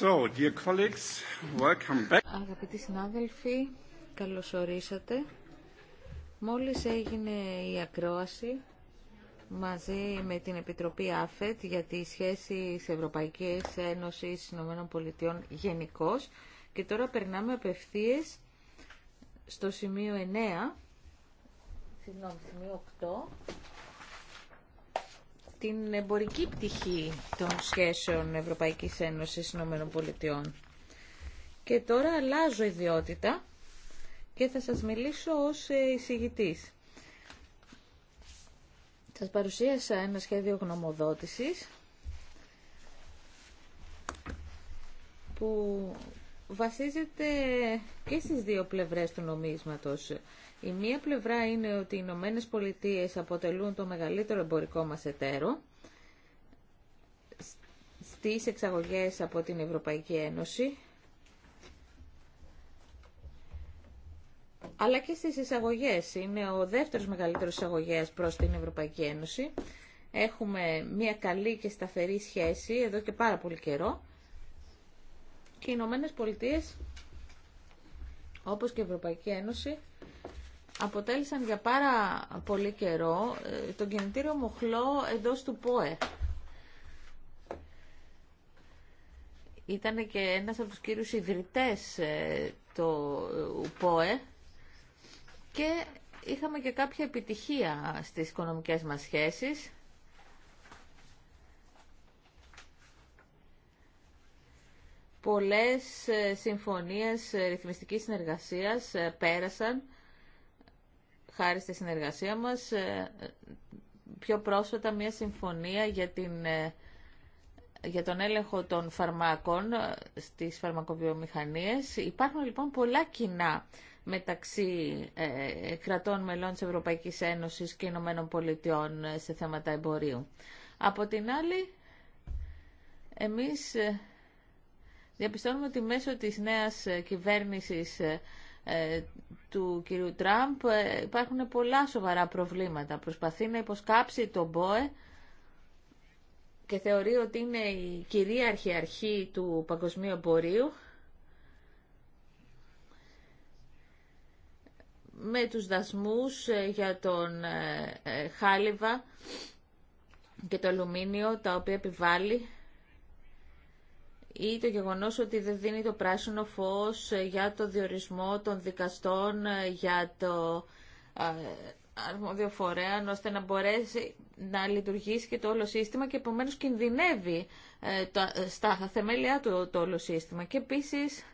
So, dear colleagues, welcome back. Αγαπητοί συνάδελφοι, καλώς ορίσατε. Μόλις έγινε η ακρόαση μαζί με την Επιτροπή ΑΦΕΤ για τη σχέση της Ευρωπαϊκής Ένωσης Ηνωμένων Πολιτειών γενικώ. Και τώρα περνάμε απευθείας στο σημείο 9, συγγνώμη, σημείο 8, την εμπορική πτυχή των σχέσεων Ευρωπαϊκής Ένωσης Ηνωμένων Πολιτειών. Και τώρα αλλάζω ιδιότητα και θα σας μιλήσω ως ε, εισηγητής. Σας παρουσίασα ένα σχέδιο γνωμοδότησης που βασίζεται και στις δύο πλευρές του νομίσματος η μία πλευρά είναι ότι οι Ηνωμένε Πολιτείε αποτελούν το μεγαλύτερο εμπορικό μας εταίρο στις εξαγωγές από την Ευρωπαϊκή Ένωση, αλλά και στις εισαγωγές. Είναι ο δεύτερος μεγαλύτερος εισαγωγέας προς την Ευρωπαϊκή Ένωση. Έχουμε μια καλή και σταθερή σχέση εδώ και πάρα πολύ καιρό. Και οι Ηνωμένε Πολιτείε, όπως και η Ευρωπαϊκή Ένωση, αποτέλεσαν για πάρα πολύ καιρό ε, τον κινητήριο μοχλό εντός του ΠΟΕ. Ήταν και ένας από τους κύριους ιδρυτές ε, του ε, ΠΟΕ και είχαμε και κάποια επιτυχία στις οικονομικές μας σχέσεις. Πολλές συμφωνίες ρυθμιστικής συνεργασίας πέρασαν χάρη στη συνεργασία μας, ε, πιο πρόσφατα μια συμφωνία για, ε, για τον έλεγχο των φαρμάκων ε, στις φαρμακοβιομηχανίες. Υπάρχουν λοιπόν πολλά κοινά μεταξύ κρατών μελών της Ευρωπαϊκής Ένωσης και Ηνωμένων Πολιτειών σε θέματα εμπορίου. Από την άλλη, εμείς διαπιστώνουμε ότι μέσω της νέας κυβέρνησης ε, του κυρίου Τραμπ ε, υπάρχουν πολλά σοβαρά προβλήματα. Προσπαθεί να υποσκάψει τον ΠΟΕ και θεωρεί ότι είναι η κυρίαρχη αρχή του παγκοσμίου εμπορίου με τους δασμούς ε, για τον χάλιβα και το αλουμίνιο τα οποία επιβάλλει ή το γεγονός ότι δεν δίνει το πράσινο φως ε, για το διορισμό των δικαστών, ε, για το ε, αρμόδιο ώστε να μπορέσει να λειτουργήσει και το όλο σύστημα και επομένως κινδυνεύει στα θεμέλια του το όλο σύστημα. Και επίσης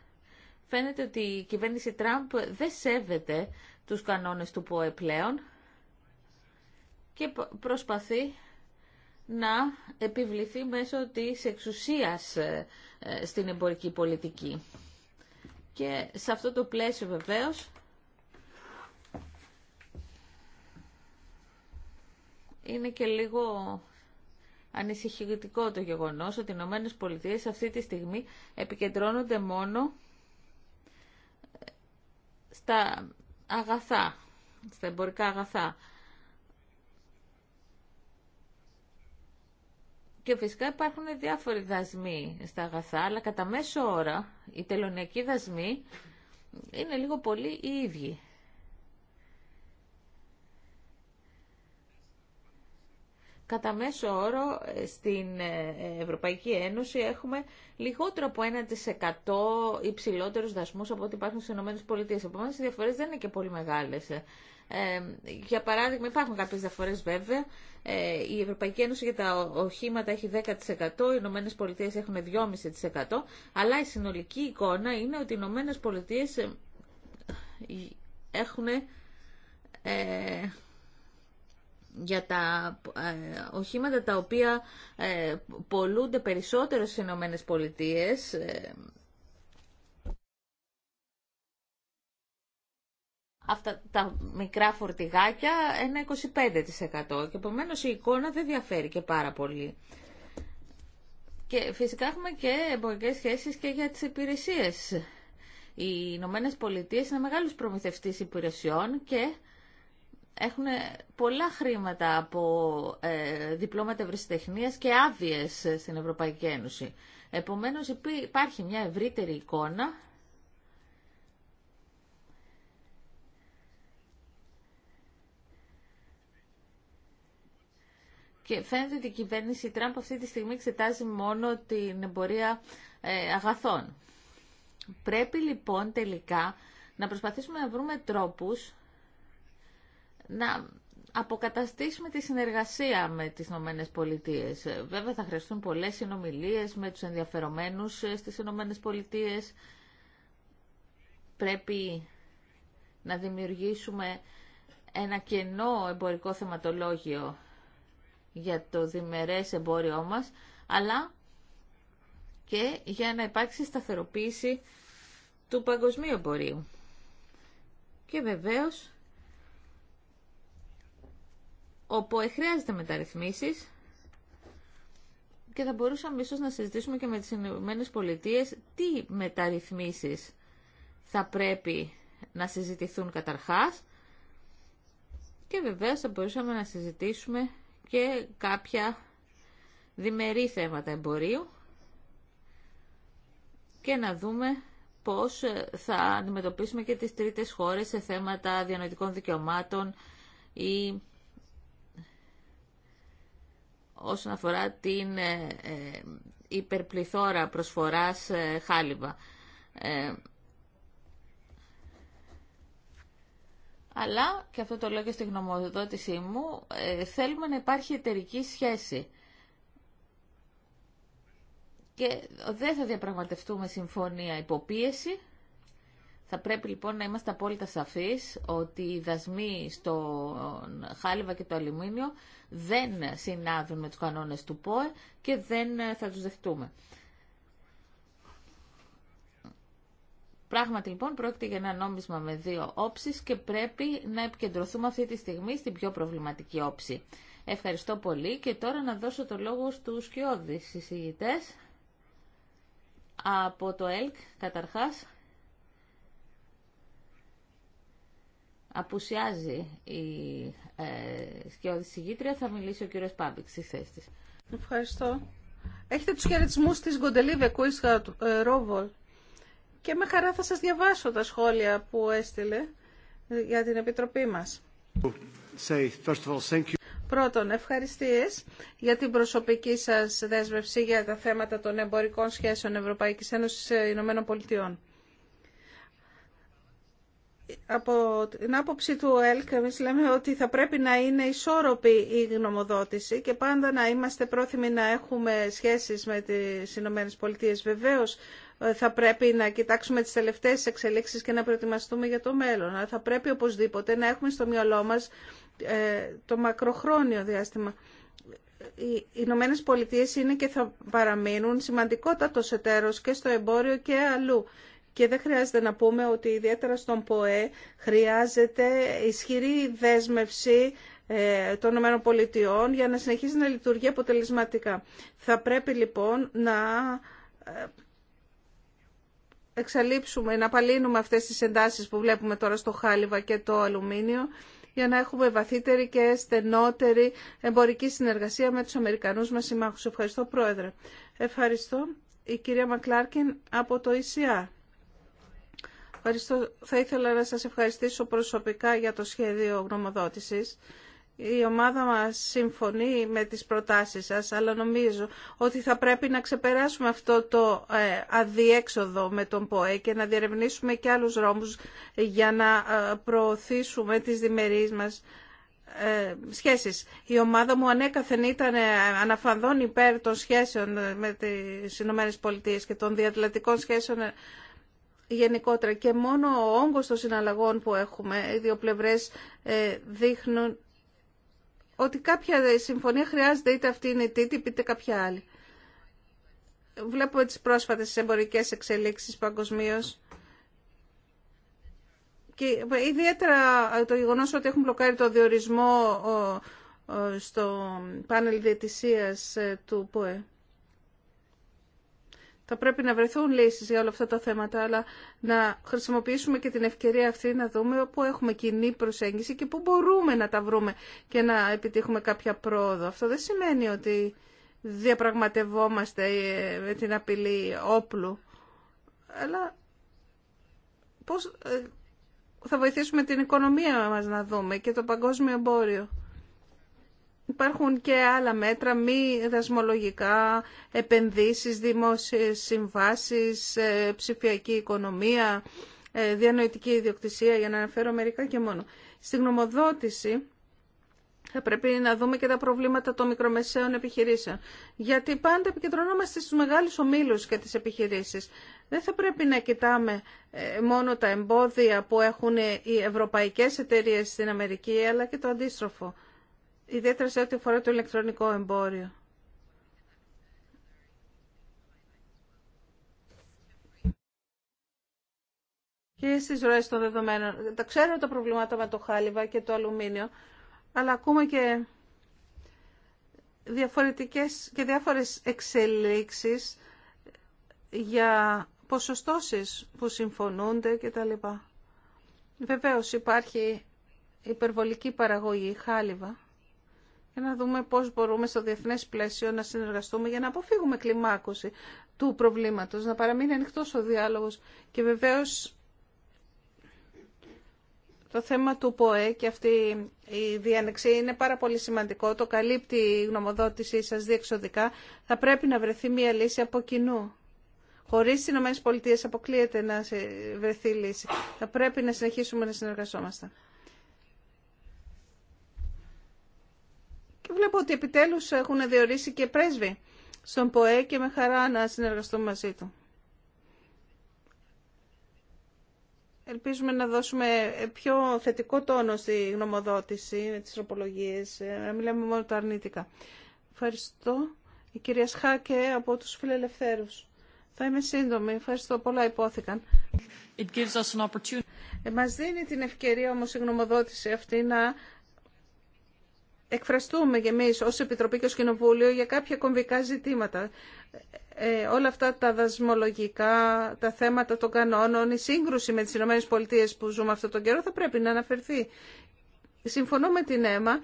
φαίνεται ότι η κυβέρνηση Τραμπ δεν σέβεται τους κανόνες του ΠΟΕ πλέον και προσπαθεί να επιβληθεί μέσω της εξουσίας ε, στην εμπορική πολιτική. Και σε αυτό το πλαίσιο βεβαίως είναι και λίγο ανησυχητικό το γεγονός ότι οι ΗΠΑ αυτή τη στιγμή επικεντρώνονται μόνο ε, στα αγαθά, στα εμπορικά αγαθά. Και φυσικά υπάρχουν διάφοροι δασμοί στα αγαθά, αλλά κατά μέσο ώρα οι τελωνιακοί δασμοί είναι λίγο πολύ οι ίδιοι. Κατά μέσο όρο ε, στην ε, Ευρωπαϊκή Ένωση έχουμε λιγότερο από 1% υψηλότερους δασμούς από ό,τι υπάρχουν στις Πολιτείες. Επομένως, οι διαφορές δεν είναι και πολύ μεγάλες. Ε, για παράδειγμα, υπάρχουν κάποιες διαφορές βέβαια. Ε, η Ευρωπαϊκή Ένωση για τα οχήματα έχει 10%, οι Ηνωμένες Πολιτείες έχουν 2,5%, αλλά η συνολική εικόνα είναι ότι οι Ηνωμένες Πολιτείες έχουν για τα ε, οχήματα τα οποία ε, πολλούνται περισσότερο στις Ηνωμένε Πολιτείες. Ε, αυτά τα μικρά φορτηγάκια ένα 25% και επομένω η εικόνα δεν διαφέρει και πάρα πολύ. Και φυσικά έχουμε και εμπορικές σχέσεις και για τις υπηρεσίες. Οι Ηνωμένε Πολιτείες είναι μεγάλος προμηθευτής υπηρεσιών και έχουν πολλά χρήματα από ε, διπλώματα ευρεσιτεχνίας και άδειε στην Ευρωπαϊκή Ένωση. Επομένως υπάρχει μια ευρύτερη εικόνα Και φαίνεται ότι η κυβέρνηση Τραμπ αυτή τη στιγμή εξετάζει μόνο την εμπορία ε, αγαθών. Πρέπει λοιπόν τελικά να προσπαθήσουμε να βρούμε τρόπους να αποκαταστήσουμε τη συνεργασία με τις Ηνωμένε Πολιτείες. Βέβαια θα χρειαστούν πολλές συνομιλίες με τους ενδιαφερομένους στις Ηνωμένε Πολιτείε. Πρέπει να δημιουργήσουμε ένα κενό εμπορικό θεματολόγιο για το διμερές εμπόριό μας, αλλά και για να υπάρξει σταθεροποίηση του παγκοσμίου εμπορίου. Και βεβαίως όπου χρειάζεται μεταρρυθμίσεις και θα μπορούσαμε ίσως να συζητήσουμε και με τις Ηνωμένε Πολιτείε τι μεταρρυθμίσεις θα πρέπει να συζητηθούν καταρχάς και βεβαίω θα μπορούσαμε να συζητήσουμε και κάποια διμερεί θέματα εμπορίου και να δούμε πώς θα αντιμετωπίσουμε και τις τρίτες χώρες σε θέματα διανοητικών δικαιωμάτων ή όσον αφορά την ε, ε, υπερπληθώρα προσφοράς ε, χάλιβα. Αλλά, και αυτό το λέω και στη γνωμοδότησή μου, θέλουμε να υπάρχει εταιρική σχέση. Και δεν θα διαπραγματευτούμε συμφωνία υποπίεση. Θα πρέπει λοιπόν να είμαστε απόλυτα σαφείς ότι οι δασμοί στο χάλιβα και το αλουμίνιο δεν συνάδουν με τους κανόνες του ΠΟΕ και δεν θα τους δεχτούμε. Πράγματι λοιπόν πρόκειται για ένα νόμισμα με δύο όψεις και πρέπει να επικεντρωθούμε αυτή τη στιγμή στην πιο προβληματική όψη. Ευχαριστώ πολύ και τώρα να δώσω το λόγο στους κοιόδης συζητητές από το ΕΛΚ καταρχάς. απουσιάζει η ε, σκιώδη συγγήτρια, θα μιλήσει ο κύριος Πάμπηξ στη θέση τη. Ευχαριστώ. Έχετε του χαιρετισμού τη Γκοντελίβε Κουίσχα ε, Ρόβολ και με χαρά θα σας διαβάσω τα σχόλια που έστειλε για την Επιτροπή μας. Πρώτον, ευχαριστίες για την προσωπική σας δέσμευση για τα θέματα των εμπορικών σχέσεων Ευρωπαϊκής Ένωσης ε, Ηνωμένων από την άποψη του ΕΛΚ εμείς λέμε ότι θα πρέπει να είναι ισόρροπη η γνωμοδότηση και πάντα να είμαστε πρόθυμοι να έχουμε σχέσεις με τις Ηνωμένες Πολιτείες. Βεβαίως θα πρέπει να κοιτάξουμε τις τελευταίες εξελίξεις και να προετοιμαστούμε για το μέλλον. Αλλά θα πρέπει οπωσδήποτε να έχουμε στο μυαλό μας ε, το μακροχρόνιο διάστημα. Οι Ηνωμένε Πολιτείε είναι και θα παραμείνουν σημαντικότατος εταίρος και στο εμπόριο και αλλού. Και δεν χρειάζεται να πούμε ότι ιδιαίτερα στον ΠΟΕ χρειάζεται ισχυρή δέσμευση ε, των ΗΠΑ για να συνεχίσει να λειτουργεί αποτελεσματικά. Θα πρέπει λοιπόν να ε, εξαλείψουμε, να απαλύνουμε αυτές τις εντάσεις που βλέπουμε τώρα στο χάλιβα και το αλουμίνιο για να έχουμε βαθύτερη και στενότερη εμπορική συνεργασία με τους Αμερικανούς μας συμμάχους. Ευχαριστώ Πρόεδρε. Ευχαριστώ η κυρία Μακλάρκιν από το ECR. Ευχαριστώ. Θα ήθελα να σας ευχαριστήσω προσωπικά για το σχέδιο γνωμοδότησης. Η ομάδα μας συμφωνεί με τις προτάσεις σας, αλλά νομίζω ότι θα πρέπει να ξεπεράσουμε αυτό το ε, αδιέξοδο με τον ΠΟΕ και να διερευνήσουμε και άλλους δρόμους για να ε, προωθήσουμε τις διμερείς μας ε, σχέσεις. Η ομάδα μου ανέκαθεν ήταν αναφανδόν υπέρ των σχέσεων με τις ΗΠΑ και των διατλατικών σχέσεων γενικότερα και μόνο ο όγκος των συναλλαγών που έχουμε, οι δύο πλευρές ε, δείχνουν ότι κάποια συμφωνία χρειάζεται, είτε αυτή είναι η TTIP είτε κάποια άλλη. Βλέπουμε τις πρόσφατες εμπορικές εξελίξεις παγκοσμίω. Και ιδιαίτερα το γεγονό ότι έχουν μπλοκάρει το διορισμό στο πάνελ διαιτησίας ε, του ΠΟΕ. Θα πρέπει να βρεθούν λύσεις για όλα αυτά τα θέματα, αλλά να χρησιμοποιήσουμε και την ευκαιρία αυτή να δούμε πού έχουμε κοινή προσέγγιση και πού μπορούμε να τα βρούμε και να επιτύχουμε κάποια πρόοδο. Αυτό δεν σημαίνει ότι διαπραγματευόμαστε ε, με την απειλή όπλου, αλλά πώς ε, θα βοηθήσουμε την οικονομία μας να δούμε και το παγκόσμιο εμπόριο. Υπάρχουν και άλλα μέτρα, μη δασμολογικά, επενδύσεις, δημόσιες συμβάσεις, ε, ψηφιακή οικονομία, ε, διανοητική ιδιοκτησία, για να αναφέρω μερικά και μόνο. Στη γνωμοδότηση θα πρέπει να δούμε και τα προβλήματα των μικρομεσαίων επιχειρήσεων. Γιατί πάντα επικεντρωνόμαστε στους μεγάλους ομίλους και τις επιχειρήσεις. Δεν θα πρέπει να κοιτάμε ε, μόνο τα εμπόδια που έχουν οι ευρωπαϊκές εταιρείες στην Αμερική, αλλά και το αντίστροφο ιδιαίτερα σε ό,τι αφορά το ηλεκτρονικό εμπόριο. και στι ροές των δεδομένων. Τα ξέρω τα προβλήματα με το χάλιβα και το αλουμίνιο, αλλά ακούμε και διαφορετικές και διάφορες εξελίξεις για ποσοστώσεις που συμφωνούνται κτλ. Βεβαίως υπάρχει υπερβολική παραγωγή χάλιβα να δούμε πώς μπορούμε στο διεθνές πλαίσιο να συνεργαστούμε για να αποφύγουμε κλιμάκωση του προβλήματος, να παραμείνει ανοιχτός ο διάλογος και βεβαίως το θέμα του ΠΟΕ και αυτή η διάνεξη είναι πάρα πολύ σημαντικό. Το καλύπτει η γνωμοδότησή σας διεξοδικά. Θα πρέπει να βρεθεί μια λύση από κοινού. Χωρί τι ΗΠΑ αποκλείεται να βρεθεί λύση. Θα πρέπει να συνεχίσουμε να συνεργαζόμαστε. Βλέπω ότι επιτέλους έχουν διορίσει και πρέσβη στον ΠΟΕ και με χαρά να συνεργαστούμε μαζί του. Ελπίζουμε να δώσουμε πιο θετικό τόνο στη γνωμοδότηση, με τις τροπολογίες, να μιλάμε μόνο τα αρνητικά. Ευχαριστώ. Η κυρία Σχάκε από τους φιλελευθέρους. Θα είμαι σύντομη. Ευχαριστώ. Πολλά υπόθηκαν. It ε, Μας δίνει την ευκαιρία όμως η γνωμοδότηση αυτή να εκφραστούμε και εμείς ως Επιτροπή και ως Κοινοβούλιο για κάποια κομβικά ζητήματα. Ε, όλα αυτά τα δασμολογικά, τα θέματα των κανόνων, η σύγκρουση με τις ΗΠΑ που ζούμε αυτόν τον καιρό θα πρέπει να αναφερθεί. Συμφωνώ με την ΕΜΑ,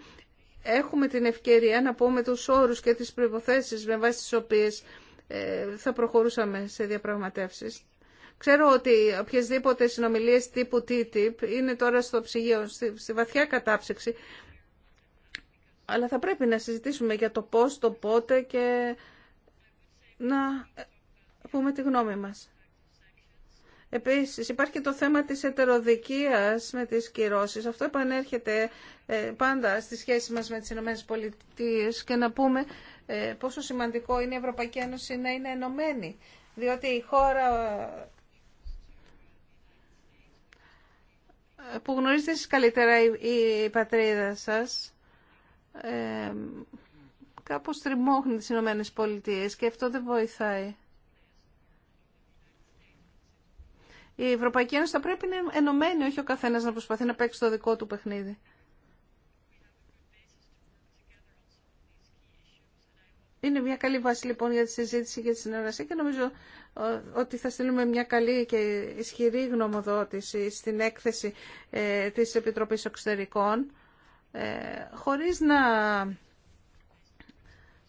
έχουμε την ευκαιρία να πούμε τους όρους και τις προϋποθέσεις με βάση τις οποίες ε, θα προχωρούσαμε σε διαπραγματεύσεις. Ξέρω ότι οποιασδήποτε συνομιλίες τύπου TTIP είναι τώρα στο ψυγείο, στη, βαθιά κατάψυξη αλλά θα πρέπει να συζητήσουμε για το πώς, το πότε και να πούμε τη γνώμη μας. Επίσης υπάρχει και το θέμα της ετεροδικίας με τις κυρώσεις. Αυτό επανέρχεται ε, πάντα στη σχέση μας με τις Ηνωμένες Πολιτείες και να πούμε ε, πόσο σημαντικό είναι η Ευρωπαϊκή Ένωση να είναι ενωμένη. Διότι η χώρα ε, που γνωρίζετε καλύτερα η πατρίδα σας ε, κάπως τριμώχνει τις Ηνωμένες Πολιτείες και αυτό δεν βοηθάει. Η Ευρωπαϊκή Ένωση θα πρέπει να είναι ενωμένη, όχι ο καθένας να προσπαθεί να παίξει το δικό του παιχνίδι. Είναι μια καλή βάση λοιπόν για τη συζήτηση και τη συνεργασία και νομίζω ε, ότι θα στείλουμε μια καλή και ισχυρή γνωμοδότηση στην έκθεση ε, της Επιτροπής Εξωτερικών ε, χωρίς να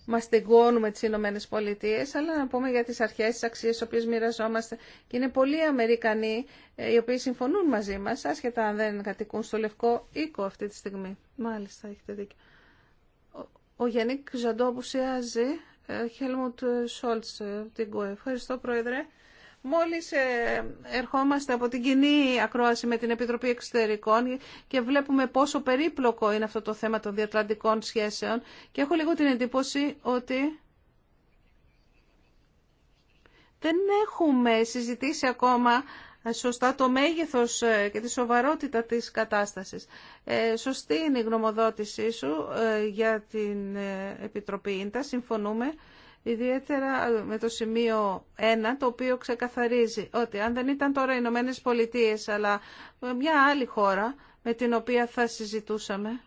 μαστεγώνουμε τις Ηνωμένε Πολιτείε, αλλά να πούμε για τις αρχές, τις αξίες τις οποίες μοιραζόμαστε. Και είναι πολλοί Αμερικανοί ε, οι οποίοι συμφωνούν μαζί μας, άσχετα αν δεν κατοικούν στο Λευκό Οίκο αυτή τη στιγμή. Μάλιστα, έχετε δίκιο. Ο, ο Γιάννικ Ζαντό που ε, Χέλμουτ Σόλτς, την Ευχαριστώ, Πρόεδρε. Μόλις ε, ερχόμαστε από την κοινή ακρόαση με την Επιτροπή Εξωτερικών και βλέπουμε πόσο περίπλοκο είναι αυτό το θέμα των διατλαντικών σχέσεων και έχω λίγο την εντύπωση ότι δεν έχουμε συζητήσει ακόμα σωστά το μέγεθος ε, και τη σοβαρότητα της κατάστασης. Ε, σωστή είναι η γνωμοδότησή σου για την Επιτροπή Ίντα, συμφωνούμε ιδιαίτερα με το σημείο 1, το οποίο ξεκαθαρίζει ότι αν δεν ήταν τώρα οι Ηνωμένε Πολιτείε, αλλά μια άλλη χώρα με την οποία θα συζητούσαμε,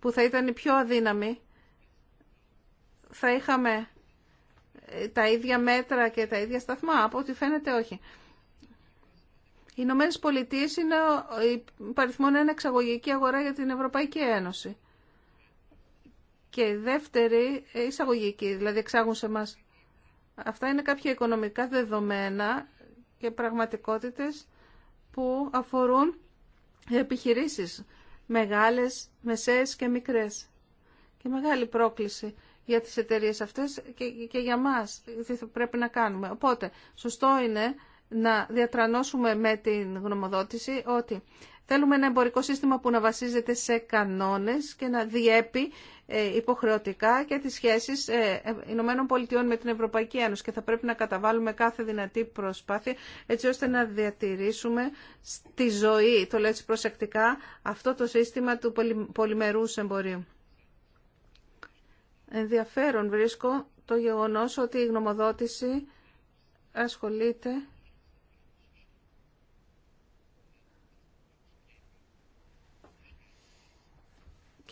που θα ήταν η πιο αδύναμη, θα είχαμε ε, τα ίδια μέτρα και τα ίδια σταθμά. Από ό,τι φαίνεται όχι. Οι Ηνωμένε Πολιτείε είναι η παριθμόν ένα εξαγωγική αγορά για την Ευρωπαϊκή Ένωση και δεύτερη εισαγωγική, δηλαδή εξάγουν σε εμά. Αυτά είναι κάποια οικονομικά δεδομένα και πραγματικότητες που αφορούν επιχειρήσεις μεγάλες, μεσαίες και μικρές. Και μεγάλη πρόκληση για τις εταιρείες αυτές και, και για μας, τι πρέπει να κάνουμε. Οπότε, σωστό είναι να διατρανώσουμε με την γνωμοδότηση ότι θέλουμε ένα εμπορικό σύστημα που να βασίζεται σε κανόνες και να διέπει ε, υποχρεωτικά και τις σχέσεις ε, Ηνωμένων Πολιτειών με την Ευρωπαϊκή Ένωση και θα πρέπει να καταβάλουμε κάθε δυνατή προσπάθεια έτσι ώστε να διατηρήσουμε στη ζωή, το λέω έτσι προσεκτικά, αυτό το σύστημα του πολυμερούς εμπορίου. Ενδιαφέρον βρίσκω το γεγονός ότι η γνωμοδότηση ασχολείται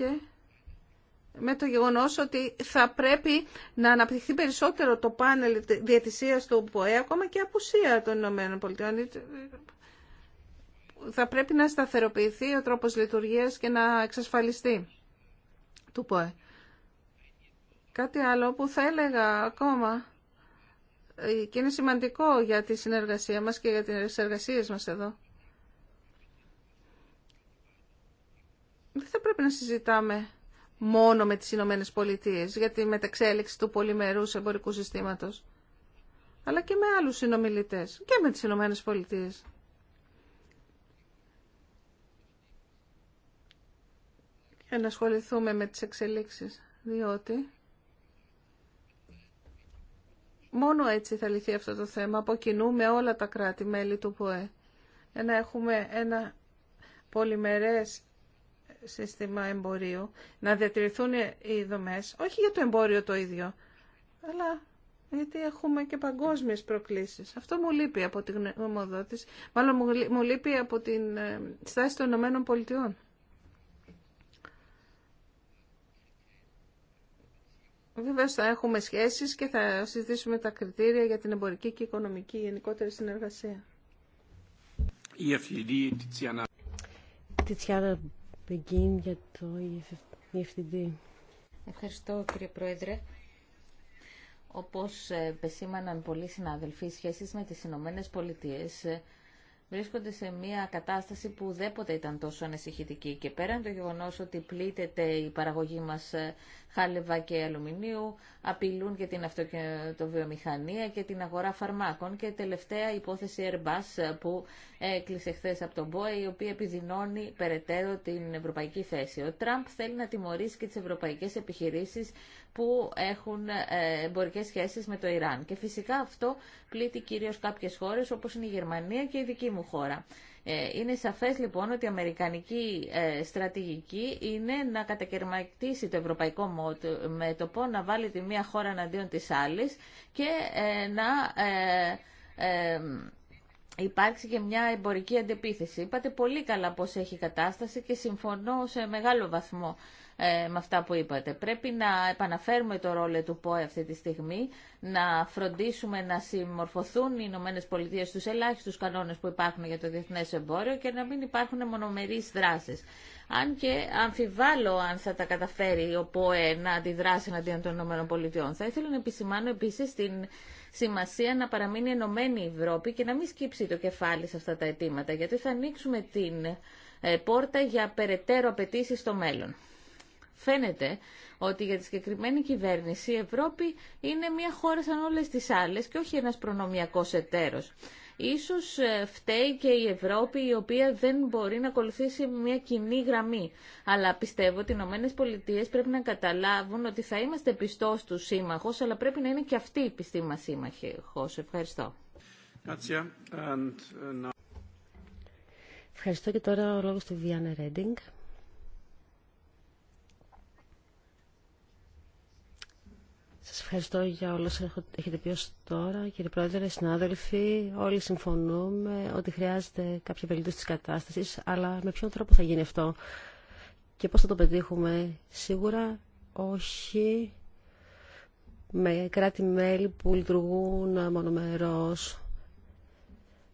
και με το γεγονός ότι θα πρέπει να αναπτυχθεί περισσότερο το πάνελ διατησίας του ΠΟΕ, ακόμα και απουσία των Ηνωμένων Θα πρέπει να σταθεροποιηθεί ο τρόπος λειτουργίας και να εξασφαλιστεί του ΠΟΕ. Κάτι άλλο που θα έλεγα ακόμα ε, και είναι σημαντικό για τη συνεργασία μας και για τις εργασίες μας εδώ δεν θα πρέπει να συζητάμε μόνο με τις Ηνωμένε Πολιτείε για τη μεταξέλιξη του πολυμερού εμπορικού συστήματος, αλλά και με άλλους συνομιλητές και με τις Ηνωμένε Πολιτείε. Και να ασχοληθούμε με τις εξελίξεις, διότι μόνο έτσι θα λυθεί αυτό το θέμα από κοινού με όλα τα κράτη-μέλη του ΠΟΕ για να έχουμε ένα πολυμερές σύστημα εμπορίου, να διατηρηθούν οι δομές, όχι για το εμπόριο το ίδιο, αλλά γιατί έχουμε και παγκόσμιες προκλήσεις. Αυτό μου λείπει από την γνωμοδότηση, μάλλον μου λείπει από την ε, στάση των Ηνωμένων Πολιτειών. Βέβαια θα έχουμε σχέσεις και θα συζητήσουμε τα κριτήρια για την εμπορική και οικονομική γενικότερη συνεργασία. E Τιτσιάνα για το e Ευχαριστώ κύριε Πρόεδρε. Όπως ε, επεσήμαναν πολλοί συνάδελφοι, οι σχέσεις με τις Ηνωμένε Πολιτείες ε, βρίσκονται σε μια κατάσταση που ποτέ ήταν τόσο ανησυχητική. Και πέραν το γεγονό ότι πλήττεται η παραγωγή μα ε, χάλευα και αλουμινίου, απειλούν και την αυτοκινητοβιομηχανία και την αγορά φαρμάκων και τελευταία υπόθεση Airbus ε, που έκλεισε χθε από τον ΠΟΕ, η οποία επιδεινώνει περαιτέρω την ευρωπαϊκή θέση. Ο Τραμπ θέλει να τιμωρήσει και τι ευρωπαϊκέ επιχειρήσει που έχουν ε, εμπορικέ σχέσει με το Ιράν. Και φυσικά αυτό πλήττει κυρίω κάποιε χώρε όπω είναι η Γερμανία και η δική μου ε, είναι σαφές λοιπόν ότι η αμερικανική ε, στρατηγική είναι να κατακαιρματίσει το ευρωπαϊκό μέτωπο, να βάλει τη μία χώρα εναντίον της άλλης και ε, να υπάρξει και μια εμπορική αντεπίθεση. Είπατε πολύ καλά πώς έχει κατάσταση και συμφωνώ σε μεγάλο βαθμό ε, με αυτά που είπατε. Πρέπει να επαναφέρουμε το ρόλο του ΠΟΕ αυτή τη στιγμή, να φροντίσουμε να συμμορφωθούν οι Ηνωμένε Πολιτείε στους ελάχιστους κανόνες που υπάρχουν για το διεθνές εμπόριο και να μην υπάρχουν μονομερείς δράσεις. Αν και αμφιβάλλω αν θα τα καταφέρει ο ΠΟΕ να αντιδράσει εναντίον των Ηνωμένων Πολιτειών. Θα ήθελα να επισημάνω επίσης την σημασία να παραμείνει ενωμένη η Ευρώπη και να μην σκύψει το κεφάλι σε αυτά τα αιτήματα, γιατί θα ανοίξουμε την ε, πόρτα για περαιτέρω απαιτήσει στο μέλλον. Φαίνεται ότι για τη συγκεκριμένη κυβέρνηση η Ευρώπη είναι μια χώρα σαν όλες τις άλλες και όχι ένας προνομιακός εταίρος. Ίσως ε, φταίει και η Ευρώπη η οποία δεν μπορεί να ακολουθήσει μια κοινή γραμμή. Αλλά πιστεύω ότι οι Ηνωμένε Πολιτείε πρέπει να καταλάβουν ότι θα είμαστε πιστό του σύμμαχο, αλλά πρέπει να είναι και αυτή η πιστή μα σύμμαχοι. Ευχαριστώ. Uh, Ευχαριστώ και τώρα ο λόγο του Βιάννα Ρέντινγκ. Σα ευχαριστώ για όλα όσα έχετε πει ως τώρα. Κύριε Πρόεδρε, συνάδελφοι, όλοι συμφωνούμε ότι χρειάζεται κάποια βελτίωση τη κατάσταση, αλλά με ποιον τρόπο θα γίνει αυτό και πώ θα το πετύχουμε. Σίγουρα όχι με κράτη-μέλη που λειτουργούν μονομερός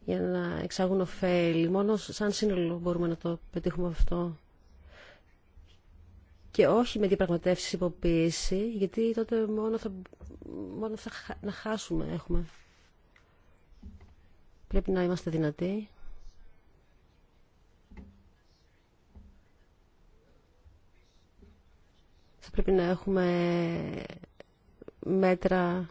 για να εξάγουν ωφέλη. Μόνο σαν σύνολο μπορούμε να το πετύχουμε αυτό και όχι με διαπραγματεύσει υποποίηση, γιατί τότε μόνο θα, μόνο θα να χάσουμε έχουμε. Πρέπει να είμαστε δυνατοί. Θα πρέπει να έχουμε μέτρα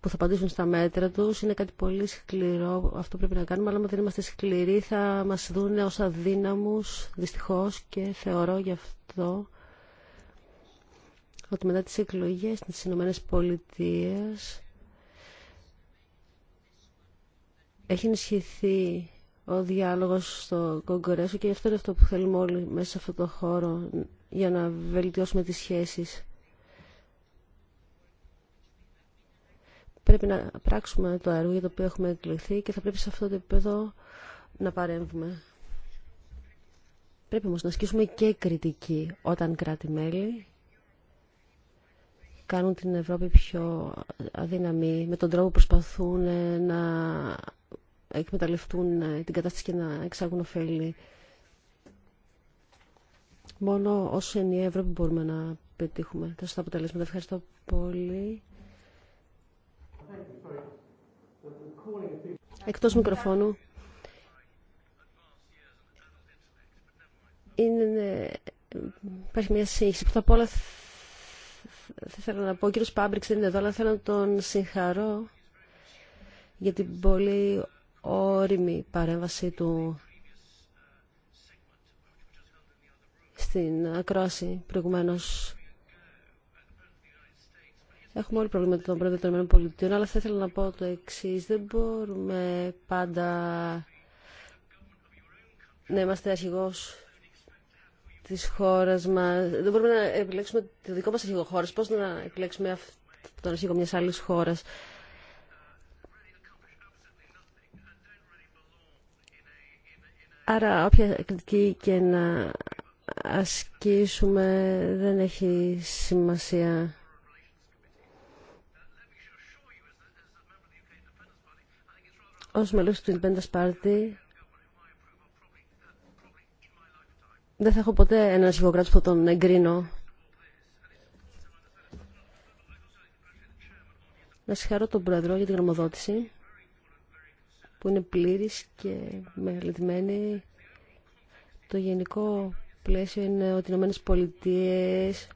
που θα απαντήσουν στα μέτρα τους. Είναι κάτι πολύ σκληρό, αυτό πρέπει να κάνουμε, αλλά αν δεν είμαστε σκληροί θα μας δουν ως αδύναμους, δυστυχώς, και θεωρώ γι' αυτό ότι μετά τις εκλογές στις Ηνωμένες Πολιτείες έχει ενισχυθεί ο διάλογος στο Κογκορέσο και αυτό είναι αυτό που θέλουμε όλοι μέσα σε αυτό το χώρο για να βελτιώσουμε τις σχέσεις πρέπει να πράξουμε το έργο για το οποίο έχουμε εκλεχθεί και θα πρέπει σε αυτό το επίπεδο να παρέμβουμε. Πρέπει όμως να ασκήσουμε και κριτική όταν κράτη-μέλη κάνουν την Ευρώπη πιο αδύναμη με τον τρόπο που προσπαθούν να εκμεταλλευτούν ε, την κατάσταση και να εξάγουν ωφέλη. Μόνο όσο ενιαία Ευρώπη μπορούμε να πετύχουμε τα αποτελέσματα. Ευχαριστώ πολύ. εκτός μικροφώνου. Είναι, ε, υπάρχει μια σύγχυση. Πρώτα απ' όλα θα ήθελα να πω, ο κύριος Πάμπριξ δεν είναι εδώ, αλλά θέλω να τον συγχαρώ για την πολύ όριμη παρέμβαση του στην ακρόαση προηγουμένως Έχουμε όλοι των πρώτων των ΗΠΑ, αλλά θα ήθελα να πω το εξή. Δεν μπορούμε πάντα να είμαστε αρχηγό τη χώρα μα. Δεν μπορούμε να επιλέξουμε το δικό μα αρχηγό χώρα. Πώ να επιλέξουμε τον αρχηγό μια άλλη χώρα. Άρα όποια κριτική και να ασκήσουμε δεν έχει σημασία. ως μέλος του Independence Party δεν θα έχω ποτέ έναν αρχηγοκράτη που τον εγκρίνω. Να συγχαρώ τον Πρόεδρο για την γνωμοδότηση που είναι πλήρης και μελετημένη. Το γενικό πλαίσιο είναι ότι οι Ηνωμένες Πολιτείες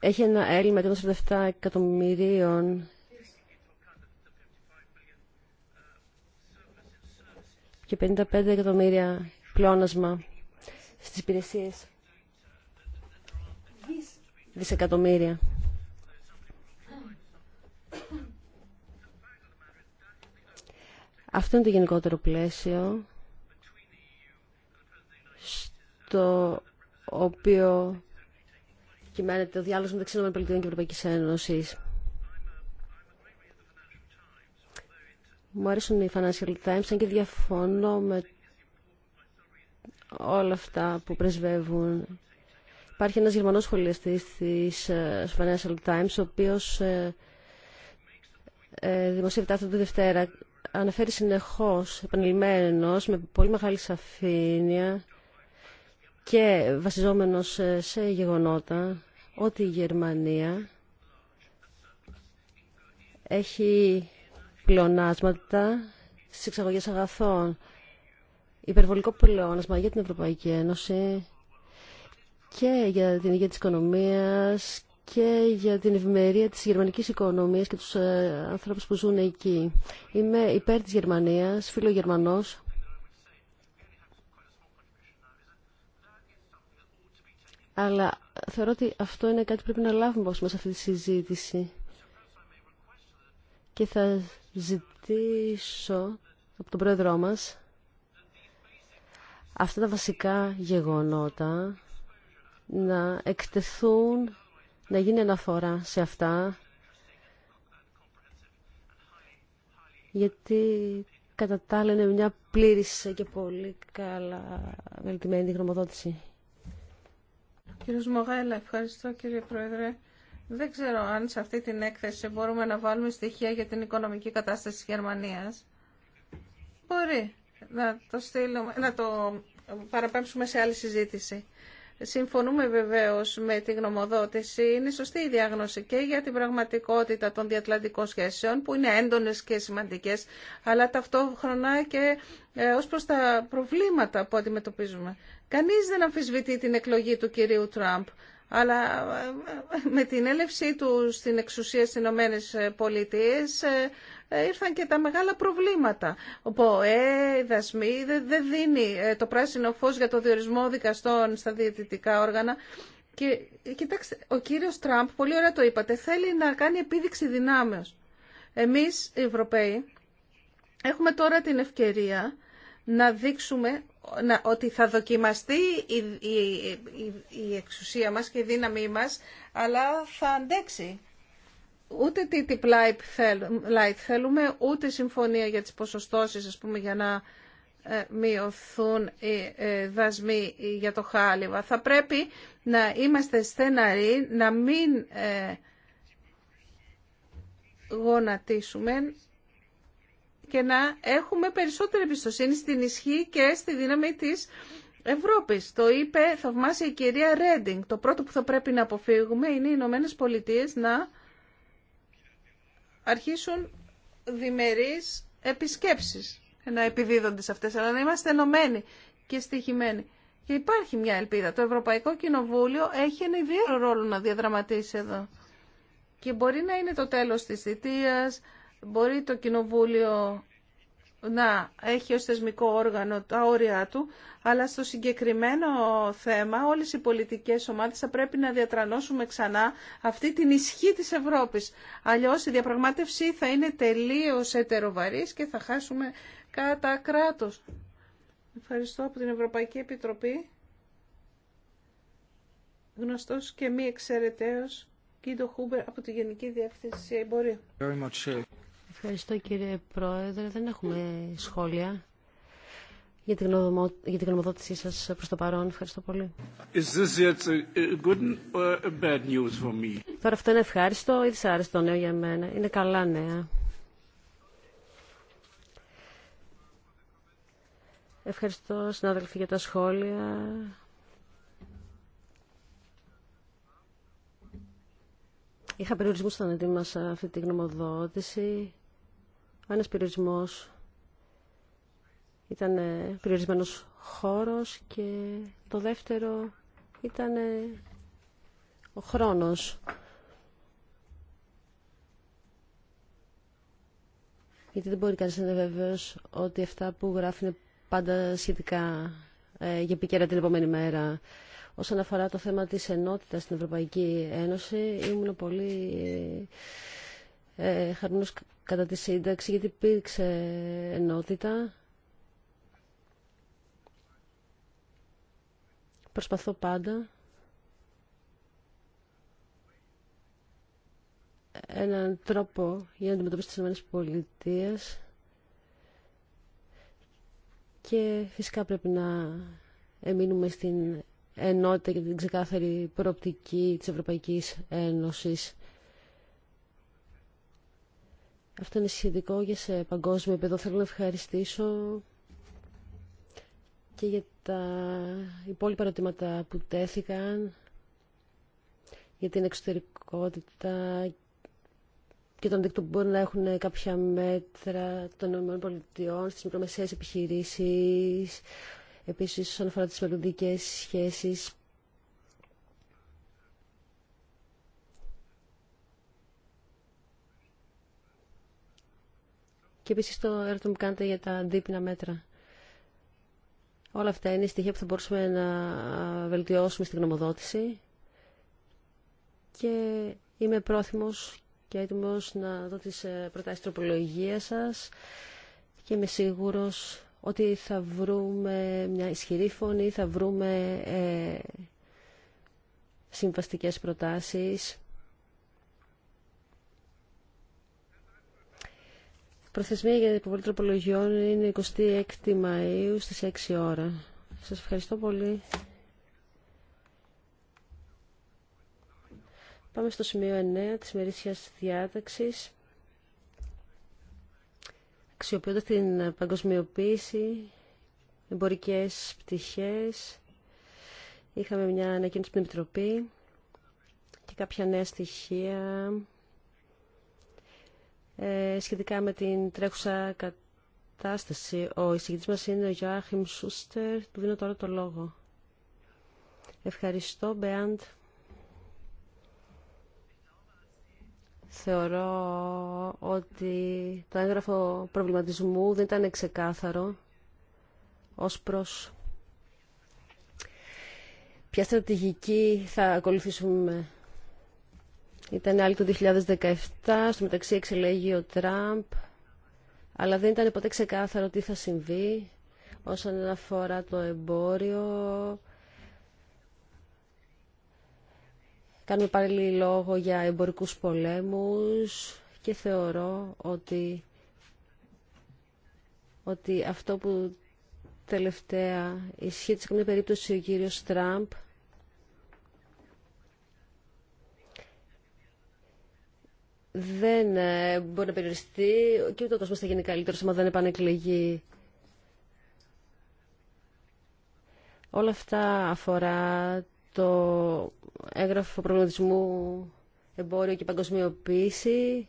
έχει ένα έλλειμμα 147 εκατομμυρίων και 55 εκατομμύρια πλώνασμα στις υπηρεσίες. Δισεκατομμύρια. Αυτό είναι το γενικότερο πλαίσιο στο οποίο κυμαίνεται ο διάλογος μεταξύ ΗΠΑ και Ευρωπαϊκής Ένωσης. Μου αρέσουν οι Financial Times, αν και διαφωνώ με όλα αυτά που πρεσβεύουν. Υπάρχει ένας γερμανός σχολιαστής της ε, Financial Times, ο οποίος ε, ε, δημοσίευτα αυτό τη Δευτέρα. Αναφέρει συνεχώς, επανειλημμένος, με πολύ μεγάλη σαφήνεια και βασιζόμενος σε γεγονότα ότι η Γερμανία έχει πλεονάσματα στις εξαγωγές αγαθών, υπερβολικό πλεόνασμα για την Ευρωπαϊκή Ένωση και για την υγεία της οικονομίας και για την ευημερία της γερμανικής οικονομίας και τους ε, ανθρώπους που ζουν εκεί. Είμαι υπέρ της Γερμανίας, φίλο Γερμανός, Αλλά θεωρώ ότι αυτό είναι κάτι που πρέπει να λάβουμε υπόψη μας αυτή τη συζήτηση. Και θα ζητήσω από τον πρόεδρό μας αυτά τα βασικά γεγονότα να εκτεθούν, να γίνει αναφορά σε αυτά γιατί κατά τα άλλα είναι μια πλήρης και πολύ καλά βελτιμένη γνωμοδότηση. Κύριος Μογέλα, ευχαριστώ κύριε Πρόεδρε. Δεν ξέρω αν σε αυτή την έκθεση μπορούμε να βάλουμε στοιχεία για την οικονομική κατάσταση της Γερμανίας. Μπορεί να το, στείλουμε, να το παραπέμψουμε σε άλλη συζήτηση. Συμφωνούμε βεβαίως με τη γνωμοδότηση. Είναι σωστή η διάγνωση και για την πραγματικότητα των διατλαντικών σχέσεων που είναι έντονες και σημαντικές αλλά ταυτόχρονα και ε, ως προς τα προβλήματα που αντιμετωπίζουμε. Κανείς δεν αμφισβητεί την εκλογή του κυρίου Τραμπ αλλά ε, ε, με την έλευσή του στην εξουσία στις Ηνωμένε Πολιτείες ε, ήρθαν και τα μεγάλα προβλήματα. Ο ΠΟΕ, οι δασμοί, δεν δίνει ε, το πράσινο φως για το διορισμό δικαστών στα διαιτητικά όργανα. Και ε, κοιτάξτε, ο κύριος Τραμπ, πολύ ωραία το είπατε, θέλει να κάνει επίδειξη δυνάμεως. Εμείς, οι Ευρωπαίοι, έχουμε τώρα την ευκαιρία να δείξουμε ότι θα δοκιμαστεί η, η εξουσία μας και η δύναμή μας, αλλά θα αντέξει ούτε τι πλάι θέλουμε, ούτε συμφωνία για τις ποσοστώσεις, ας πούμε, για να ε, μειωθούν οι ε, δασμοί για το χάλιβα. Θα πρέπει να είμαστε στεναροί, να μην ε, γονατίσουμε και να έχουμε περισσότερη εμπιστοσύνη στην ισχύ και στη δύναμη της Ευρώπης. Το είπε θαυμάσια η κυρία Ρέντινγκ. Το πρώτο που θα πρέπει να αποφύγουμε είναι οι Ηνωμένε Πολιτείε να αρχίσουν διμερείς επισκέψεις να επιδίδονται σε αυτές, αλλά να είμαστε ενωμένοι και στοιχημένοι. Και υπάρχει μια ελπίδα. Το Ευρωπαϊκό Κοινοβούλιο έχει ένα ιδιαίτερο ρόλο να διαδραματίσει εδώ. Και μπορεί να είναι το τέλος της θητείας, μπορεί το Κοινοβούλιο να έχει ως θεσμικό όργανο τα όρια του, αλλά στο συγκεκριμένο θέμα όλες οι πολιτικές ομάδες θα πρέπει να διατρανώσουμε ξανά αυτή την ισχύ της Ευρώπης. Αλλιώς η διαπραγμάτευση θα είναι τελείως ετεροβαρής και θα χάσουμε κατά κράτος. Ευχαριστώ από την Ευρωπαϊκή Επιτροπή. Γνωστός και μη εξαιρεταίος Κίντο Χούμπερ από τη Γενική Διεύθυνση Εμπορίου. Ευχαριστώ κύριε Πρόεδρε. Δεν έχουμε σχόλια για την, γνωμοδότησή σας προς το παρόν. Ευχαριστώ πολύ. Τώρα αυτό είναι ευχάριστο ή δυσάρεστο νέο για μένα. Είναι καλά νέα. Ευχαριστώ συνάδελφοι για τα σχόλια. Είχα περιορισμού στον ετοίμασα αυτή τη γνωμοδότηση ένας περιορισμός ήταν ε, περιορισμένος χώρος και το δεύτερο ήταν ε, ο χρόνος. Γιατί δεν μπορεί κανείς να είναι βέβαιος ότι αυτά που γράφει είναι πάντα σχετικά ε, για επικαιρά την επόμενη μέρα. Όσον αφορά το θέμα της ενότητας στην Ευρωπαϊκή Ένωση, ήμουν πολύ ε, κατά τη σύνταξη γιατί υπήρξε ενότητα. Προσπαθώ πάντα έναν τρόπο για να αντιμετωπίσει τις Ηνωμένες και φυσικά πρέπει να εμείνουμε στην ενότητα και την ξεκάθαρη προοπτική της Ευρωπαϊκής Ένωσης αυτό είναι σχετικό για σε παγκόσμιο επίπεδο. Θέλω να ευχαριστήσω και για τα υπόλοιπα ερωτήματα που τέθηκαν για την εξωτερικότητα και τον δίκτυο που μπορεί να έχουν κάποια μέτρα των ΗΠΑ στις μικρομεσαίες επιχειρήσεις, επίσης όσον αφορά τις μελλοντικέ σχέσεις Και επίση το έρωτο που κάνετε για τα αντίπεινα μέτρα. Όλα αυτά είναι στοιχεία που θα μπορούσαμε να βελτιώσουμε στην γνωμοδότηση και είμαι πρόθυμος και έτοιμος να δω τις ε, προτάσεις τροπολογίας σας και είμαι σίγουρος ότι θα βρούμε μια ισχυρή φωνή, θα βρούμε ε, συμβαστικές προτάσεις Προθεσμία για την υποβολή τροπολογιών είναι 26 Μαΐου στις 6 ώρα. Σας ευχαριστώ πολύ. Πάμε στο σημείο 9 της μερίσιας διάταξης. Αξιοποιώντας την παγκοσμιοποίηση, εμπορικές πτυχές, είχαμε μια ανακοίνωση στην Επιτροπή και κάποια νέα στοιχεία ε, σχετικά με την τρέχουσα κατάσταση. Ο εισηγητής μας είναι ο Γιώαχιμ Σούστερ. Του δίνω τώρα το λόγο. Ευχαριστώ, Μπεάντ. Θεωρώ ότι το έγγραφο προβληματισμού δεν ήταν ξεκάθαρο ως προς ποια στρατηγική θα ακολουθήσουμε ήταν άλλη του 2017, στο μεταξύ εξελέγει ο Τραμπ, αλλά δεν ήταν ποτέ ξεκάθαρο τι θα συμβεί όσον αφορά το εμπόριο. Κάνουμε πάλι λόγο για εμπορικούς πολέμους και θεωρώ ότι, ότι αυτό που τελευταία ισχύει σε καμία περίπτωση ο κύριος Τραμπ δεν ε, μπορεί να περιοριστεί και ούτε ο κόσμος θα γίνει καλύτερος άμα δεν επανεκλεγεί. Όλα αυτά αφορά το έγγραφο προβληματισμού εμπόριο και παγκοσμιοποίηση.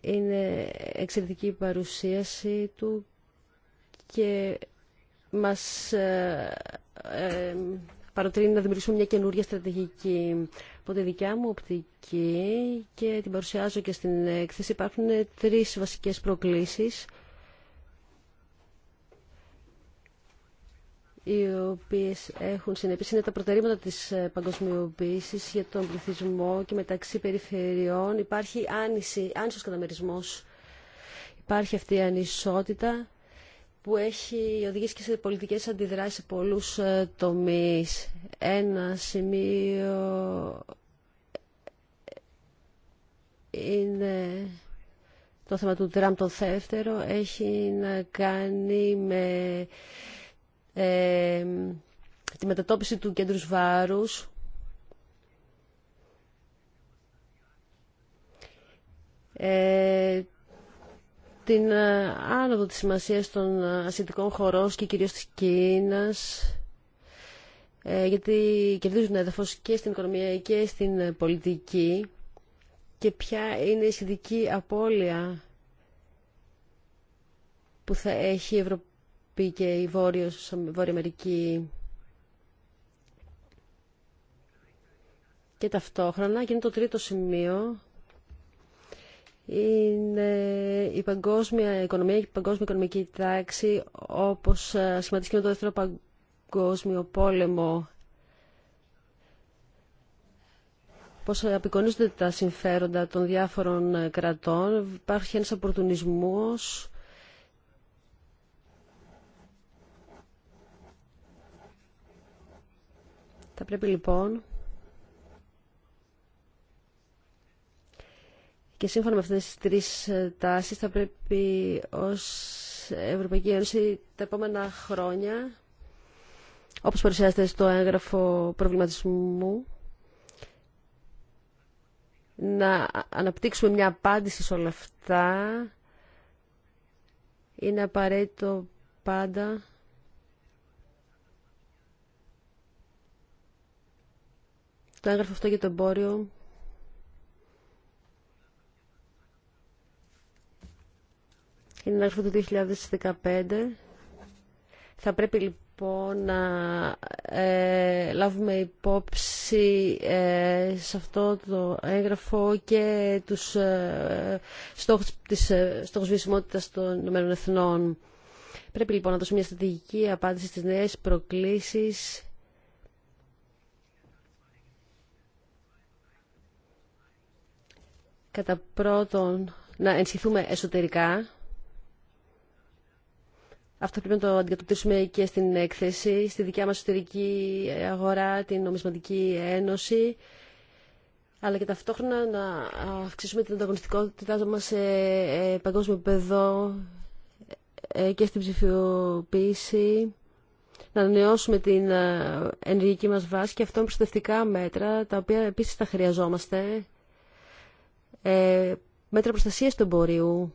Είναι εξαιρετική η παρουσίαση του και μας ε, ε παροτρύνει να δημιουργήσουμε μια καινούργια στρατηγική. Από τη δικιά μου οπτική και την παρουσιάζω και στην έκθεση υπάρχουν τρεις βασικές προκλήσεις οι οποίες έχουν συνεπίσει είναι τα προτερήματα της ε, παγκοσμιοποίησης για τον πληθυσμό και μεταξύ περιφερειών υπάρχει άνηση, άνησος καταμερισμός. Υπάρχει αυτή η ανισότητα που έχει οδηγήσει και σε πολιτικές αντιδράσεις σε πολλούς ε, τομείς. Ένα σημείο ε, είναι το θέμα του Τραμπ το δεύτερο. Έχει να κάνει με ε, τη μετατόπιση του κέντρου βάρους ε, την ε, άνοδο της σημασίας των ε, ασιατικών χωρών και κυρίως της Κίνας ε, γιατί κερδίζουν έδαφος και στην οικονομία και στην πολιτική και ποια είναι η σχετική απώλεια που θα έχει η Ευρωπή και η Βόρειος, Βόρεια Αμερική και ταυτόχρονα και είναι το τρίτο σημείο είναι η παγκόσμια οικονομία και η παγκόσμια οικονομική τάξη όπως ε, σχηματίστηκε με το δεύτερο παγκόσμιο πόλεμο πώς απεικονίζονται τα συμφέροντα των διάφορων ε, κρατών. Υπάρχει ένας απορτουνισμός. Θα πρέπει λοιπόν Και σύμφωνα με αυτές τις τρεις ε, τάσεις θα πρέπει ως Ευρωπαϊκή Ένωση τα επόμενα χρόνια, όπως παρουσιάζεται στο έγγραφο προβληματισμού, να αναπτύξουμε μια απάντηση σε όλα αυτά. Είναι απαραίτητο πάντα το έγγραφο αυτό για το εμπόριο είναι αρχή του 2015. Θα πρέπει λοιπόν να ε, λάβουμε υπόψη ε, σε αυτό το έγγραφο και τους ε, στόχους της ε, στόχους βιωσιμότητας των Ηνωμένων Εθνών. Πρέπει λοιπόν να δώσουμε μια στρατηγική απάντηση στις νέες προκλήσεις κατά πρώτον να ενσχυθούμε εσωτερικά αυτό πρέπει να το αντικατοπτήσουμε και στην έκθεση, στη δικιά μας εσωτερική αγορά, την νομισματική ένωση, αλλά και ταυτόχρονα να αυξήσουμε την ανταγωνιστικότητά μας σε ε, παγκόσμιο επίπεδο ε, και στην ψηφιοποίηση, να ανανεώσουμε την ε, ενεργική μας βάση και αυτό με προστατευτικά μέτρα, τα οποία επίσης τα χρειαζόμαστε, μέτρα προστασίας του εμπορίου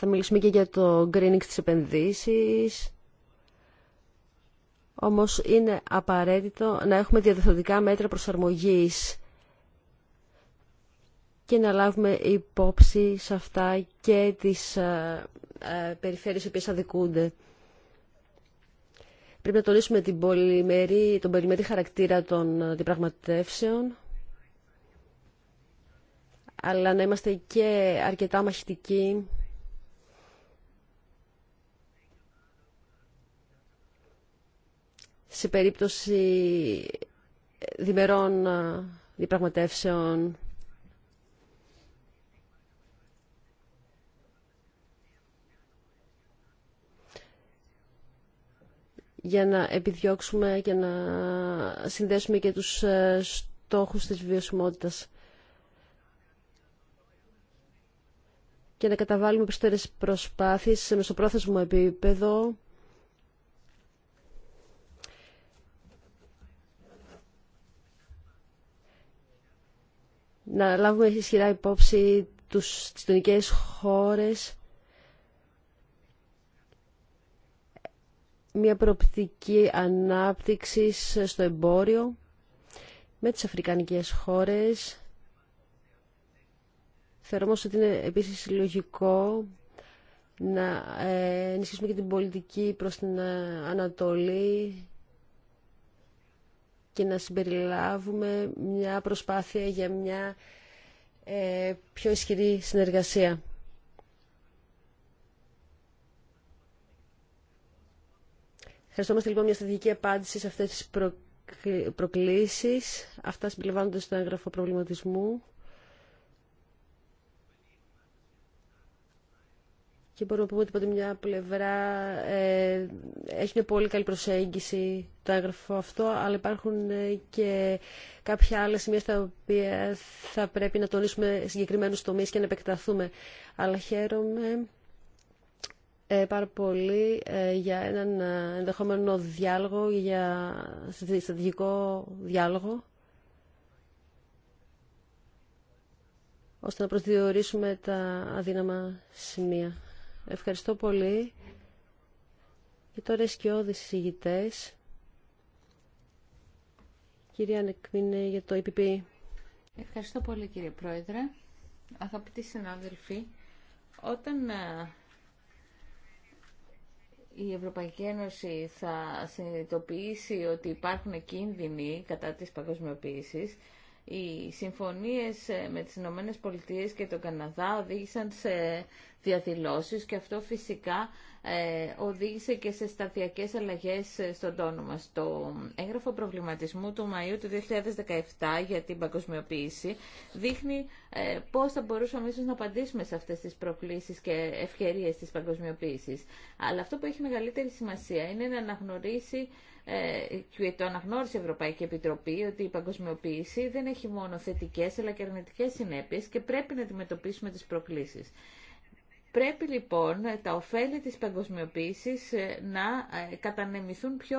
θα μιλήσουμε και για το greening στις επενδύσεις. Όμως είναι απαραίτητο να έχουμε διαδεθοντικά μέτρα προσαρμογής και να λάβουμε υπόψη σε αυτά και τις ε, ε, περιφέρειες οι οποίες αδικούνται. Πρέπει να τονίσουμε την πολυμερή, τον πολυμερή χαρακτήρα των αντιπραγματεύσεων, αλλά να είμαστε και αρκετά μαχητικοί σε περίπτωση διμερών διπραγματεύσεων. για να επιδιώξουμε και να συνδέσουμε και τους ε, στόχους της βιωσιμότητας και να καταβάλουμε περισσότερες προσπάθειες σε μεσοπρόθεσμο επίπεδο να λάβουμε ισχυρά υπόψη τους, τις τονικές χώρες μια προοπτική ανάπτυξη στο εμπόριο με τις αφρικανικές χώρες. Θεωρώ όμως ότι είναι επίσης λογικό να ε, ενισχύσουμε και την πολιτική προς την ε, Ανατολή και να συμπεριλάβουμε μια προσπάθεια για μια ε, πιο ισχυρή συνεργασία. Χρειαζόμαστε λοιπόν μια στρατηγική απάντηση σε αυτές τις προκλήσεις. Αυτά συμπεριλαμβάνονται στο έγγραφο προβληματισμού. και μπορούμε να πούμε ότι από τη μια πλευρά ε, έχει μια πολύ καλή προσέγγιση το έγγραφο αυτό, αλλά υπάρχουν ε, και κάποια άλλα σημεία στα οποία θα πρέπει να τονίσουμε συγκεκριμένους τομείς και να επεκταθούμε. Αλλά χαίρομαι ε, πάρα πολύ ε, για έναν ενδεχόμενο διάλογο, για στρατηγικό διάλογο, ώστε να προσδιορίσουμε τα αδύναμα σημεία. Ευχαριστώ πολύ. Και τώρα σκιώδη συζητητές. Κυρία Νεκμίνε για το EPP. Ευχαριστώ πολύ κύριε Πρόεδρε. Αγαπητοί συνάδελφοι, όταν ε, η Ευρωπαϊκή Ένωση θα συνειδητοποιήσει ότι υπάρχουν κίνδυνοι κατά της παγκοσμιοποίησης, οι συμφωνίες ε, με τις Ηνωμένε Πολιτείες και τον Καναδά οδήγησαν σε διαδηλώσεις και αυτό φυσικά ε, οδήγησε και σε σταδιακές αλλαγές ε, στον τόνο μας. Το έγγραφο προβληματισμού του Μαΐου του 2017 για την παγκοσμιοποίηση δείχνει πώς θα μπορούσαμε ίσως να απαντήσουμε σε αυτές τις προκλήσεις και ευκαιρίες της παγκοσμιοποίησης. Αλλά αυτό που έχει μεγαλύτερη σημασία είναι να αναγνωρίσει ε, και το αναγνώρισε η Ευρωπαϊκή Επιτροπή ότι η παγκοσμιοποίηση δεν έχει μόνο θετικές αλλά και αρνητικές συνέπειες και πρέπει να αντιμετωπίσουμε τις προκλήσεις. Πρέπει λοιπόν τα ωφέλη της παγκοσμιοποίησης ε, να ε, κατανεμηθούν πιο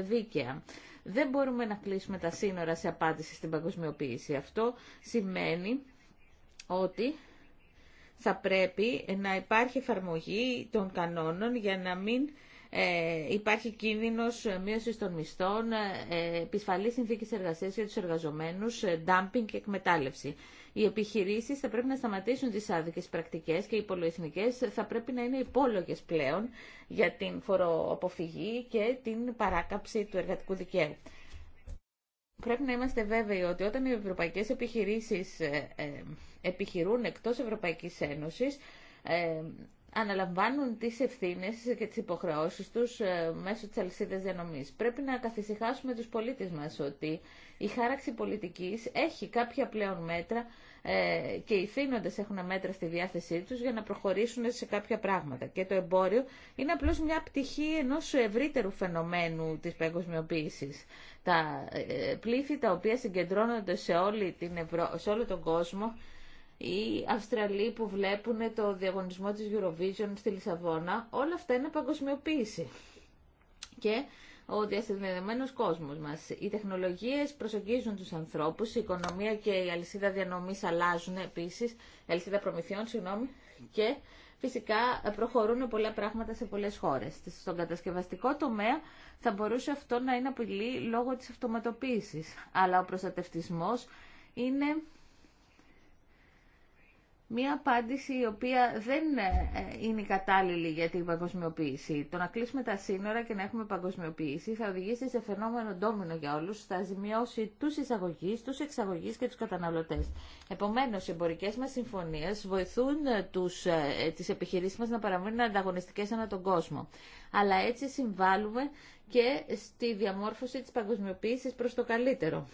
δίκαια. Δεν μπορούμε να κλείσουμε τα σύνορα σε απάντηση στην παγκοσμιοποίηση. Αυτό σημαίνει ότι θα πρέπει να υπάρχει εφαρμογή των κανόνων για να μην ε, υπάρχει κίνδυνος μείωσης των μισθών, ε, επισφαλή συνθήκες εργασίας για τους εργαζομένους, ε, dumping και εκμετάλλευση. Οι επιχειρήσεις θα πρέπει να σταματήσουν τις άδικες πρακτικές και οι πολυεθνικές θα πρέπει να είναι υπόλογες πλέον για την φοροαποφυγή και την παράκαψη του εργατικού δικαίου. Πρέπει να είμαστε βέβαιοι ότι όταν οι ευρωπαϊκές επιχειρήσεις επιχειρούν εκτός Ευρωπαϊκής Ένωσης, αναλαμβάνουν τις ευθύνες και τις υποχρεώσεις τους ε, μέσω της αλυσίδας διανομής. Πρέπει να καθησυχάσουμε τους πολίτες μας ότι η χάραξη πολιτικής έχει κάποια πλέον μέτρα ε, και οι θύνοντες έχουν μέτρα στη διάθεσή τους για να προχωρήσουν σε κάποια πράγματα. Και το εμπόριο είναι απλώς μια πτυχή ενός ευρύτερου φαινομένου της παγκοσμιοποίησης. Τα ε, πλήθη τα οποία συγκεντρώνονται σε, όλη την σε όλο τον κόσμο οι Αυστραλοί που βλέπουν το διαγωνισμό της Eurovision στη Λισαβόνα, όλα αυτά είναι παγκοσμιοποίηση. Και ο διασυνδεδεμένος κόσμος μας. Οι τεχνολογίες προσεγγίζουν τους ανθρώπους, η οικονομία και η αλυσίδα διανομής αλλάζουν επίσης, η αλυσίδα προμηθειών, συγγνώμη, και φυσικά προχωρούν πολλά πράγματα σε πολλές χώρες. Στον κατασκευαστικό τομέα θα μπορούσε αυτό να είναι απειλή λόγω της αυτοματοποίησης, αλλά ο προστατευτισμός είναι Μία απάντηση η οποία δεν ε, είναι κατάλληλη για την παγκοσμιοποίηση. Το να κλείσουμε τα σύνορα και να έχουμε παγκοσμιοποίηση θα οδηγήσει σε φαινόμενο ντόμινο για όλου, θα ζημιώσει του εισαγωγεί, του εξαγωγεί και του καταναλωτέ. Επομένω, οι εμπορικέ μα συμφωνίε βοηθούν ε, ε, τι επιχειρήσει μα να παραμείνουν ανταγωνιστικέ ανά τον κόσμο. Αλλά έτσι συμβάλλουμε και στη διαμόρφωση τη παγκοσμιοποίηση προ το καλύτερο.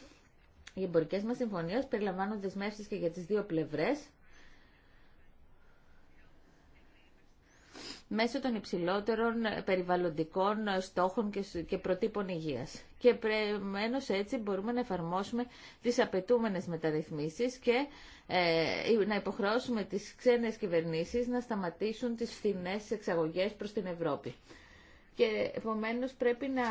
Οι εμπορικέ μα συμφωνίε περιλαμβάνουν δεσμεύσει και για τι δύο πλευρέ, μέσω των υψηλότερων περιβαλλοντικών στόχων και προτύπων υγείας. Και πρεμένως έτσι μπορούμε να εφαρμόσουμε τις απαιτούμενες μεταρρυθμίσεις και ε, να υποχρεώσουμε τις ξένες κυβερνήσεις να σταματήσουν τις φθηνές εξαγωγές προς την Ευρώπη. Και επομένως πρέπει να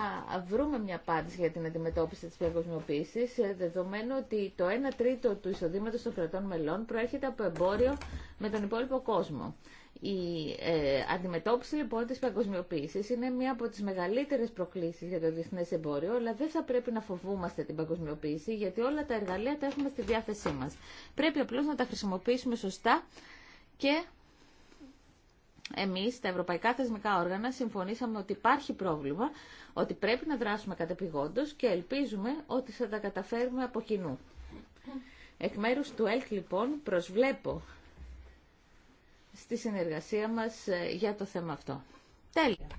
βρούμε μια απάντηση για την αντιμετώπιση της παγκοσμιοποίησης, ε, δεδομένου ότι το 1 τρίτο του εισοδήματος των κρατών μελών προέρχεται από εμπόριο με τον υπόλοιπο κόσμο. Η ε, αντιμετώπιση λοιπόν της παγκοσμιοποίησης είναι μία από τις μεγαλύτερες προκλήσεις για το διεθνές εμπόριο, αλλά δεν θα πρέπει να φοβούμαστε την παγκοσμιοποίηση, γιατί όλα τα εργαλεία τα έχουμε στη διάθεσή μας. Πρέπει απλώς να τα χρησιμοποιήσουμε σωστά και εμείς, τα ευρωπαϊκά θεσμικά όργανα, συμφωνήσαμε ότι υπάρχει πρόβλημα, ότι πρέπει να δράσουμε κατεπηγόντως και ελπίζουμε ότι θα τα καταφέρουμε από κοινού. Εκ μέρους του ΕΛΚ, λοιπόν, προσβλέπω στη συνεργασία μας ε, για το θέμα αυτό. Τέλεια.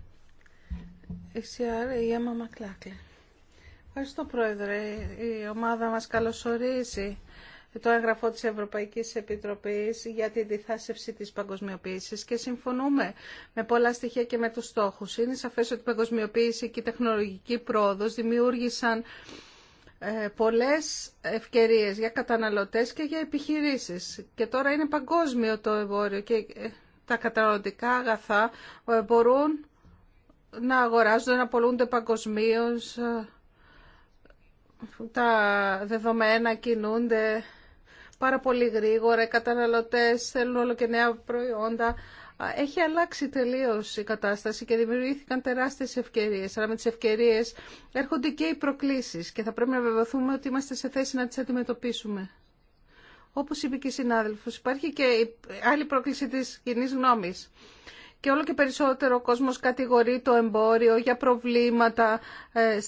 Ευχαριστώ Πρόεδρε. Η ομάδα μας καλωσορίζει το έγγραφο της Ευρωπαϊκής Επιτροπής για την διθάσευση της παγκοσμιοποίησης και συμφωνούμε με πολλά στοιχεία και με τους στόχους. Είναι σαφές ότι η παγκοσμιοποίηση και η τεχνολογική πρόοδος δημιούργησαν ε, πολλές ευκαιρίες για καταναλωτές και για επιχειρήσεις. Και τώρα είναι παγκόσμιο το εμπόριο και ε, τα καταναλωτικά αγαθά ε, μπορούν να αγοράζονται, να πολλούνται παγκοσμίω. Τα δεδομένα κινούνται πάρα πολύ γρήγορα. Οι καταναλωτές θέλουν όλο και νέα προϊόντα. Έχει αλλάξει τελείως η κατάσταση και δημιουργήθηκαν τεράστιες ευκαιρίες. Αλλά με τις ευκαιρίες έρχονται και οι προκλήσεις και θα πρέπει να βεβαιωθούμε ότι είμαστε σε θέση να τις αντιμετωπίσουμε. Όπως είπε και η συνάδελφος, υπάρχει και η άλλη πρόκληση της κοινή γνώμης. Και όλο και περισσότερο ο κόσμος κατηγορεί το εμπόριο για προβλήματα ε,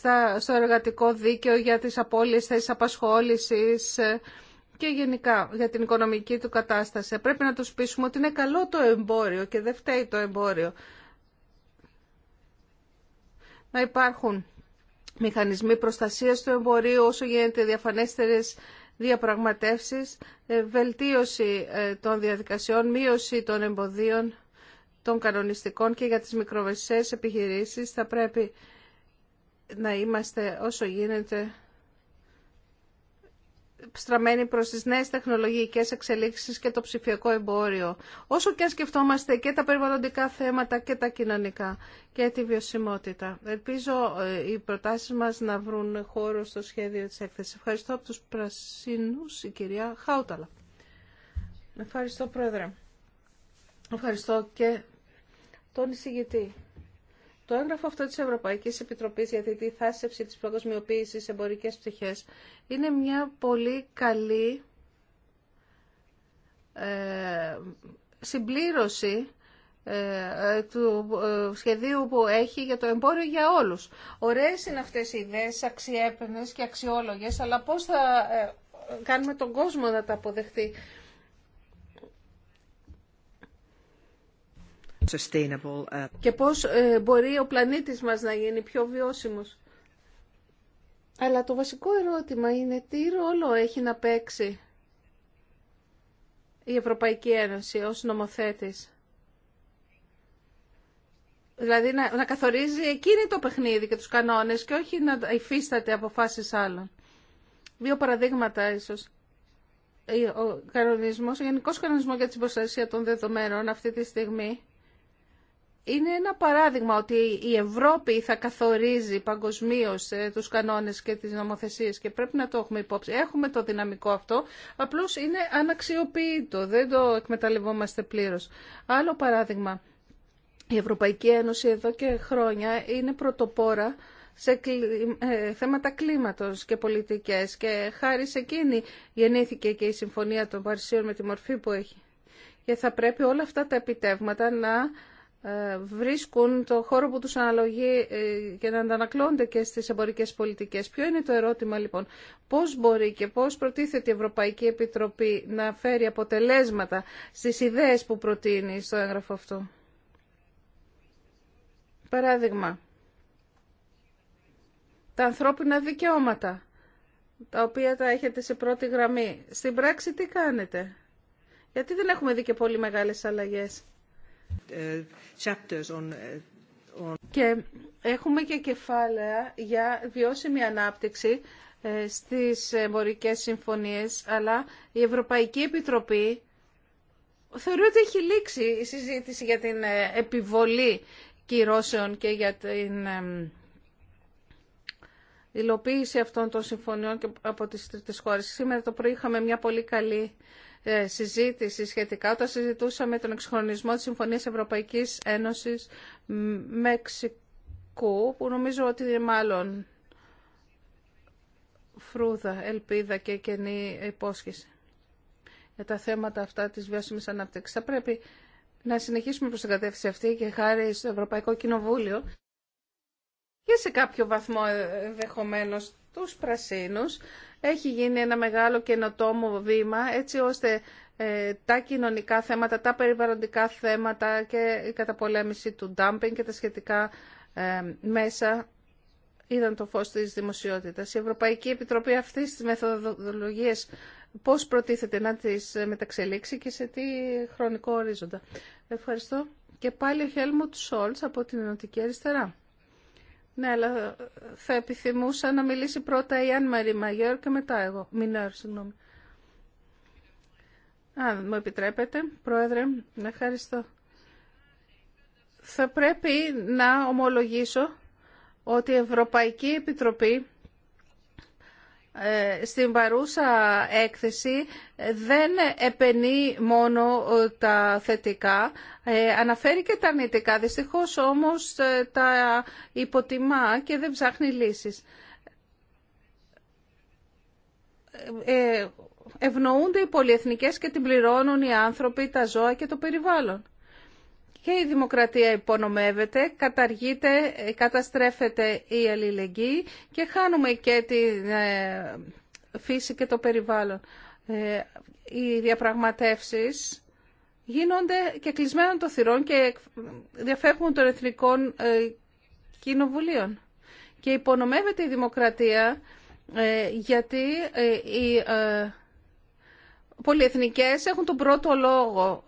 στο εργατικό δίκαιο, για τις απώλειες θέσεις απασχόλησης, ε, και γενικά για την οικονομική του κατάσταση. Πρέπει να τους πείσουμε ότι είναι καλό το εμπόριο και δεν φταίει το εμπόριο. Να υπάρχουν μηχανισμοί προστασίας του εμπορίου όσο γίνεται διαφανέστερες διαπραγματεύσεις, ε, βελτίωση ε, των διαδικασιών, μείωση των εμποδίων των κανονιστικών και για τις μικρομεσαίες επιχειρήσεις θα πρέπει να είμαστε όσο γίνεται στραμμένη προ τι νέε τεχνολογικές εξελίξεις και το ψηφιακό εμπόριο. Όσο και αν σκεφτόμαστε και τα περιβαλλοντικά θέματα και τα κοινωνικά και τη βιωσιμότητα. Ελπίζω ε, οι προτάσει μας να βρουν χώρο στο σχέδιο της έκθεση. Ευχαριστώ από του πράσινου, η κυρία Χάουταλα. Ευχαριστώ, Πρόεδρε. Ευχαριστώ και τον εισηγητή. Το έγγραφο αυτό της Ευρωπαϊκής Επιτροπής για τη θάσευση της παγκοσμιοποίησης σε εμπορικές πτυχές είναι μια πολύ καλή ε, συμπλήρωση ε, ε, του σχεδίου που έχει για το εμπόριο για όλους. Ωραίες είναι αυτές οι ιδέες, αξιέπαινες και αξιόλογες, αλλά πώς θα κάνουμε τον κόσμο να τα αποδεχτεί. Uh, και πώς ε, μπορεί ο πλανήτης μας να γίνει πιο βιώσιμος. Αλλά το βασικό ερώτημα είναι τι ρόλο έχει να παίξει η Ευρωπαϊκή Ένωση ως νομοθέτης. Δηλαδή να, καθορίζει εκείνη το παιχνίδι και τους κανόνες και όχι να υφίσταται αποφάσεις άλλων. Δύο παραδείγματα ίσως. Ο κανονισμός, ο Γενικός Κανονισμός για την Προστασία των Δεδομένων αυτή τη στιγμή είναι ένα παράδειγμα ότι η Ευρώπη θα καθορίζει παγκοσμίω ε, τους κανόνες και τις νομοθεσίες και πρέπει να το έχουμε υπόψη. Έχουμε το δυναμικό αυτό, απλώς είναι αναξιοποιητό, δεν το εκμεταλλευόμαστε πλήρως. Άλλο παράδειγμα, η Ευρωπαϊκή Ένωση εδώ και χρόνια είναι πρωτοπόρα σε ε, θέματα κλίματος και πολιτικές και χάρη σε εκείνη γεννήθηκε και η Συμφωνία των Παρισίων με τη μορφή που έχει. Και θα πρέπει όλα αυτά τα επιτεύγματα να ε, βρίσκουν το χώρο που τους αναλογεί ε, και να αντανακλώνται και στις εμπορικές πολιτικές. Ποιο είναι το ερώτημα λοιπόν, πώς μπορεί και πώς προτίθεται η Ευρωπαϊκή Επιτροπή να φέρει αποτελέσματα στις ιδέες που προτείνει στο έγγραφο αυτό. Παράδειγμα, τα ανθρώπινα δικαιώματα, τα οποία τα έχετε σε πρώτη γραμμή. Στην πράξη τι κάνετε, γιατί δεν έχουμε δει και πολύ μεγάλες αλλαγές. Ε, ε, και έχουμε και κεφάλαια για βιώσιμη ανάπτυξη ε, στις εμπορικές συμφωνίες, αλλά η Ευρωπαϊκή Επιτροπή θεωρεί ότι έχει λήξει η συζήτηση για την επιβολή κυρώσεων και για την υλοποίηση αυτών των συμφωνιών και από τις τρίτες χώρες. Σήμερα το πρωί είχαμε μια πολύ καλή ε, συζήτηση σχετικά όταν συζητούσαμε τον εξχρονισμό της Συμφωνίας Ευρωπαϊκής Ένωσης Μεξικού, που νομίζω ότι είναι μάλλον φρούδα, ελπίδα και κενή υπόσχεση για τα θέματα αυτά της βιώσιμης ανάπτυξης. Θα πρέπει να συνεχίσουμε προς την κατεύθυνση αυτή και χάρη στο Ευρωπαϊκό Κοινοβούλιο και σε κάποιο βαθμό ενδεχομένω τους πρασίνους έχει γίνει ένα μεγάλο καινοτόμο βήμα έτσι ώστε ε, τα κοινωνικά θέματα, τα περιβαλλοντικά θέματα και η καταπολέμηση του ντάμπινγκ και τα σχετικά ε, μέσα είδαν το φως της δημοσιότητας. Η Ευρωπαϊκή Επιτροπή αυτής της μεθοδολογίας πώς προτίθεται να τις μεταξελίξει και σε τι χρονικό ορίζοντα. Ευχαριστώ. Και πάλι ο Χέλμουτ Σόλτς από την Ενωτική Αριστερά. Ναι, αλλά θα επιθυμούσα να μιλήσει πρώτα η Αν Μαρή Μαγιόρ και μετά εγώ. Μινέρ, συγγνώμη. Αν μου επιτρέπετε, Πρόεδρε, ευχαριστώ. Θα πρέπει να ομολογήσω ότι η Ευρωπαϊκή Επιτροπή ε, στην παρούσα έκθεση δεν επενεί μόνο ε, τα θετικά, ε, αναφέρει και τα αρνητικά. Δυστυχώς όμως τα υποτιμά και δεν ψάχνει λύσεις. Ευνοούνται οι πολυεθνικές και την πληρώνουν οι άνθρωποι, τα ζώα και το περιβάλλον και η δημοκρατία υπονομεύεται, καταργείται, καταστρέφεται η αλληλεγγύη και χάνουμε και τη ε, φύση και το περιβάλλον. Ε, οι διαπραγματεύσεις γίνονται και κλεισμένων των θυρών και διαφεύγουν των εθνικών ε, κοινοβουλίων. Και υπονομεύεται η δημοκρατία γιατί η πολυεθνικές έχουν τον πρώτο λόγο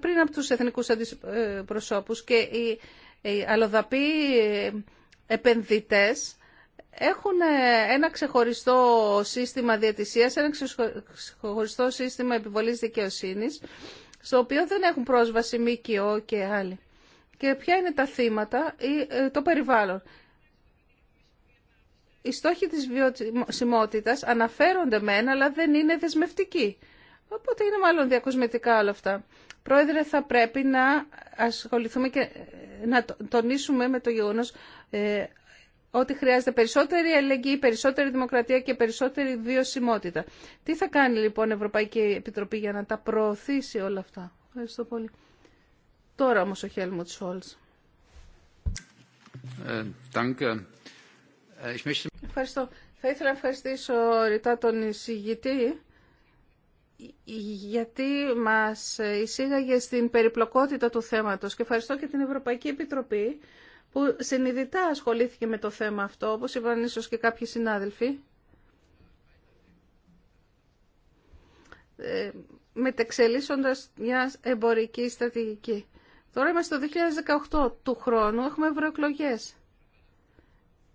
πριν από τους εθνικούς αντιπροσώπους και οι, οι αλλοδαποί ε, επενδυτές έχουν ε, ένα ξεχωριστό σύστημα διατησίας, ένα ξεχωριστό σύστημα επιβολής δικαιοσύνης, στο οποίο δεν έχουν πρόσβαση ΜΚΟ και άλλοι. Και ποια είναι τα θύματα ή ε, το περιβάλλον. Οι στόχοι της βιωσιμότητας αναφέρονται μεν, αλλά δεν είναι δεσμευτικοί. Οπότε είναι μάλλον διακοσμητικά όλα αυτά. Πρόεδρε, θα πρέπει να ασχοληθούμε και να τονίσουμε με το γεγονός ε, ότι χρειάζεται περισσότερη αλληλεγγύη, περισσότερη δημοκρατία και περισσότερη βιωσιμότητα. Τι θα κάνει λοιπόν η Ευρωπαϊκή Επιτροπή για να τα προωθήσει όλα αυτά. Ευχαριστώ πολύ. Τώρα όμως ο Χέλμουτ Σόλτς. Ε, ε, Ευχαριστώ. Θα ήθελα να ευχαριστήσω ρητά τον εισηγητή γιατί μας εισήγαγε στην περιπλοκότητα του θέματος και ευχαριστώ και την Ευρωπαϊκή Επιτροπή που συνειδητά ασχολήθηκε με το θέμα αυτό, όπως είπαν ίσως και κάποιοι συνάδελφοι. Ε, μετεξελίσσοντας μια εμπορική στρατηγική. Τώρα είμαστε το 2018 του χρόνου, έχουμε ευρωεκλογέ.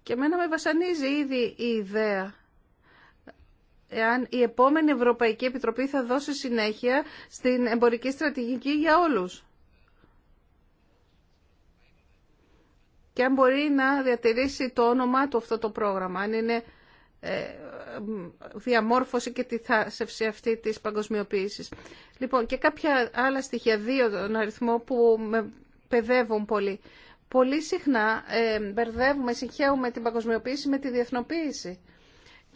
Και μένα με βασανίζει ήδη η ιδέα εάν η επόμενη Ευρωπαϊκή Επιτροπή θα δώσει συνέχεια στην εμπορική στρατηγική για όλους. Και αν μπορεί να διατηρήσει το όνομά του αυτό το πρόγραμμα, αν είναι ε, διαμόρφωση και τη θάσευση αυτή της παγκοσμιοποίησης. Λοιπόν, και κάποια άλλα στοιχεία, δύο τον αριθμό που με παιδεύουν πολύ. Πολύ συχνά ε, μπερδεύουμε, συγχαίουμε την παγκοσμιοποίηση με τη διεθνοποίηση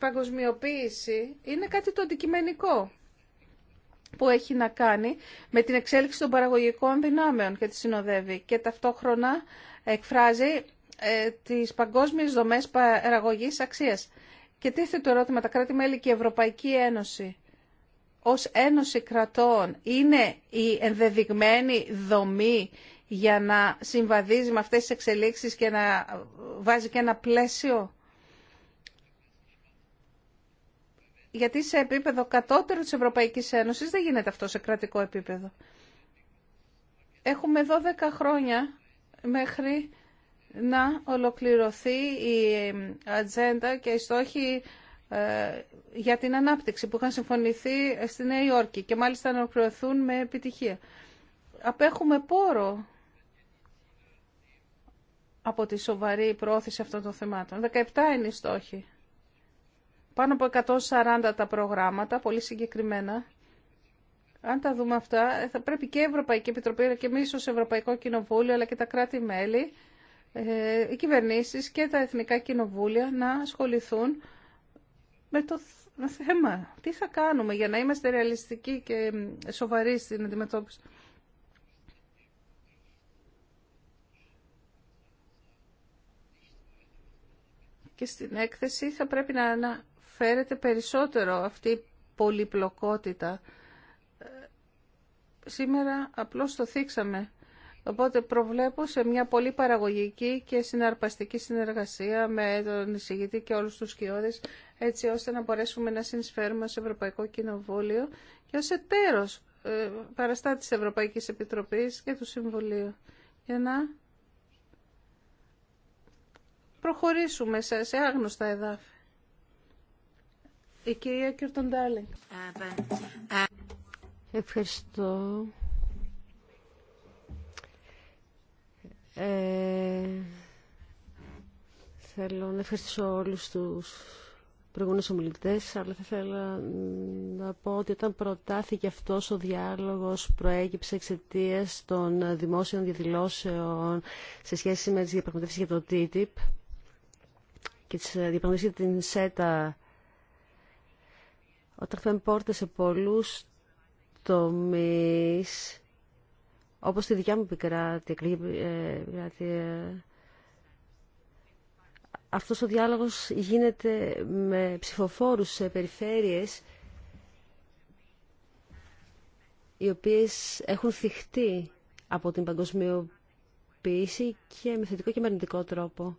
παγκοσμιοποίηση είναι κάτι το αντικειμενικό που έχει να κάνει με την εξέλιξη των παραγωγικών δυνάμεων και τη συνοδεύει και ταυτόχρονα εκφράζει ε, τις παγκόσμιες δομές παραγωγής αξίας. Και τίθεται το ερώτημα τα κράτη-μέλη και η Ευρωπαϊκή Ένωση ως Ένωση Κρατών είναι η ενδεδειγμένη δομή για να συμβαδίζει με αυτές τις εξελίξεις και να βάζει και ένα πλαίσιο. γιατί σε επίπεδο κατώτερο της Ευρωπαϊκής Ένωσης δεν γίνεται αυτό σε κρατικό επίπεδο. Έχουμε 12 χρόνια μέχρι να ολοκληρωθεί η ατζέντα και οι στόχοι ε, για την ανάπτυξη που είχαν συμφωνηθεί στη Νέα Υόρκη και μάλιστα να ολοκληρωθούν με επιτυχία. Απέχουμε πόρο από τη σοβαρή πρόθεση αυτών των θεμάτων. 17 είναι οι στόχοι. Πάνω από 140 τα προγράμματα, πολύ συγκεκριμένα. Αν τα δούμε αυτά, θα πρέπει και η Ευρωπαϊκή Επιτροπή, αλλά και εμεί ω Ευρωπαϊκό Κοινοβούλιο, αλλά και τα κράτη-μέλη, ε, οι κυβερνήσεις και τα εθνικά κοινοβούλια να ασχοληθούν με το θέμα. Τι θα κάνουμε για να είμαστε ρεαλιστικοί και σοβαροί στην αντιμετώπιση. Και στην έκθεση θα πρέπει να φέρεται περισσότερο αυτή η πολυπλοκότητα. Σήμερα απλώς το θίξαμε. Οπότε προβλέπω σε μια πολύ παραγωγική και συναρπαστική συνεργασία με τον εισηγητή και όλους τους κοιόδες, έτσι ώστε να μπορέσουμε να συνεισφέρουμε σε Ευρωπαϊκό Κοινοβούλιο και ως εταίρος ε, παραστά της Ευρωπαϊκής Επιτροπής και του Συμβουλίου, για να προχωρήσουμε σε άγνωστα εδάφη. Η κυρία Κιρτοντάλη. Ευχαριστώ. Ε, θέλω να ευχαριστήσω όλους τους προηγούμενους ομιλητές, αλλά θα ήθελα να πω ότι όταν προτάθηκε αυτός ο διάλογος προέκυψε εξαιτία των δημόσιων διαδηλώσεων σε σχέση με τις διαπραγματεύσεις για το TTIP και τις διαπραγματεύσεις για την ΣΕΤΑ όταν χτυπάμε πόρτες σε πολλούς τομείς, όπως στη δικιά μου πικράτη, ε, ε, αυτός ο διάλογος γίνεται με ψηφοφόρους σε περιφέρειες οι οποίες έχουν θυχτεί από την παγκοσμιοποίηση και με θετικό και με αρνητικό τρόπο.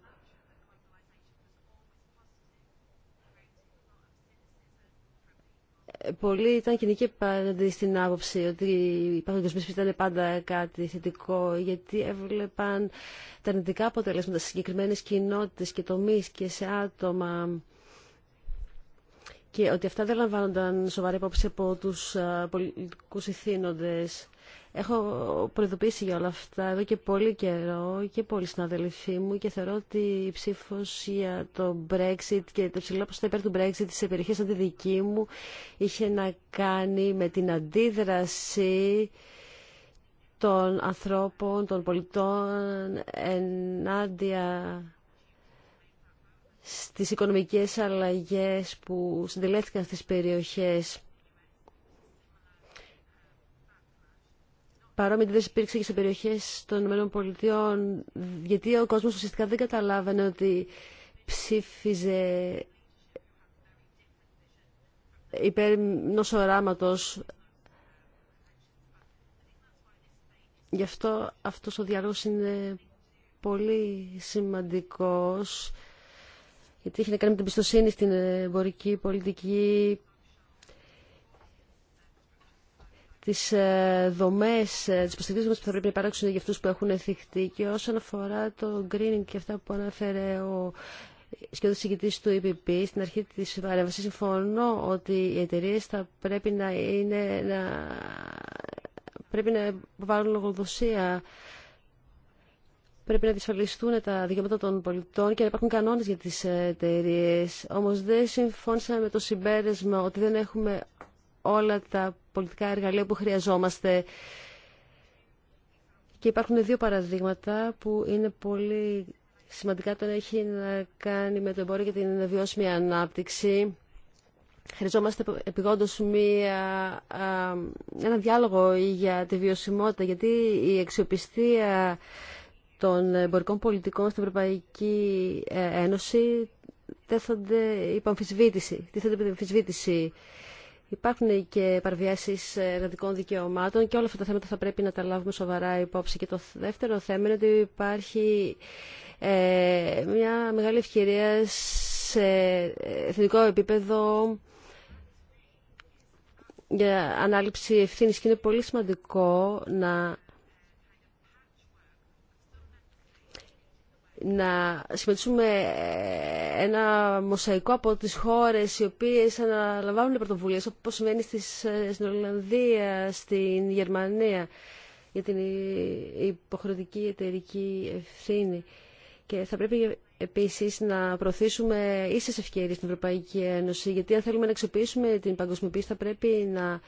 πολλοί ήταν κοινικοί πάντα στην άποψη ότι οι παγκοσμίες ήταν πάντα κάτι θετικό, γιατί έβλεπαν τα αρνητικά αποτελέσματα σε συγκεκριμένες κοινότητες και τομείς και σε άτομα και ότι αυτά δεν λαμβάνονταν σοβαρή υπόψη από τους ε, πολιτικούς ηθήνοντες. Έχω προειδοποιήσει για όλα αυτά εδώ και πολύ καιρό και πολύ συναδελφοί μου και θεωρώ ότι η ψήφο για το Brexit και το ψηλό ποσοστό υπέρ του Brexit σε τη δική μου είχε να κάνει με την αντίδραση των ανθρώπων, των πολιτών ενάντια στις οικονομικές αλλαγές που συντελέθηκαν στις περιοχές παρόμοια δεν υπήρξε και σε περιοχές των ΗΠΑ, γιατί ο κόσμος ουσιαστικά δεν καταλάβαινε ότι ψήφιζε υπέρ ενό οράματο. Γι' αυτό αυτός ο διάλογος είναι πολύ σημαντικός, γιατί έχει να κάνει με την πιστοσύνη στην εμπορική πολιτική, τις ε, δομές, ε, τις προστατικές δομές που θα πρέπει να υπάρξουν για αυτούς που έχουν εθιχτεί και όσον αφορά το greening και αυτά που ανέφερε ο σχεδόν συγκητής του EPP, στην αρχή της παρέμβασης συμφωνώ ότι οι εταιρείε θα πρέπει να είναι να... πρέπει να βάλουν λογοδοσία πρέπει να διασφαλιστούν τα δικαιώματα των πολιτών και να υπάρχουν κανόνες για τις εταιρείε. Όμως δεν συμφώνησα με το συμπέρασμα ότι δεν έχουμε όλα τα πολιτικά εργαλεία που χρειαζόμαστε. Και υπάρχουν δύο παραδείγματα που είναι πολύ σημαντικά. Το ένα έχει να κάνει με το εμπόριο και την βιώσιμη ανάπτυξη. Χρειαζόμαστε επιγόντω μία, ένα διάλογο για τη βιωσιμότητα, γιατί η αξιοπιστία των εμπορικών πολιτικών στην Ευρωπαϊκή ε, Ένωση τέθονται υπό αμφισβήτηση. υπό αμφισβήτηση. Υπάρχουν και παραβιάσει εργατικών δικαιωμάτων και όλα αυτά τα θέματα θα πρέπει να τα λάβουμε σοβαρά υπόψη. Και το δεύτερο θέμα είναι ότι υπάρχει ε, μια μεγάλη ευκαιρία σε εθνικό επίπεδο για ανάληψη ευθύνη. και είναι πολύ σημαντικό να να συμμετήσουμε ε, ένα μοσαϊκό από τις χώρες οι οποίες αναλαμβάνουν πρωτοβουλίε, όπω συμβαίνει στις, ε, στην Ολλανδία, στην Γερμανία για την υποχρεωτική εταιρική ευθύνη. Και θα πρέπει επίσης να προωθήσουμε ίσες ευκαιρίες στην Ευρωπαϊκή Ένωση γιατί αν θέλουμε να αξιοποιήσουμε την παγκοσμιοποίηση θα πρέπει να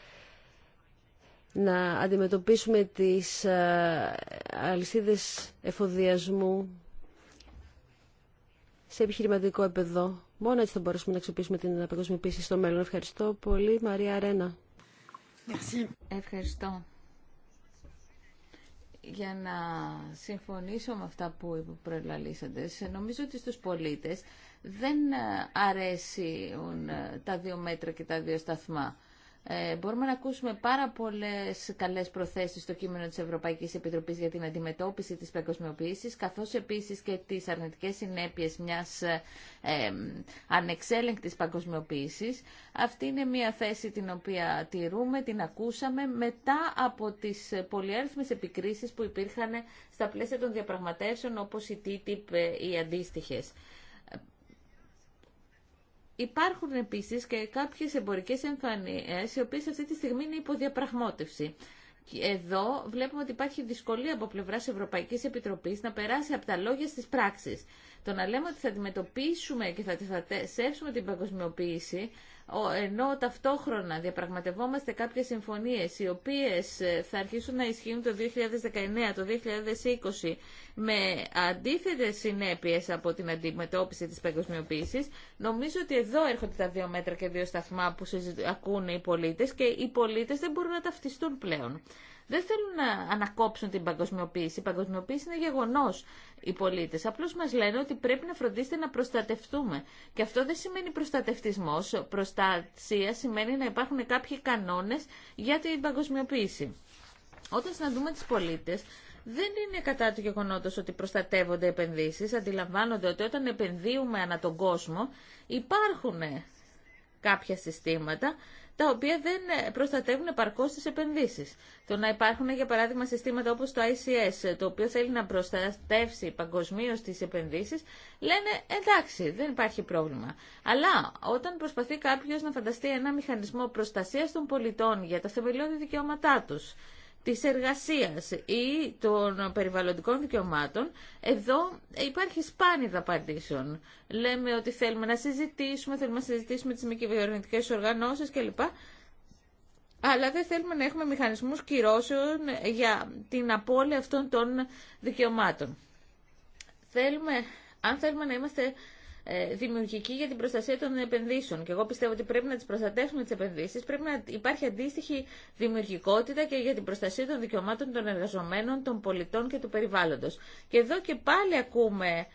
να αντιμετωπίσουμε τις ε, αλυσίδες εφοδιασμού σε επιχειρηματικό επίπεδο. Μόνο έτσι θα μπορέσουμε να αξιοποιήσουμε την αναπαγκοσμιοποίηση στο μέλλον. Ευχαριστώ πολύ, Μαρία Αρένα. Ευχαριστώ. Για να συμφωνήσω με αυτά που προλαλήσατε, νομίζω ότι στους πολίτες δεν αρέσουν τα δύο μέτρα και τα δύο σταθμά. Ε, μπορούμε να ακούσουμε πάρα πολλές καλές προθέσεις στο κείμενο της Ευρωπαϊκής Επιτροπής για την αντιμετώπιση της παγκοσμιοποίηση, καθώς επίσης και τις αρνητικές συνέπειες μιας ε, ανεξέλεγκτης παγκοσμιοποίησης. Αυτή είναι μια θέση την οποία τηρούμε, την ακούσαμε, μετά από τις πολυέρθμες επικρίσεις που υπήρχαν στα πλαίσια των διαπραγματεύσεων, όπω η TTIP ή ε, αντίστοιχε. Υπάρχουν επίσης και κάποιες εμπορικές εμφανίες, οι οποίες αυτή τη στιγμή είναι υποδιαπραγμότευση. Εδώ βλέπουμε ότι υπάρχει δυσκολία από πλευρά Ευρωπαϊκή Επιτροπή να περάσει από τα λόγια στι πράξει. Το να λέμε ότι θα αντιμετωπίσουμε και θα αντισταθμίσουμε την παγκοσμιοποίηση ενώ ταυτόχρονα διαπραγματευόμαστε κάποιες συμφωνίες οι οποίες ε, θα αρχίσουν να ισχύουν το 2019, το 2020 με αντίθετες συνέπειες από την αντιμετώπιση της παγκοσμιοποίησης, νομίζω ότι εδώ έρχονται τα δύο μέτρα και δύο σταθμά που ακούνε οι πολίτες και οι πολίτες δεν μπορούν να ταυτιστούν πλέον. Δεν θέλουν να ανακόψουν την παγκοσμιοποίηση. Η παγκοσμιοποίηση είναι γεγονός οι πολίτες. Απλώς μας λένε ότι πρέπει να φροντίστε να προστατευτούμε. Και αυτό δεν σημαίνει προστατευτισμός. Προστασία σημαίνει να υπάρχουν κάποιοι κανόνες για την παγκοσμιοποίηση. Όταν συναντούμε τις πολίτες, δεν είναι κατά του γεγονότο ότι προστατεύονται επενδύσεις. Αντιλαμβάνονται ότι όταν επενδύουμε ανά τον κόσμο υπάρχουν κάποια συστήματα τα οποία δεν ε, προστατεύουν επαρκώ τι επενδύσει. Το να υπάρχουν, για παράδειγμα, συστήματα όπω το ICS, το οποίο θέλει να προστατεύσει παγκοσμίω τι επενδύσει, λένε εντάξει, δεν υπάρχει πρόβλημα. Αλλά όταν προσπαθεί κάποιο να φανταστεί ένα μηχανισμό προστασία των πολιτών για τα θεμελιώδη δικαιώματά του, της εργασίας ή των περιβαλλοντικών δικαιωμάτων, εδώ υπάρχει σπάνιδα απαντήσεων. Λέμε ότι θέλουμε να συζητήσουμε, θέλουμε να συζητήσουμε τις μη κυβερνητικέ οργανώσεις κλπ. Αλλά δεν θέλουμε να έχουμε μηχανισμούς κυρώσεων για την απώλεια αυτών των δικαιωμάτων. Θέλουμε, αν θέλουμε να είμαστε ε, δημιουργική για την προστασία των επενδύσεων. Και εγώ πιστεύω ότι πρέπει να τι προστατεύσουμε τι επενδύσει. Πρέπει να υπάρχει αντίστοιχη δημιουργικότητα και για την προστασία των δικαιωμάτων των εργαζομένων, των πολιτών και του περιβάλλοντο. Και εδώ και πάλι ακούμε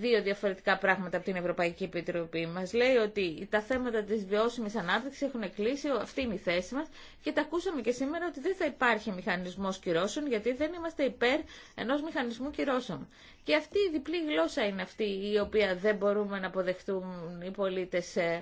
δύο διαφορετικά πράγματα από την Ευρωπαϊκή Επιτροπή. Μας λέει ότι τα θέματα της βιώσιμης ανάπτυξη έχουν κλείσει, αυτή είναι η θέση μας και τα ακούσαμε και σήμερα ότι δεν θα υπάρχει μηχανισμός κυρώσεων γιατί δεν είμαστε υπέρ ενός μηχανισμού κυρώσεων. Και αυτή η διπλή γλώσσα είναι αυτή η οποία δεν μπορούμε να αποδεχτούν οι πολίτε. Ε,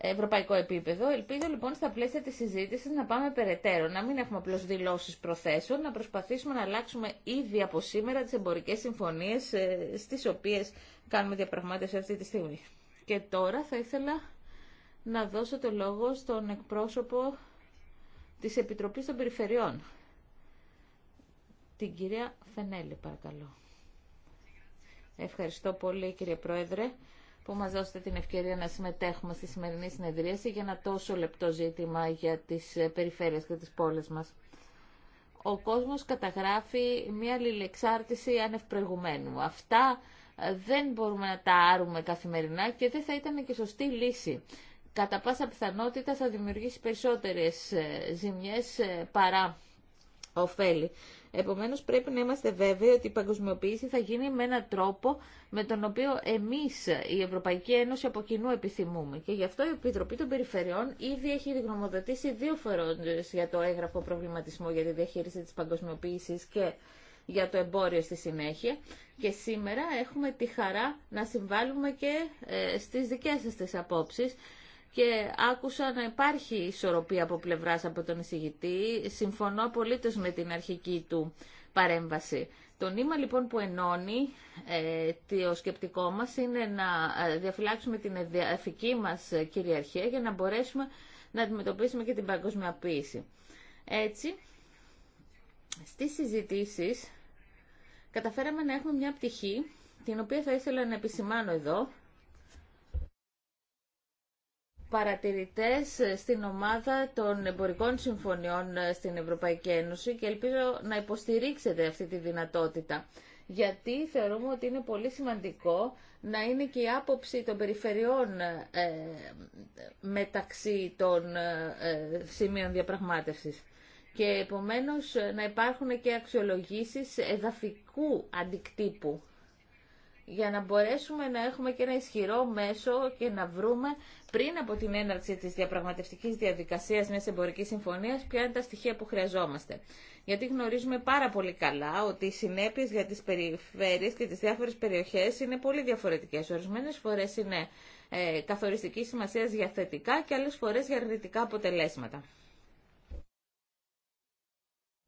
ευρωπαϊκό επίπεδο. Ελπίζω λοιπόν στα πλαίσια τη συζήτηση να πάμε περαιτέρω, να μην έχουμε απλώ δηλώσει προθέσεων, να προσπαθήσουμε να αλλάξουμε ήδη από σήμερα τις εμπορικές συμφωνίες ε, στις οποίες κάνουμε διαπραγμάτευση αυτή τη στιγμή. Και τώρα θα ήθελα να δώσω το λόγο στον εκπρόσωπο της Επιτροπής των Περιφερειών. Την κυρία Φενέλη, παρακαλώ. Ευχαριστώ πολύ, κύριε Πρόεδρε που μας δώσετε την ευκαιρία να συμμετέχουμε στη σημερινή συνεδρίαση για ένα τόσο λεπτό ζήτημα για τις περιφέρειες και τις πόλεις μας. Ο κόσμος καταγράφει μια λιλεξάρτηση ανευπρεγουμένου. Αυτά ε, δεν μπορούμε να τα άρουμε καθημερινά και δεν θα ήταν και σωστή λύση. Κατά πάσα πιθανότητα θα δημιουργήσει περισσότερες ε, ζημιές ε, παρά ωφέλη. Επομένως πρέπει να είμαστε βέβαιοι ότι η παγκοσμιοποίηση θα γίνει με έναν τρόπο με τον οποίο εμείς η Ευρωπαϊκή Ένωση από κοινού επιθυμούμε. Και γι' αυτό η Επιτροπή των Περιφερειών ήδη έχει γνωμοδοτήσει δύο φορές για το έγγραφο προβληματισμό για τη διαχείριση της παγκοσμιοποίησης και για το εμπόριο στη συνέχεια και σήμερα έχουμε τη χαρά να συμβάλλουμε και ε, στις δικές σας τις απόψεις και άκουσα να υπάρχει ισορροπία από πλευράς από τον εισηγητή. Συμφωνώ απολύτως με την αρχική του παρέμβαση. Το νήμα λοιπόν που ενώνει ε, το σκεπτικό μας είναι να ε, διαφυλάξουμε την εδαφική μας κυριαρχία για να μπορέσουμε να αντιμετωπίσουμε και την παγκοσμιοποίηση. Έτσι, στις συζητήσεις καταφέραμε να έχουμε μια πτυχή την οποία θα ήθελα να επισημάνω εδώ παρατηρητές στην ομάδα των εμπορικών συμφωνιών ε, στην Ευρωπαϊκή Ένωση και ελπίζω να υποστηρίξετε αυτή τη δυνατότητα. Γιατί θεωρούμε ότι είναι πολύ σημαντικό να είναι και η άποψη των περιφερειών ε, μεταξύ των ε, σημείων διαπραγμάτευσης. Και επομένως να υπάρχουν και αξιολογήσεις εδαφικού αντικτύπου για να μπορέσουμε να έχουμε και ένα ισχυρό μέσο και να βρούμε πριν από την έναρξη της διαπραγματευτικής διαδικασίας μιας εμπορικής συμφωνίας ποια είναι τα στοιχεία που χρειαζόμαστε. Γιατί γνωρίζουμε πάρα πολύ καλά ότι οι συνέπειες για τις περιφέρειες και τις διάφορες περιοχές είναι πολύ διαφορετικές. Ορισμένες φορές είναι ε, καθοριστική σημασία για θετικά και άλλες φορές για αρνητικά αποτελέσματα.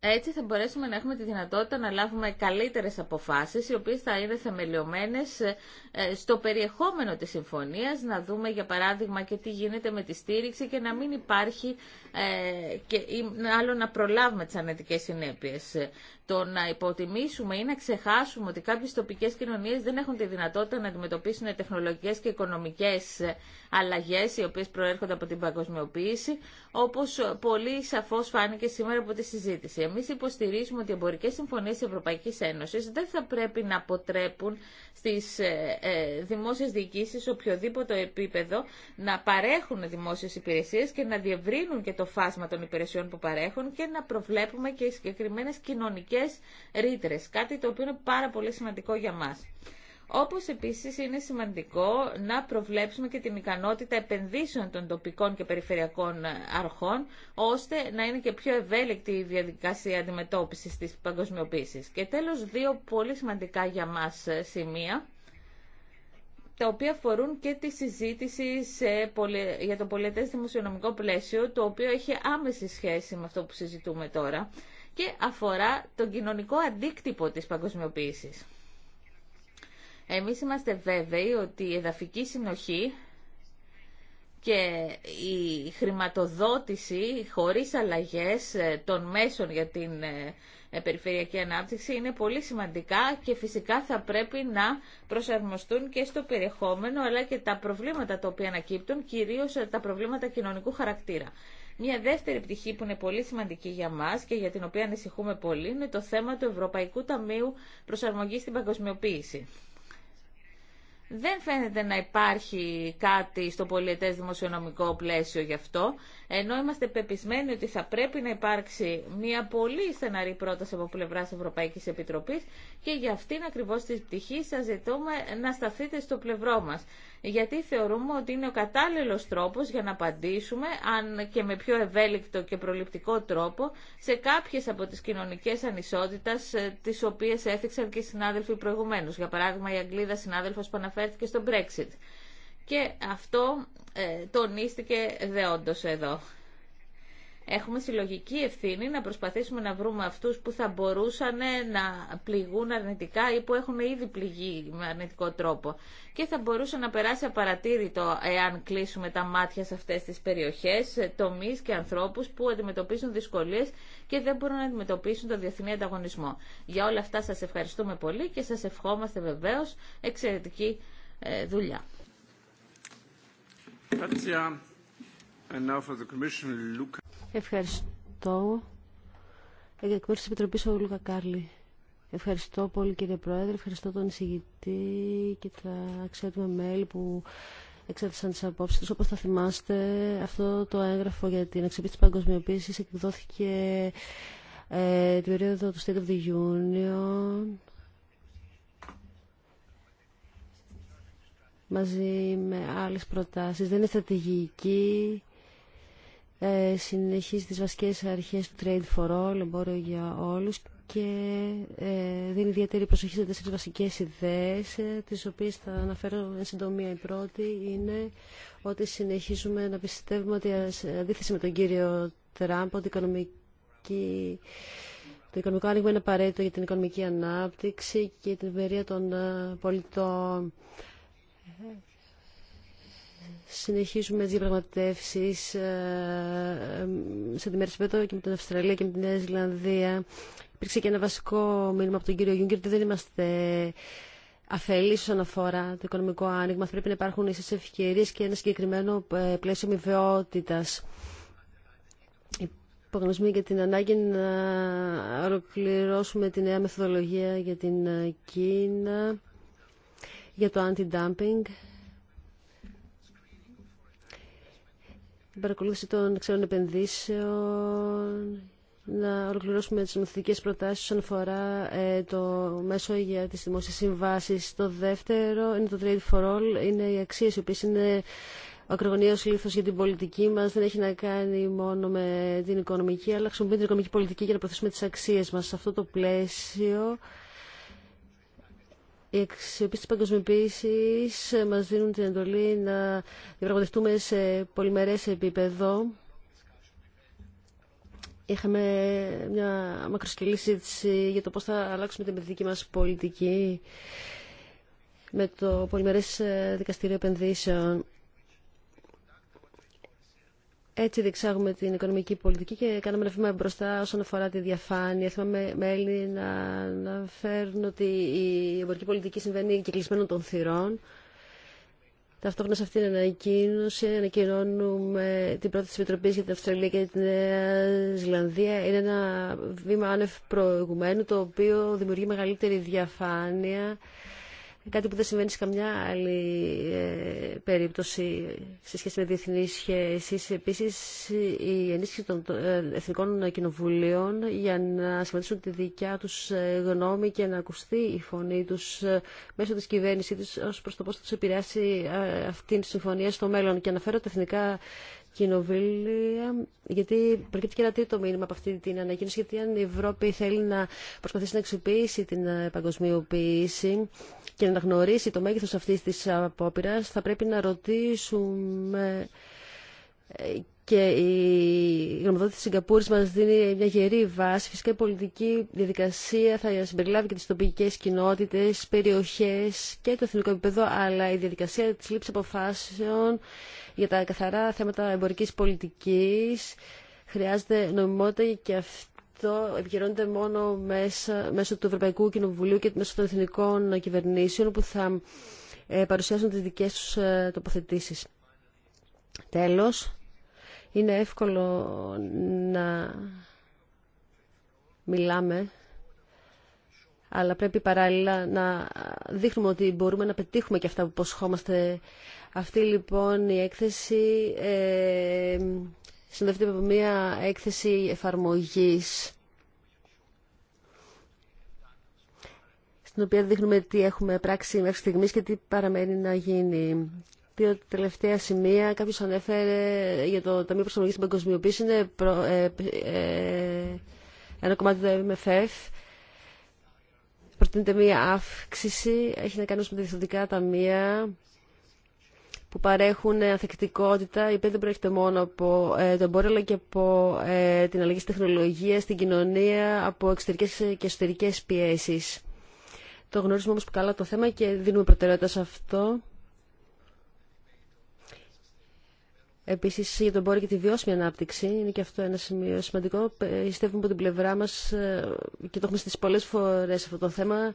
Έτσι θα μπορέσουμε να έχουμε τη δυνατότητα να λάβουμε καλύτερες αποφάσεις, οι οποίες θα είναι θεμελιωμένες ε, ε, στο περιεχόμενο της συμφωνίας, να δούμε για παράδειγμα και τι γίνεται με τη στήριξη και να μην υπάρχει, ε, και, ή, άλλο να προλάβουμε τις ανετικές συνέπειες το να υποτιμήσουμε ή να ξεχάσουμε ότι κάποιες τοπικές κοινωνίες δεν έχουν τη δυνατότητα να αντιμετωπίσουν τεχνολογικές και οικονομικές αλλαγές οι οποίες προέρχονται από την παγκοσμιοποίηση, όπως πολύ σαφώς φάνηκε σήμερα από τη συζήτηση. Εμείς υποστηρίζουμε ότι οι εμπορικές συμφωνίες της Ευρωπαϊκής Ένωσης δεν θα πρέπει να αποτρέπουν στις ε, ε, δημόσιες διοικήσεις οποιοδήποτε επίπεδο να παρέχουν δημόσιες υπηρεσίες και να διευρύνουν και το φάσμα των υπηρεσιών που παρέχουν και να προβλέπουμε και συγκεκριμένες κοινωνικές ηλικίε Κάτι το οποίο είναι πάρα πολύ σημαντικό για μα. Όπω επίση είναι σημαντικό να προβλέψουμε και την ικανότητα επενδύσεων των τοπικών και περιφερειακών αρχών, ώστε να είναι και πιο ευέλικτη η διαδικασία αντιμετώπιση τη παγκοσμιοποίηση. Και τέλο, δύο πολύ σημαντικά για μας σημεία, τα οποία αφορούν και τη συζήτηση σε για το πολιτές δημοσιονομικό πλαίσιο, το οποίο έχει άμεση σχέση με αυτό που συζητούμε τώρα και αφορά τον κοινωνικό αντίκτυπο της παγκοσμιοποίησης. Εμείς είμαστε βέβαιοι ότι η εδαφική συνοχή και η χρηματοδότηση χωρίς αλλαγές των μέσων για την ε, περιφερειακή ανάπτυξη είναι πολύ σημαντικά και φυσικά θα πρέπει να προσαρμοστούν και στο περιεχόμενο αλλά και τα προβλήματα τα οποία ανακύπτουν, κυρίως τα προβλήματα κοινωνικού χαρακτήρα. Μια δεύτερη πτυχή που είναι πολύ σημαντική για μας και για την οποία ανησυχούμε πολύ είναι το θέμα του Ευρωπαϊκού Ταμείου Προσαρμογής στην Παγκοσμιοποίηση. Δεν φαίνεται να υπάρχει κάτι στο πολιετές δημοσιονομικό πλαίσιο γι' αυτό, ενώ είμαστε πεπισμένοι ότι θα πρέπει να υπάρξει μια πολύ στεναρή πρόταση από πλευρά Ευρωπαϊκής Επιτροπής και για αυτήν ακριβώς τη πτυχή σα ζητούμε να σταθείτε στο πλευρό μας. Γιατί θεωρούμε ότι είναι ο κατάλληλος τρόπος για να απαντήσουμε, αν και με πιο ευέλικτο και προληπτικό τρόπο, σε κάποιες από τις κοινωνικές ανισότητες, ε, τις οποίες έθιξαν και οι συνάδελφοι προηγουμένω. Για παράδειγμα, η Αγγλίδα συνάδελφος που αναφέρθηκε στο Brexit. Και αυτό ε, τονίστηκε δεόντως εδώ. Έχουμε συλλογική ευθύνη να προσπαθήσουμε να βρούμε αυτούς που θα μπορούσαν ε, να πληγούν αρνητικά ή που έχουν ήδη πληγεί με αρνητικό τρόπο. Και θα μπορούσε να περάσει απαρατήρητο εάν κλείσουμε τα μάτια σε αυτές τις περιοχές, τομείς και ανθρώπους που αντιμετωπίζουν δυσκολίες και δεν μπορούν να αντιμετωπίσουν τον διεθνή ανταγωνισμό. Για όλα αυτά σας ευχαριστούμε πολύ και σας ευχόμαστε βεβαίως εξαιρετική ε, δουλειά. Ευχαριστώ ε, για την the τη Επιτροπή ο Λούκα Κάρλι. Ευχαριστώ πολύ κύριε Πρόεδρε, ευχαριστώ τον εισηγητή και τα αξιότιμα μέλη που εξέτασαν τι απόψει του. Όπω θα θυμάστε, αυτό το έγγραφο για την αξιοποίηση τη παγκοσμιοποίηση εκδόθηκε ε, την περίοδο του State of the Union μαζί με άλλες προτάσεις. Δεν είναι στρατηγική ε, συνεχίζει τις βασικές αρχές του Trade for All, εμπόριο για όλους και ε, δίνει ιδιαίτερη προσοχή σε τέσσερις βασικές ιδέες ε, τις οποίες θα αναφέρω εν συντομία. Η πρώτη είναι ότι συνεχίζουμε να πιστεύουμε ότι αντίθεση με τον κύριο Τραμπ ότι οικονομική το οικονομικό άνοιγμα είναι απαραίτητο για την οικονομική ανάπτυξη και την ευημερία των ε, πολιτών συνεχίζουμε τις διαπραγματεύσεις ε, ε, σε τη το και με την Αυστραλία και με την Νέα Ζηλανδία. Υπήρξε και ένα βασικό μήνυμα από τον κύριο Γιούγκερ ότι δεν είμαστε αφελεί όσον αφορά το οικονομικό άνοιγμα. Θα πρέπει να υπάρχουν ίσε ευκαιρίε και ένα συγκεκριμένο ε, πλαίσιο αμοιβαιότητα. Υπογνωσμή για την ανάγκη να ολοκληρώσουμε τη νέα μεθοδολογία για την Κίνα, για το anti-dumping την παρακολούθηση των ξένων επενδύσεων, να ολοκληρώσουμε τις νομοθετικέ προτάσεις όσον αφορά ε, το μέσο για τις δημόσιες συμβάσεις. Το δεύτερο είναι το Trade for All, είναι οι αξίες οι οποίες είναι ο ακρογωνίος λήθο για την πολιτική μας, δεν έχει να κάνει μόνο με την οικονομική, αλλά χρησιμοποιούμε την οικονομική πολιτική για να προωθήσουμε τι αξίε μα. Σε αυτό το πλαίσιο, οι αξιοποίηση τη παγκοσμιοποίηση μα δίνουν την εντολή να διαπραγματευτούμε σε πολυμερέ επίπεδο. Είχαμε μια μακροσκελή συζήτηση για το πώς θα αλλάξουμε την παιδική μας πολιτική με το πολυμερές δικαστήριο επενδύσεων. Έτσι διεξάγουμε την οικονομική πολιτική και κάναμε ένα βήμα μπροστά όσον αφορά τη διαφάνεια. Θυμάμαι με Έλληνε να αναφέρουν ότι η εμπορική πολιτική συμβαίνει και των θυρών. Ταυτόχρονα σε αυτήν την ανακοίνωση ανακοινώνουμε την πρώτη τη Επιτροπή για την Αυστραλία και τη Νέα Ζηλανδία. Είναι ένα βήμα άνευ προηγουμένου το οποίο δημιουργεί μεγαλύτερη διαφάνεια κάτι που δεν συμβαίνει σε καμιά άλλη ε, περίπτωση σε σχέση με διεθνεί σχέσει. Επίση, η ενίσχυση των ε, Εθνικών Κοινοβουλίων για να συμμετήσουν τη δικιά του ε, γνώμη και να ακουστεί η φωνή του μέσω τη κυβέρνησή του ω προ το πώ θα του επηρεάσει αυτή τη συμφωνία στο μέλλον. Και αναφέρω τα Εθνικά κοινοβούλια, γιατί προκύπτει και ένα τρίτο μήνυμα από αυτή την ανακοίνωση, γιατί αν η Ευρώπη θέλει να προσπαθήσει να εξοπλίσει την παγκοσμιοποίηση, και να γνωρίσει το μέγεθος αυτής της απόπειρα, θα πρέπει να ρωτήσουμε ε, και η γνωμοδότηση της Συγκαπούρης μας δίνει μια γερή βάση. Φυσικά η πολιτική διαδικασία θα συμπεριλάβει και τις τοπικές κοινότητες, περιοχές και το εθνικό επίπεδο, αλλά η διαδικασία της λήψης αποφάσεων για τα καθαρά θέματα εμπορικής πολιτικής χρειάζεται νομιμότητα και αυτή αυτό επικαιρώνεται μόνο μέσα, μέσω του Ευρωπαϊκού Κοινοβουλίου και μέσω των εθνικών κυβερνήσεων που θα ε, παρουσιάσουν τις δικές τους ε, τοποθετήσεις. Τέλος, είναι εύκολο να μιλάμε αλλά πρέπει παράλληλα να δείχνουμε ότι μπορούμε να πετύχουμε και αυτά που προσχόμαστε. Αυτή λοιπόν η έκθεση ε, συνοδεύεται από μια έκθεση εφαρμογής στην οποία δείχνουμε τι έχουμε πράξει μέχρι στιγμής και τι παραμένει να γίνει. Δύο τελευταία σημεία, κάποιος ανέφερε για το Ταμείο Προσαρμογής στην Παγκοσμιοποίηση, είναι προ, ε, ε ένα κομμάτι του MFF. Προτείνεται μία αύξηση, έχει να κάνει με τα διευθυντικά ταμεία που παρέχουν ε, ανθεκτικότητα, η οποία δεν προέρχεται μόνο από ε, το εμπόριο, αλλά και από ε, την αλλαγή στη τεχνολογία, στην κοινωνία, από εξωτερικέ και εσωτερικέ πιέσει. Το γνωρίζουμε όμω καλά το θέμα και δίνουμε προτεραιότητα σε αυτό. Επίση, για τον πόρο και τη βιώσιμη ανάπτυξη είναι και αυτό ένα σημείο σημαντικό. Πιστεύουμε από την πλευρά μα και το έχουμε στις πολλέ φορέ αυτό το θέμα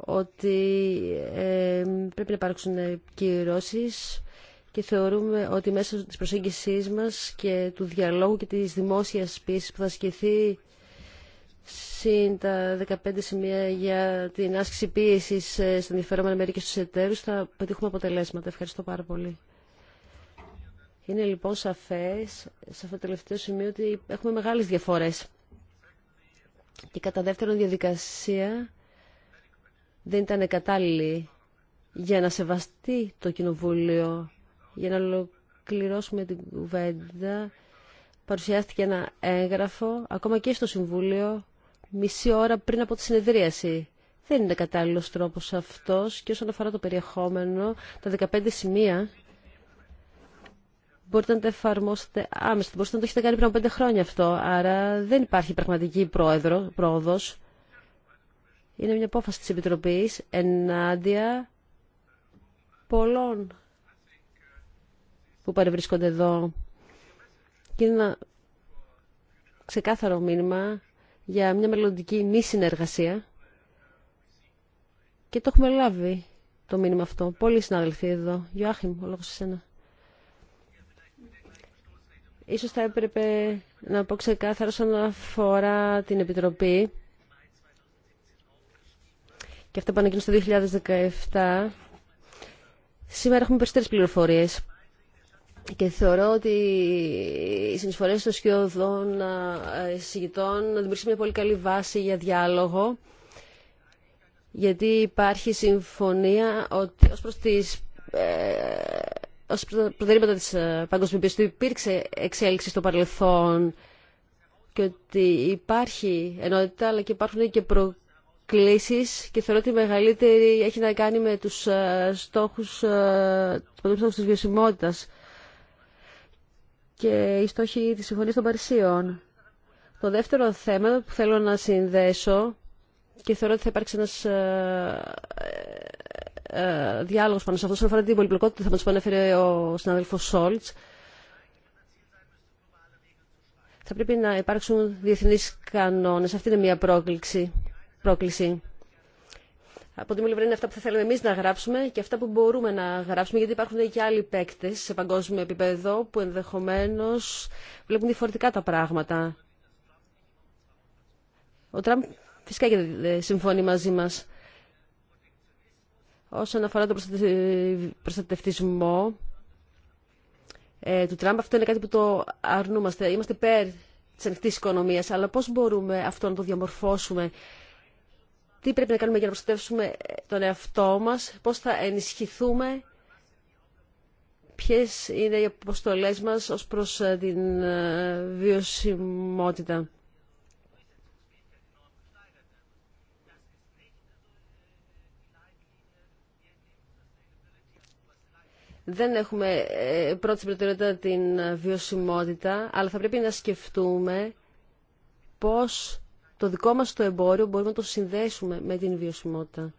ότι ε, πρέπει να υπάρξουν κυρώσεις και θεωρούμε ότι μέσω της προσέγγισής μας και του διαλόγου και της δημόσιας πίεσης που θα ασκηθεί συν τα 15 σημεία για την άσκηση πίεσης ε, στην ενδιαφέρον Αμερική και στους εταίρους θα πετύχουμε αποτελέσματα. Ευχαριστώ πάρα πολύ. Είναι λοιπόν σαφές σε αυτό το τελευταίο σημείο ότι έχουμε μεγάλες διαφορές. Και κατά δεύτερον διαδικασία δεν ήταν κατάλληλη για να σεβαστεί το Κοινοβούλιο, για να ολοκληρώσουμε την κουβέντα. Παρουσιάστηκε ένα έγγραφο, ακόμα και στο Συμβούλιο, μισή ώρα πριν από τη συνεδρίαση. Δεν είναι κατάλληλος τρόπος αυτός και όσον αφορά το περιεχόμενο, τα 15 σημεία μπορείτε να τα εφαρμόσετε άμεσα. Μπορείτε να το έχετε κάνει πριν από πέντε χρόνια αυτό. Άρα δεν υπάρχει πραγματική πρόεδρο, πρόοδος είναι μια απόφαση της Επιτροπής ενάντια πολλών που παρευρίσκονται εδώ. Και είναι ένα ξεκάθαρο μήνυμα για μια μελλοντική μη συνεργασία. Και το έχουμε λάβει το μήνυμα αυτό. Πολλοί συνάδελφοι εδώ. Ιωάχιμ, ο λόγος εσένα. Ίσως θα έπρεπε να πω ξεκάθαρο σαν αφορά την Επιτροπή και αυτά πάνε στο 2017, σήμερα έχουμε περισσότερε πληροφορίε. Και θεωρώ ότι οι συνεισφορέ των σκιωδών να δημιουργήσουν μια πολύ καλή βάση για διάλογο, γιατί υπάρχει συμφωνία ότι ως προς τις ε, ως προτερήματα της ε, παγκοσμιοποίησης του υπήρξε εξέλιξη στο παρελθόν και ότι υπάρχει ενότητα αλλά και υπάρχουν και προκλήσεις και θεωρώ ότι η μεγαλύτερη έχει να κάνει με τους ε, στόχους, ε, τη βιωσιμότητα της και οι στόχοι τη συμφωνία των Παρισίων. Το δεύτερο θέμα που θέλω να συνδέσω και θεωρώ ότι θα υπάρξει ένας ε, διάλογος πάνω σε αυτό, αφορά την πολυπλοκότητα θα μας που ο συνάδελφο Σόλτ. θα πρέπει να υπάρξουν διεθνεί κανόνε, Αυτή είναι μια πρόκληση πρόκληση. Από την πλευρά είναι αυτά που θα θέλαμε εμεί να γράψουμε και αυτά που μπορούμε να γράψουμε, γιατί υπάρχουν και άλλοι παίκτε σε παγκόσμιο επίπεδο που ενδεχομένω βλέπουν διαφορετικά τα πράγματα. Ο Τραμπ φυσικά και δεν συμφωνεί μαζί μα. Όσον αφορά τον προστατευτισμό ε, του Τραμπ, αυτό είναι κάτι που το αρνούμαστε. Είμαστε υπέρ τη ανοιχτή οικονομία, αλλά πώ μπορούμε αυτό να το διαμορφώσουμε τι πρέπει να κάνουμε για να προστατεύσουμε τον εαυτό μας, πώς θα ενισχυθούμε, ποιες είναι οι αποστολές μας ως προς ε, την ε, βιωσιμότητα. Δεν έχουμε ε, πρώτη προτεραιότητα την βιωσιμότητα, αλλά θα πρέπει να σκεφτούμε πώς το δικό μας το εμπόριο μπορούμε να το συνδέσουμε με την βιωσιμότητα.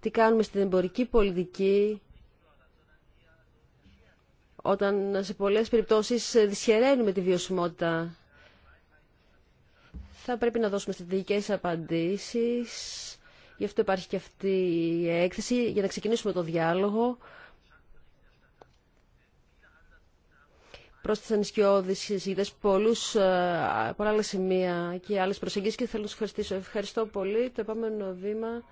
Τι κάνουμε στην εμπορική πολιτική, όταν σε πολλές περιπτώσεις δυσχεραίνουμε τη βιωσιμότητα. Θα πρέπει να δώσουμε στρατηγικές απαντήσεις, γι' αυτό υπάρχει και αυτή η έκθεση, για να ξεκινήσουμε το διάλογο. προ τι ανησυχιώδεις συζήτητες, πολλούς, ε, πολλά άλλα σημεία και άλλε προσεγγίσεις και θέλω να σας ευχαριστήσω. Ευχαριστώ πολύ. Το επόμενο βήμα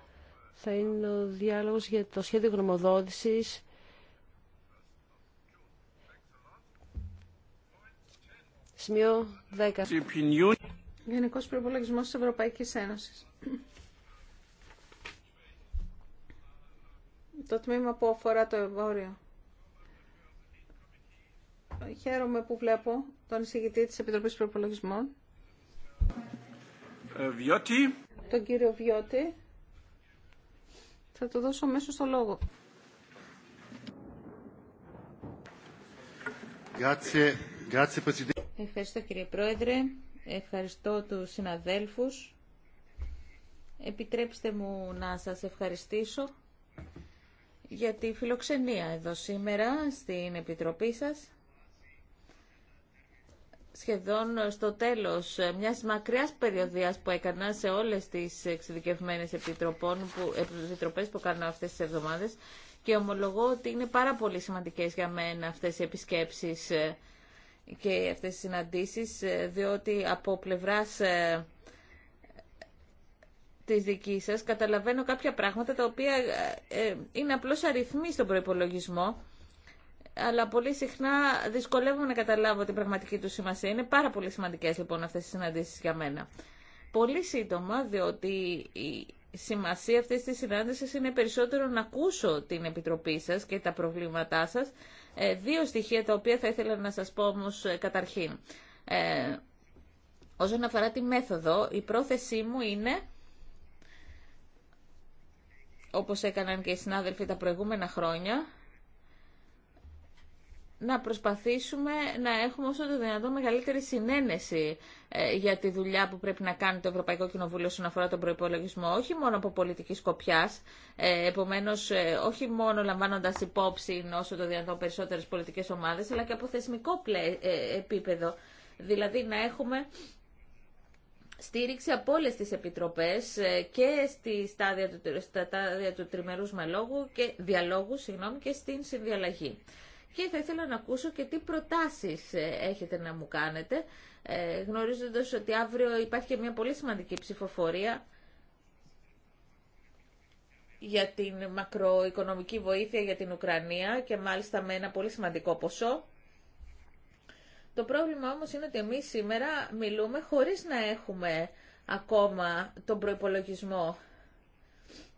θα είναι ο διάλογο για το σχέδιο γνωμοδότησης Σημείο 10. Γενικός προπολογισμό τη Ευρωπαϊκή Ένωση. Το τμήμα που αφορά το εμπόριο. Χαίρομαι που βλέπω τον εισηγητή της Επιτροπής Προπολογισμών. Ε, Βιώτη. Τον κύριο Βιώτη. Θα του δώσω μέσω στο λόγο. Ευχαριστώ κύριε Πρόεδρε. Ευχαριστώ τους συναδέλφους. Επιτρέψτε μου να σας ευχαριστήσω για τη φιλοξενία εδώ σήμερα στην Επιτροπή σας σχεδόν στο τέλος ε, μιας μακριάς περιοδίας που έκανα σε όλες τις εξειδικευμένες επιτροπών που, επιτροπές που κάνω αυτές τις εβδομάδες και ομολογώ ότι είναι πάρα πολύ σημαντικές για μένα αυτές οι επισκέψεις ε, και αυτές οι συναντήσεις ε, διότι από πλευράς της δικής σας καταλαβαίνω κάποια πράγματα τα οποία είναι απλώς αριθμοί στον προϋπολογισμό αλλά πολύ συχνά δυσκολεύομαι να καταλάβω την πραγματική του σημασία. Είναι πάρα πολύ σημαντικέ λοιπόν αυτέ οι συναντήσεις για μένα. Πολύ σύντομα, διότι η σημασία αυτή τη συνάντηση είναι περισσότερο να ακούσω την Επιτροπή σα και τα προβλήματά σα. Ε, δύο στοιχεία τα οποία θα ήθελα να σα πω όμως ε, καταρχήν. Ε, όσον αφορά τη μέθοδο, η πρόθεσή μου είναι όπως έκαναν και οι συνάδελφοι τα προηγούμενα χρόνια, να προσπαθήσουμε να έχουμε όσο το δυνατόν μεγαλύτερη συνένεση ε, για τη δουλειά που πρέπει να κάνει το Ευρωπαϊκό Κοινοβούλιο όσον αφορά τον προπολογισμό, όχι μόνο από πολιτική σκοπιά, ε, επομένω ε, όχι μόνο λαμβάνοντα υπόψη όσο το δυνατόν περισσότερε πολιτικέ ομάδε, αλλά και από θεσμικό πλέ, ε, επίπεδο. Δηλαδή να έχουμε στήριξη από όλε τι επιτροπέ και στη στάδια του, στα στάδια του τριμερούς και, διαλόγου συγγνώμη, και στην συνδιαλλαγή και θα ήθελα να ακούσω και τι προτάσεις ε, έχετε να μου κάνετε, ε, γνωρίζοντας ότι αύριο υπάρχει και μια πολύ σημαντική ψηφοφορία για την μακροοικονομική βοήθεια για την Ουκρανία και μάλιστα με ένα πολύ σημαντικό ποσό. Το πρόβλημα όμως είναι ότι εμείς σήμερα μιλούμε χωρίς να έχουμε ακόμα τον προϋπολογισμό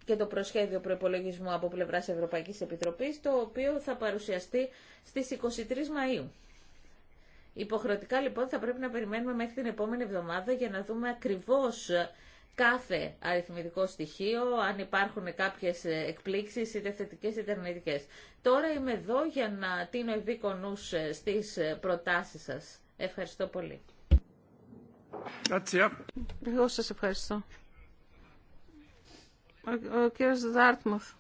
και το προσχέδιο προπολογισμού από πλευράς Ευρωπαϊκής Επιτροπής, το οποίο θα παρουσιαστεί στις 23 Μαΐου. Υποχρεωτικά λοιπόν θα πρέπει να περιμένουμε μέχρι την επόμενη εβδομάδα για να δούμε ακριβώς κάθε αριθμητικό στοιχείο, αν υπάρχουν κάποιες εκπλήξεις είτε θετικές είτε αρνητικές. Τώρα είμαι εδώ για να τίνω ευήκο νους στις προτάσεις σας. Ευχαριστώ πολύ. Εγώ σας ευχαριστώ. Ο, ο κύριος Δάρτμουθ.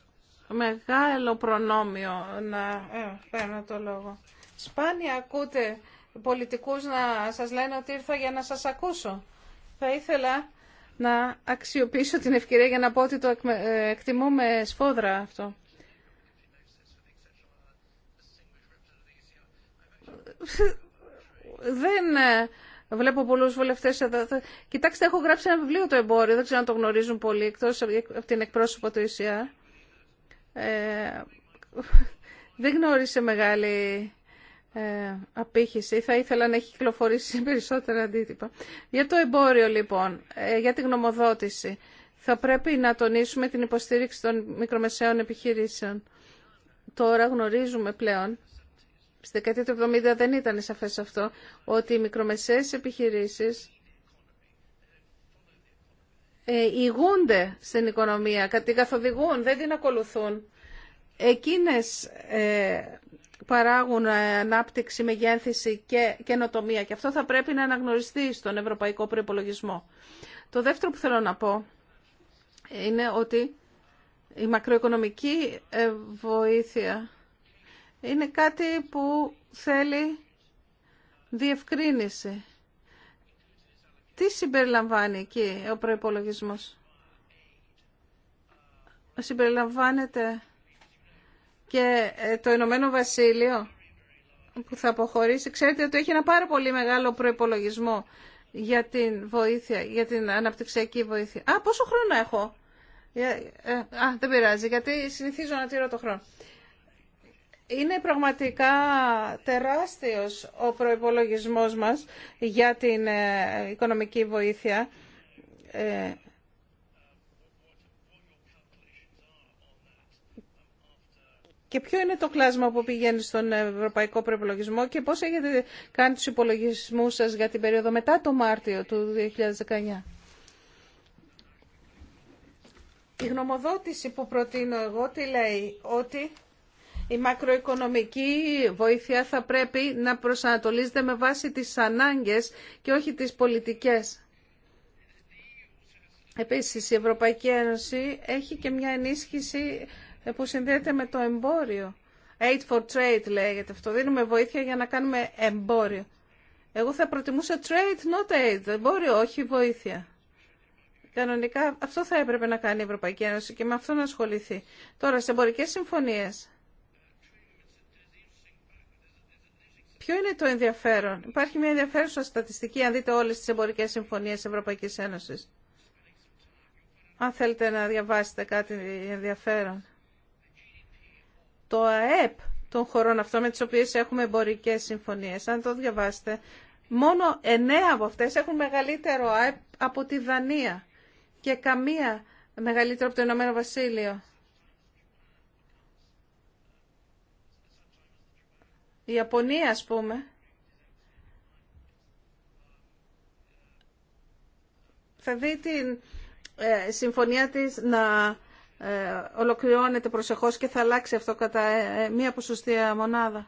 Μεγάλο προνόμιο να ε, παίρνω το λόγο. Σπάνια ακούτε πολιτικούς να σας λένε ότι ήρθα για να σας ακούσω. Θα ήθελα να αξιοποιήσω την ευκαιρία για να πω ότι το ε, εκτιμούμε σφόδρα αυτό. Δεν ε, Βλέπω πολλούς βουλευτές εδώ. Κοιτάξτε, έχω γράψει ένα βιβλίο το εμπόριο, δεν ξέρω αν το γνωρίζουν πολύ, εκτός από την εκπρόσωπο του ΙΣΙΑ. Ε, δεν γνώρισε μεγάλη ε, απήχηση. Θα ήθελα να έχει κυκλοφορήσει περισσότερα αντίτυπα. Για το εμπόριο, λοιπόν, ε, για τη γνωμοδότηση. Θα πρέπει να τονίσουμε την υποστήριξη των μικρομεσαίων επιχειρήσεων. Τώρα γνωρίζουμε πλέον στη δεκαετία του 70 δεν ήταν σαφές αυτό, ότι οι μικρομεσαίες επιχειρήσεις ε, ηγούνται στην οικονομία, την καθοδηγούν, δεν την ακολουθούν. Εκείνες ε, παράγουν ε, ανάπτυξη, μεγένθηση και καινοτομία και αυτό θα πρέπει να αναγνωριστεί στον ευρωπαϊκό προϋπολογισμό. Το δεύτερο που θέλω να πω είναι ότι η μακροοικονομική βοήθεια είναι κάτι που θέλει διευκρίνηση. Τι συμπεριλαμβάνει εκεί ο προϋπολογισμός. Συμπεριλαμβάνεται και ε, το Ηνωμένο Βασίλειο που θα αποχωρήσει. Ξέρετε ότι έχει ένα πάρα πολύ μεγάλο προϋπολογισμό για την βοήθεια, για την αναπτυξιακή βοήθεια. Α, πόσο χρόνο έχω. Ε, α, δεν πειράζει, γιατί συνηθίζω να τηρώ το χρόνο. Είναι πραγματικά τεράστιος ο προϋπολογισμός μας για την ε, οικονομική βοήθεια. Ε, και ποιο είναι το κλάσμα που πηγαίνει στον ευρωπαϊκό προϋπολογισμό και πώς έχετε κάνει τους υπολογισμούς σας για την περίοδο μετά το Μάρτιο του 2019. Η γνωμοδότηση που προτείνω εγώ τι λέει ότι η μακροοικονομική βοήθεια θα πρέπει να προσανατολίζεται με βάση τις ανάγκες και όχι τις πολιτικές. Επίσης, η Ευρωπαϊκή Ένωση έχει και μια ενίσχυση που συνδέεται με το εμπόριο. Aid for trade λέγεται αυτό. Δίνουμε βοήθεια για να κάνουμε εμπόριο. Εγώ θα προτιμούσα trade, not aid. Εμπόριο, όχι βοήθεια. Κανονικά αυτό θα έπρεπε να κάνει η Ευρωπαϊκή Ένωση και με αυτό να ασχοληθεί. Τώρα, σε εμπορικέ συμφωνίες Ποιο είναι το ενδιαφέρον. Υπάρχει μια ενδιαφέρουσα στατιστική, αν δείτε όλες τις εμπορικές συμφωνίες Ευρωπαϊκής Ένωσης. Αν θέλετε να διαβάσετε κάτι ενδιαφέρον. Το ΑΕΠ των χωρών αυτών με τις οποίες έχουμε εμπορικές συμφωνίες, αν το διαβάσετε, μόνο εννέα από αυτές έχουν μεγαλύτερο ΑΕΠ από τη Δανία και καμία μεγαλύτερο από το Ηνωμένο Βασίλειο. Η Ιαπωνία, ας πούμε, θα δει την ε, συμφωνία της να ε, ολοκληρώνεται προσεχώς και θα αλλάξει αυτό κατά ε, μία ποσοστία μονάδα.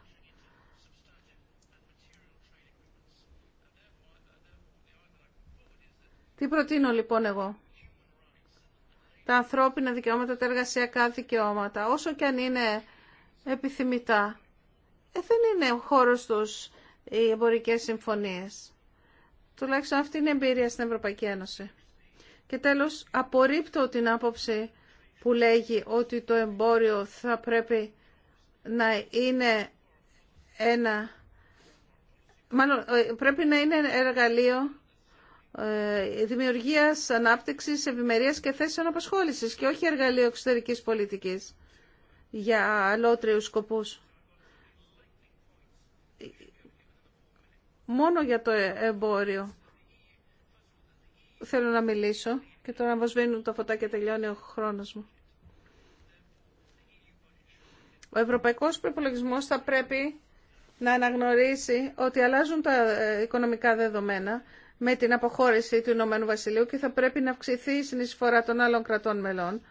Τι προτείνω λοιπόν εγώ. Τα ανθρώπινα δικαιώματα, τα εργασιακά δικαιώματα, όσο και αν είναι επιθυμητά, ε, δεν είναι ο χώρος τους οι εμπορικές συμφωνίες. Τουλάχιστον αυτή είναι η εμπειρία στην Ευρωπαϊκή Ένωση. Και τέλος, απορρίπτω την άποψη που λέγει ότι το εμπόριο θα πρέπει να είναι ένα... Μάλλον, ε, πρέπει να είναι εργαλείο ε, δημιουργίας, ανάπτυξης, ευημερίας και θέσεων απασχόλησης και όχι εργαλείο εξωτερικής πολιτικής για αλότριους σκοπούς μόνο για το ε, εμπόριο θέλω να μιλήσω και τώρα μας βίνουν τα φωτά και τελειώνει ο χρόνος μου. Ο ευρωπαϊκός προπολογισμό θα πρέπει να αναγνωρίσει ότι αλλάζουν τα ε, οικονομικά δεδομένα με την αποχώρηση του Ηνωμένου Βασιλείου και θα πρέπει να αυξηθεί η συνεισφορά των άλλων κρατών μελών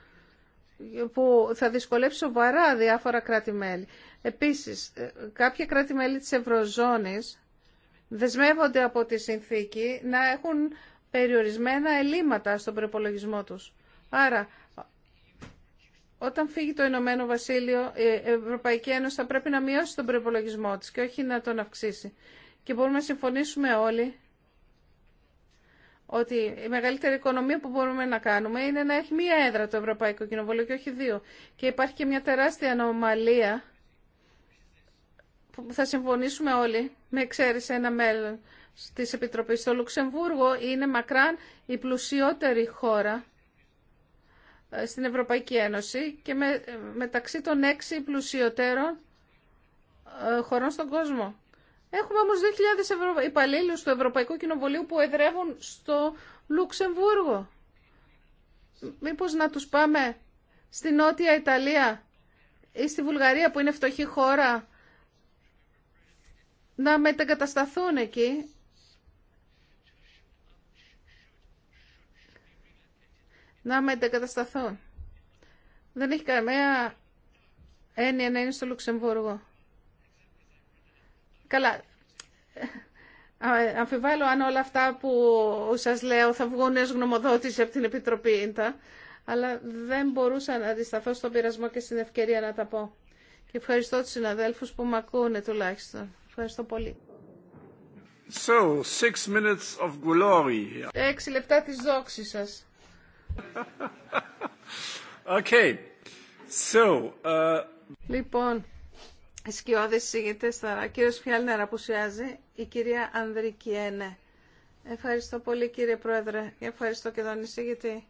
που θα δυσκολεύσει σοβαρά διάφορα κράτη-μέλη. Επίσης, ε, κάποια κράτη-μέλη της Ευρωζώνης δεσμεύονται από τη συνθήκη να έχουν περιορισμένα ελλείμματα στον προπολογισμό τους. Άρα, όταν φύγει το Ηνωμένο Βασίλειο, η Ευρωπαϊκή Ένωση θα πρέπει να μειώσει τον προπολογισμό της και όχι να τον αυξήσει. Και μπορούμε να συμφωνήσουμε όλοι ότι η μεγαλύτερη οικονομία που μπορούμε να κάνουμε είναι να έχει μία έδρα το Ευρωπαϊκό Κοινοβούλιο και όχι δύο. Και υπάρχει και μια τεράστια ανομαλία θα συμφωνήσουμε όλοι, με εξαίρεση ένα μέλλον της επιτροπή Το Λουξεμβούργο είναι μακράν η πλουσιότερη χώρα ε, στην Ευρωπαϊκή Ένωση και με, ε, μεταξύ των έξι πλουσιότερων ε, χωρών στον κόσμο. Έχουμε όμως 2.000 υπαλλήλου του Ευρωπαϊκού Κοινοβουλίου που εδρεύουν στο Λουξεμβούργο. Μήπως να τους πάμε στη Νότια Ιταλία ή στη Βουλγαρία που είναι φτωχή χώρα να μετεγκατασταθούν εκεί να μετεγκατασταθούν. Δεν έχει καμία έννοια να είναι στο Λουξεμβούργο. Καλά. Αμφιβάλλω αν όλα αυτά που σας λέω θα βγουν ως γνωμοδότηση από την Επιτροπή ΙΝΤΑ, αλλά δεν μπορούσα να αντισταθώ στον πειρασμό και στην ευκαιρία να τα πω. Και ευχαριστώ τους συναδέλφους που με ακούνε τουλάχιστον. Ευχαριστώ πολύ. Έξι λεπτά της δόξης σας. Uh, λοιπόν, οι σκιώδες τώρα. Ο κύριος Φιάλνερ απουσιάζει, η κυρία Ανδρική Ένε. Ευχαριστώ πολύ κύριε Πρόεδρε. Ευχαριστώ και τον εισηγητή.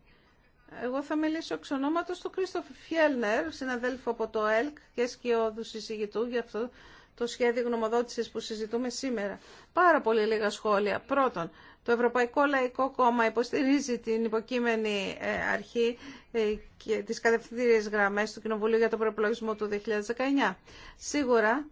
Εγώ θα μιλήσω εξ ονόματος του Κρίστοφ Φιέλνερ, συναδέλφου από το ΕΛΚ και σκιώδους εισηγητού Γι' αυτό το σχέδιο γνωμοδότησης που συζητούμε σήμερα. Πάρα πολύ λίγα σχόλια. Πρώτον, το Ευρωπαϊκό Λαϊκό Κόμμα υποστηρίζει την υποκείμενη ε, αρχή ε, και τις κατευθυντήριες γραμμές του Κοινοβουλίου για τον προπολογισμό του 2019. Σίγουρα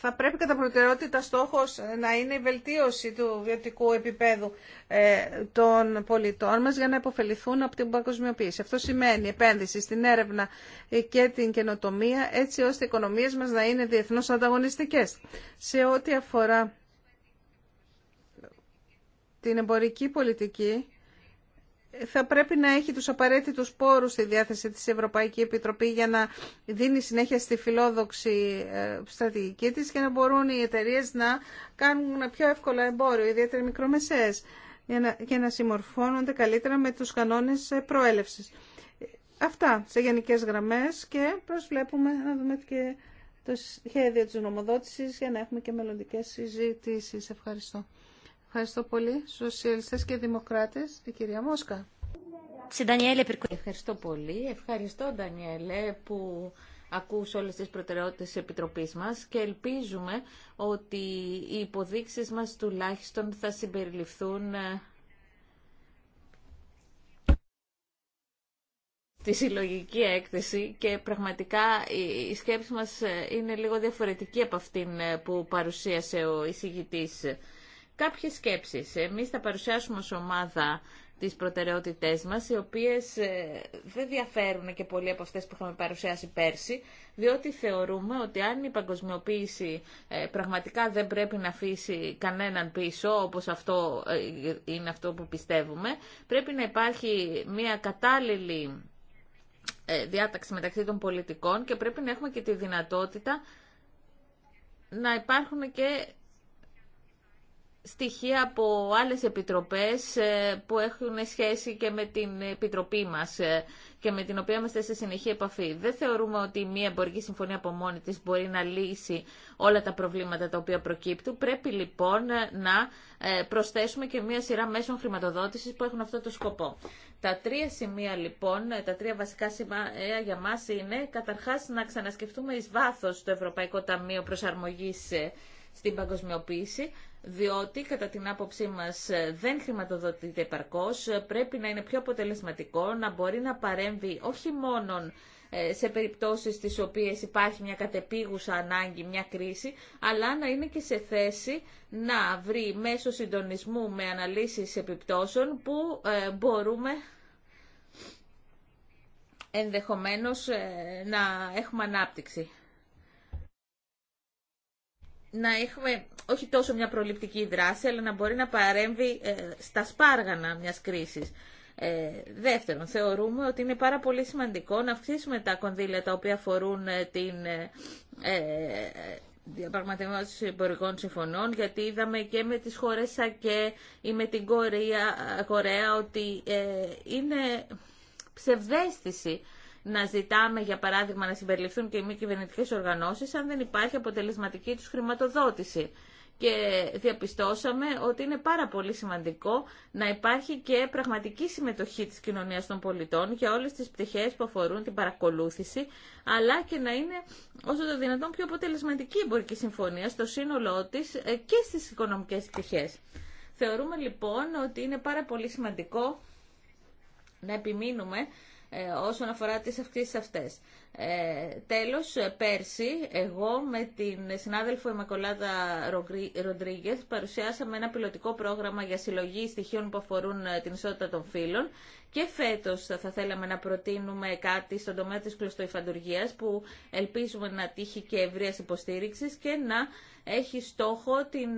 θα πρέπει κατά προτεραιότητα στόχος ε, να είναι η βελτίωση του βιωτικού επίπεδου ε, των πολιτών μας για να υποφεληθούν από την παγκοσμιοποίηση. Αυτό σημαίνει επένδυση στην έρευνα ε, και την καινοτομία έτσι ώστε οι οικονομίες μας να είναι διεθνώς ανταγωνιστικές. Σε ό,τι αφορά την εμπορική πολιτική, θα πρέπει να έχει τους απαραίτητους πόρους στη διάθεση της Ευρωπαϊκή Επιτροπή για να δίνει συνέχεια στη φιλόδοξη ε, στρατηγική της και να μπορούν οι εταιρείε να κάνουν πιο εύκολα εμπόριο, ιδιαίτερα μικρομεσαίες, για να, για να συμμορφώνονται καλύτερα με τους κανόνες ε, προέλευσης. Αυτά σε γενικές γραμμές και προσβλέπουμε να δούμε και το σχέδιο της νομοδότησης για να έχουμε και μελλοντικές συζητήσεις. Ευχαριστώ. Ευχαριστώ πολύ. Σοσιαλιστέ και δημοκράτε, η κυρία Μόσκα. Ευχαριστώ πολύ. Ευχαριστώ, Ντανιέλε, που ακούς όλες τις προτεραιότητες της Επιτροπής μας και ελπίζουμε ότι οι υποδείξεις μας τουλάχιστον θα συμπεριληφθούν ε, στη συλλογική έκθεση και πραγματικά η σκέψη μας ε, είναι λίγο διαφορετική από αυτήν ε, που παρουσίασε ο εισηγητής κάποιες σκέψεις. Εμείς θα παρουσιάσουμε ως ομάδα τις προτεραιότητές μας, οι οποίες ε, δεν διαφέρουν και πολύ από αυτές που είχαμε παρουσιάσει πέρσι, διότι θεωρούμε ότι αν η παγκοσμιοποίηση ε, πραγματικά δεν πρέπει να αφήσει κανέναν πίσω, όπως αυτό ε, είναι αυτό που πιστεύουμε, πρέπει να υπάρχει μια κατάλληλη διάταξη μεταξύ των πολιτικών και πρέπει να έχουμε και τη δυνατότητα να υπάρχουν και στοιχεία από άλλες επιτροπές ε, που έχουν σχέση και με την επιτροπή μας ε, και με την οποία είμαστε σε συνεχή επαφή. Δεν θεωρούμε ότι μία εμπορική συμφωνία από μόνη της μπορεί να λύσει όλα τα προβλήματα τα οποία προκύπτουν. Πρέπει λοιπόν να ε, προσθέσουμε και μία σειρά μέσων χρηματοδότησης που έχουν αυτό το σκοπό. Τα τρία σημεία λοιπόν, τα τρία βασικά σημεία για μας είναι καταρχάς να ξανασκεφτούμε εις βάθος το Ευρωπαϊκό Ταμείο Προσαρμογής στην παγκοσμιοποίηση διότι κατά την άποψή μας δεν χρηματοδοτείται επαρκώς, πρέπει να είναι πιο αποτελεσματικό, να μπορεί να παρέμβει όχι μόνο ε, σε περιπτώσεις στις οποίες υπάρχει μια κατεπίγουσα ανάγκη, μια κρίση, αλλά να είναι και σε θέση να βρει μέσω συντονισμού με αναλύσεις επιπτώσεων που ε, μπορούμε ενδεχομένως ε, να έχουμε ανάπτυξη να έχουμε όχι τόσο μια προληπτική δράση, αλλά να μπορεί να παρέμβει ε, στα σπάργανα μιας κρίσης. Ε, δεύτερον, θεωρούμε ότι είναι πάρα πολύ σημαντικό να αυξήσουμε τα κονδύλια τα οποία αφορούν ε, την ε, ε διαπραγματευμένωση εμπορικών συμφωνών, γιατί είδαμε και με τις χώρες ΣΑΚΕ ή με την Κορέα, Κορέα ότι είναι ψευδέστηση να ζητάμε, για παράδειγμα, να συμπεριληφθούν και οι μη κυβερνητικέ οργανώσει, αν δεν υπάρχει αποτελεσματική του χρηματοδότηση. Και διαπιστώσαμε ότι είναι πάρα πολύ σημαντικό να υπάρχει και πραγματική συμμετοχή της κοινωνίας των πολιτών για όλες τις πτυχές που αφορούν την παρακολούθηση, αλλά και να είναι όσο το δυνατόν πιο αποτελεσματική η εμπορική συμφωνία στο σύνολό της ε, και στις οικονομικές πτυχές. Θεωρούμε λοιπόν ότι είναι πάρα πολύ σημαντικό να επιμείνουμε ε, όσον αφορά τις αυξήσεις αυτές. Ε, τέλος, ε, πέρσι, εγώ με την συνάδελφο Εμακολάδα Ροντρίγκε παρουσιάσαμε ένα πιλωτικό πρόγραμμα για συλλογή στοιχείων που αφορούν ε, την ισότητα των φύλων και φέτος θα θέλαμε να προτείνουμε κάτι στον τομέα της κλωστοϊφαντουργίας που ελπίζουμε να τύχει και ευρεία υποστήριξη και να έχει στόχο την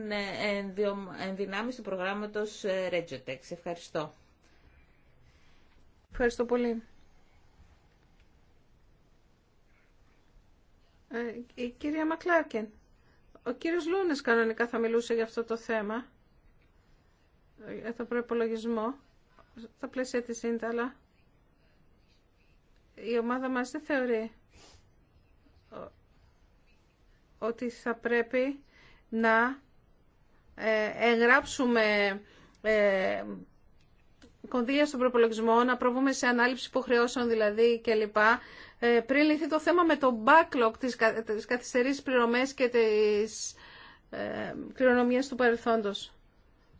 ενδυνάμιση του προγράμματος Regiotex. Ευχαριστώ. Ευχαριστώ πολύ. Ε, η κυρία Μακλάρκεν. Ο κύριος Λούνες κανονικά θα μιλούσε για αυτό το θέμα, ε, για τον προπολογισμό, θα πλαίσια της Ίνταλα. Η ομάδα μας δεν θεωρεί ότι θα πρέπει να ε, εγγράψουμε κονδύλια στον προπολογισμό, να προβούμε σε ανάληψη υποχρεώσεων δηλαδή κλπ. Ε, πριν λυθεί το θέμα με το backlog, της, της πληρωμέ πληρωμές και της ε, κληρονομίας του παρελθόντος.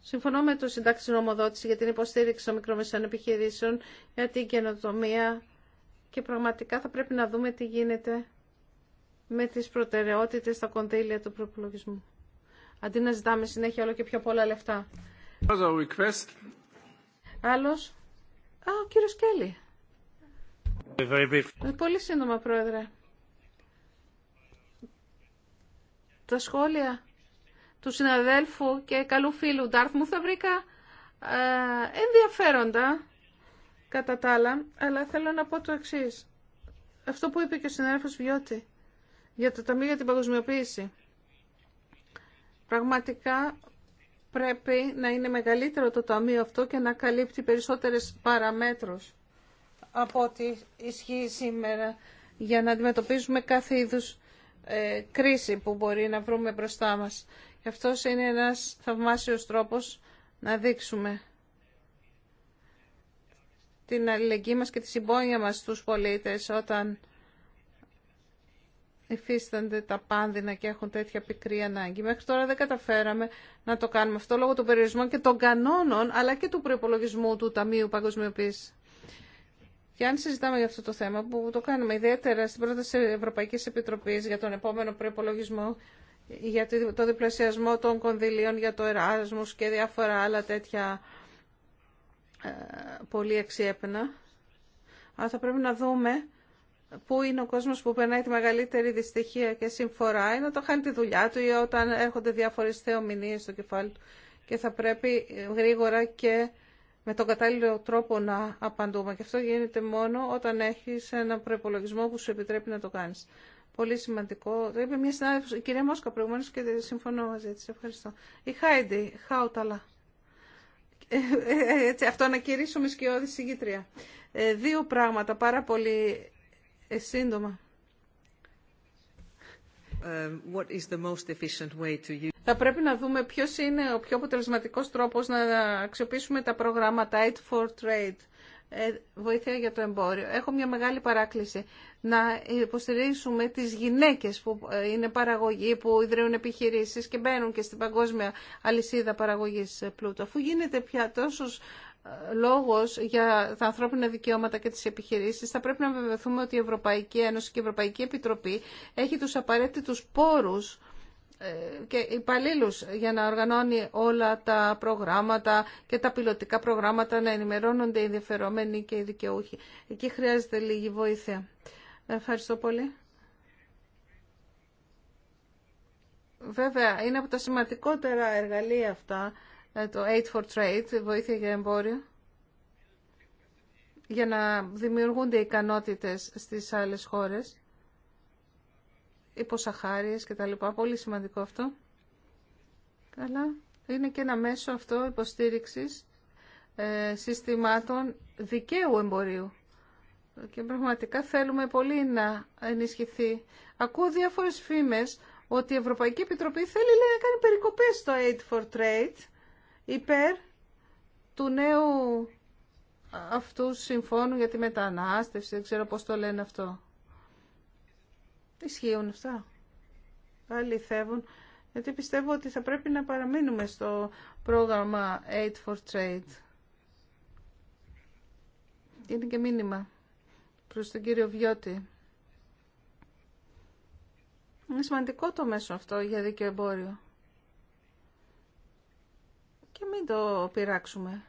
Συμφωνώ με το συντάξει νομοδότηση για την υποστήριξη των μικρομεσαίων επιχειρήσεων, για την καινοτομία και πραγματικά θα πρέπει να δούμε τι γίνεται με τις προτεραιότητες στα κονδύλια του προπολογισμού. Αντί να ζητάμε συνέχεια όλο και πιο πολλά λεφτά. Άλλος. Α, ο κύριος Κέλλη. Ε, πολύ σύντομα, Πρόεδρε. Τα σχόλια του συναδέλφου και καλού φίλου Ντάρθμου θα βρήκα ε, ενδιαφέροντα κατά τα άλλα, αλλά θέλω να πω το εξή. Αυτό που είπε και ο συνάδελφος Βιώτη για το Ταμείο για την Παγκοσμιοποίηση. Πραγματικά πρέπει να είναι μεγαλύτερο το ταμείο αυτό και να καλύπτει περισσότερες παραμέτρους από ό,τι ισχύει σήμερα για να αντιμετωπίζουμε κάθε είδους ε, κρίση που μπορεί να βρούμε μπροστά μας. Και αυτός είναι ένας θαυμάσιος τρόπος να δείξουμε την αλληλεγγύη μας και τη συμπόνια μας στους πολίτες όταν υφίστανται τα πάνδυνα και έχουν τέτοια πικρή ανάγκη. Μέχρι τώρα δεν καταφέραμε να το κάνουμε αυτό λόγω των περιορισμών και των κανόνων, αλλά και του προπολογισμού του Ταμείου Παγκοσμιοποίηση. Και αν συζητάμε για αυτό το θέμα, που το κάνουμε ιδιαίτερα στην πρόταση Ευρωπαϊκή Επιτροπή για τον επόμενο προπολογισμό, για το διπλασιασμό των κονδυλίων για το Εράσμου και διάφορα άλλα τέτοια ε, πολύ αξιέπαινα. Αλλά θα πρέπει να δούμε Πού είναι ο κόσμος που ειναι ο κόσμο που περναει τη μεγαλύτερη δυστυχία και συμφορά είναι όταν χάνει τη δουλειά του ή όταν έρχονται διάφορε θεομηνίε στο κεφάλι του και θα πρέπει ε, γρήγορα και με τον κατάλληλο τρόπο να απαντούμε. Και αυτό γίνεται μόνο όταν έχει ένα προπολογισμό που σου επιτρέπει να το κάνει. Πολύ σημαντικό. Το είπε μια συνάδελφο, η κυρία Μόσκα προηγουμένω και συμφωνώ μαζί τη. Ευχαριστώ. Η Χάιντι, Χάουταλα. Ε, ε, αυτό να κηρύσουμε σκιώδη συγκήτρια. Ε, δύο πράγματα πάρα πολύ σύντομα. Θα πρέπει να δούμε ποιος είναι ο πιο αποτελεσματικός τρόπος να αξιοποιήσουμε τα προγράμματα Aid for Trade, ε, βοήθεια για το εμπόριο. Έχω μια μεγάλη παράκληση να υποστηρίξουμε τις γυναίκες που ε, είναι παραγωγοί, που ιδρύουν επιχειρήσεις και μπαίνουν και στην παγκόσμια αλυσίδα παραγωγής ε, πλούτου. Αφού γίνεται πια τόσος λόγος για τα ανθρώπινα δικαιώματα και τις επιχειρήσεις, θα πρέπει να βεβαιωθούμε ότι η Ευρωπαϊκή Ένωση και η Ευρωπαϊκή Επιτροπή έχει τους απαραίτητους πόρους ε, και υπαλλήλους για να οργανώνει όλα τα προγράμματα και τα πιλωτικά προγράμματα να ενημερώνονται οι ενδιαφερόμενοι και οι δικαιούχοι. Εκεί χρειάζεται λίγη βοήθεια. Ευχαριστώ πολύ. Βέβαια, είναι από τα σημαντικότερα εργαλεία αυτά ε, το Aid for Trade, βοήθεια για εμπόριο, για να δημιουργούνται ικανότητες στις άλλες χώρες, υποσαχάριες και τα λοιπά. Πολύ σημαντικό αυτό. Αλλά είναι και ένα μέσο αυτό υποστήριξης ε, συστημάτων δικαίου εμπορίου. Και πραγματικά θέλουμε πολύ να ενισχυθεί. Ακούω διάφορες φήμες ότι η Ευρωπαϊκή Επιτροπή θέλει να κάνει περικοπές στο Aid for Trade υπέρ του νέου αυτού συμφώνου για τη μετανάστευση. Δεν ξέρω πώς το λένε αυτό. Ισχύουν αυτά. Αληθεύουν. Γιατί πιστεύω ότι θα πρέπει να παραμείνουμε στο πρόγραμμα Aid for Trade. Είναι και μήνυμα προς τον κύριο Βιώτη. Είναι σημαντικό το μέσο αυτό για δίκαιο εμπόριο μην το πειράξουμε.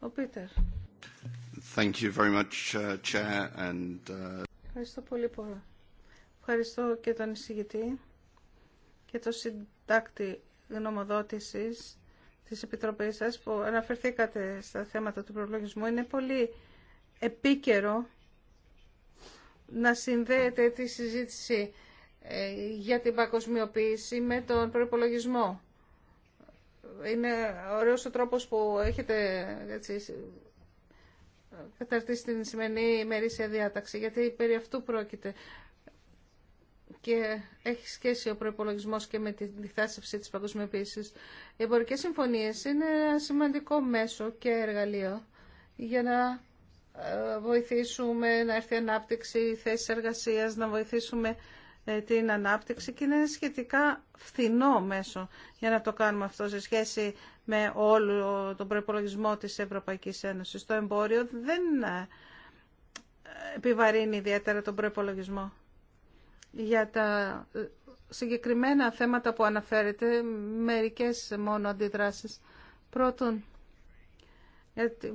Ο Πίτερ. Uh, uh, Ευχαριστώ πολύ, Ευχαριστώ και τον εισηγητή και τον συντάκτη γνωμοδότησης της Επιτροπής σας που αναφερθήκατε στα θέματα του προλογισμού. Είναι πολύ επίκαιρο να συνδέεται τη συζήτηση ε, για την παγκοσμιοποίηση με τον προπολογισμό είναι ωραίος ο τρόπος που έχετε έτσι, καταρτήσει την σημερινή ημερήσια διάταξη, γιατί περί αυτού πρόκειται. Και έχει σχέση ο προπολογισμό και με τη διθάσευση της παγκοσμιοποίησης. Οι εμπορικές συμφωνίες είναι ένα σημαντικό μέσο και εργαλείο για να ε, βοηθήσουμε να έρθει ανάπτυξη, θέση εργασίας, να βοηθήσουμε ε, την ανάπτυξη και είναι σχετικά φθηνό μέσο για να το κάνουμε αυτό σε σχέση με όλο τον προπολογισμό της Ευρωπαϊκής Ένωσης. Το εμπόριο δεν ε, επιβαρύνει ιδιαίτερα τον προπολογισμό. Για τα ε, συγκεκριμένα θέματα που αναφέρετε, μερικές μόνο αντιδράσεις. Πρώτον,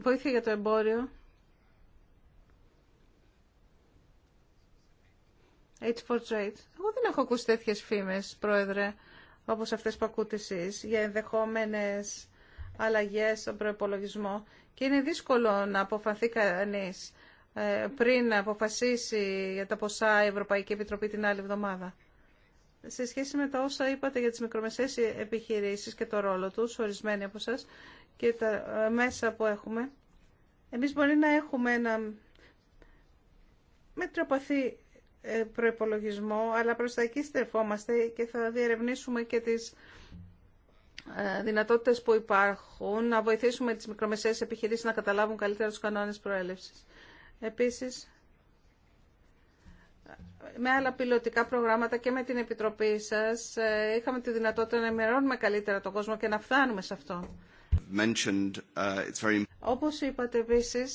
βοήθεια για το εμπόριο H4 Εγώ δεν έχω ακούσει τέτοιε φήμε, Πρόεδρε, όπω αυτέ που ακούτε εσεί, για ενδεχόμενε αλλαγέ στον προπολογισμό. Και είναι δύσκολο να αποφανθεί κανεί ε, πριν αποφασίσει για τα ποσά η Ευρωπαϊκή Επιτροπή την άλλη εβδομάδα. Σε σχέση με τα όσα είπατε για τις μικρομεσαίες επιχειρήσεις και το ρόλο τους, ορισμένοι από σας, και τα ε, μέσα που έχουμε, εμείς μπορεί να έχουμε ένα μετροπαθή ε, προϋπολογισμό, αλλά προς τα εκεί στρεφόμαστε και θα διερευνήσουμε και τις ε, δυνατότητες που υπάρχουν, να βοηθήσουμε τις μικρομεσαίες επιχειρήσεις να καταλάβουν καλύτερα τους κανόνες προέλευσης. Επίσης, με άλλα πιλωτικά προγράμματα και με την Επιτροπή σας, ε, είχαμε τη δυνατότητα να ενημερώνουμε καλύτερα τον κόσμο και να φτάνουμε σε αυτό. Mentioned, uh, very... Όπως είπατε επίση,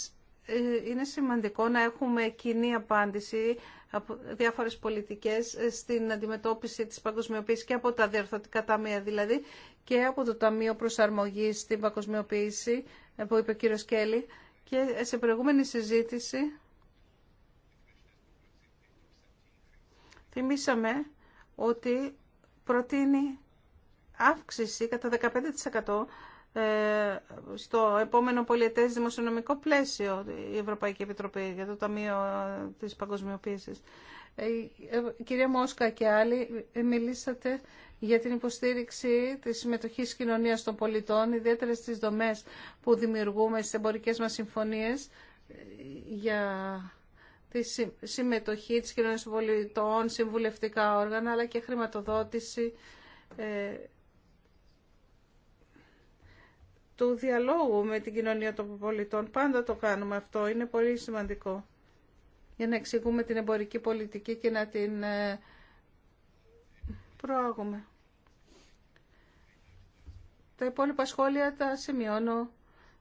είναι σημαντικό να έχουμε κοινή απάντηση από διάφορες πολιτικές ε, στην αντιμετώπιση της παγκοσμιοποίησης και από τα διαρθωτικά ταμεία δηλαδή και από το Ταμείο Προσαρμογής στην Παγκοσμιοποίηση ε, που είπε ο κύριος Κέλλη και ε, σε προηγούμενη συζήτηση θυμήσαμε ότι προτείνει αύξηση κατά 15% ε, στο επόμενο πολιετές δημοσιονομικό πλαίσιο η Ευρωπαϊκή Επιτροπή για το Ταμείο της Παγκοσμιοποίησης. Ε, ε, κυρία Μόσκα και άλλοι, μιλήσατε για την υποστήριξη της συμμετοχής κοινωνίας των πολιτών, ιδιαίτερα στις δομές που δημιουργούμε στις εμπορικές μας συμφωνίες για τη συμμετοχή της κοινωνίας των πολιτών, συμβουλευτικά όργανα, αλλά και χρηματοδότηση του διαλόγου με την κοινωνία των πολιτών. Πάντα το κάνουμε αυτό, είναι πολύ σημαντικό για να εξηγούμε την εμπορική πολιτική και να την ε, προάγουμε. Τα υπόλοιπα σχόλια τα σημειώνω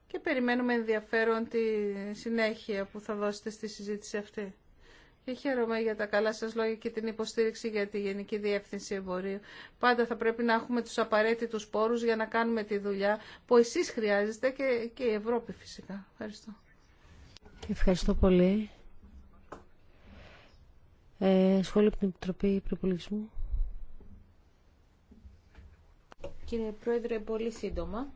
και περιμένουμε ενδιαφέρον τη συνέχεια που θα δώσετε στη συζήτηση αυτή. Και χαίρομαι για τα καλά σας λόγια και την υποστήριξη για τη Γενική Διεύθυνση Εμπορίου. Πάντα θα πρέπει να έχουμε τους απαραίτητους πόρους για να κάνουμε τη δουλειά που εσείς χρειάζεστε και, και η Ευρώπη φυσικά. Ευχαριστώ. Ευχαριστώ πολύ. Ε, σχόλιο από την Επιτροπή Προπολογισμού. Κύριε Πρόεδρε, πολύ σύντομα.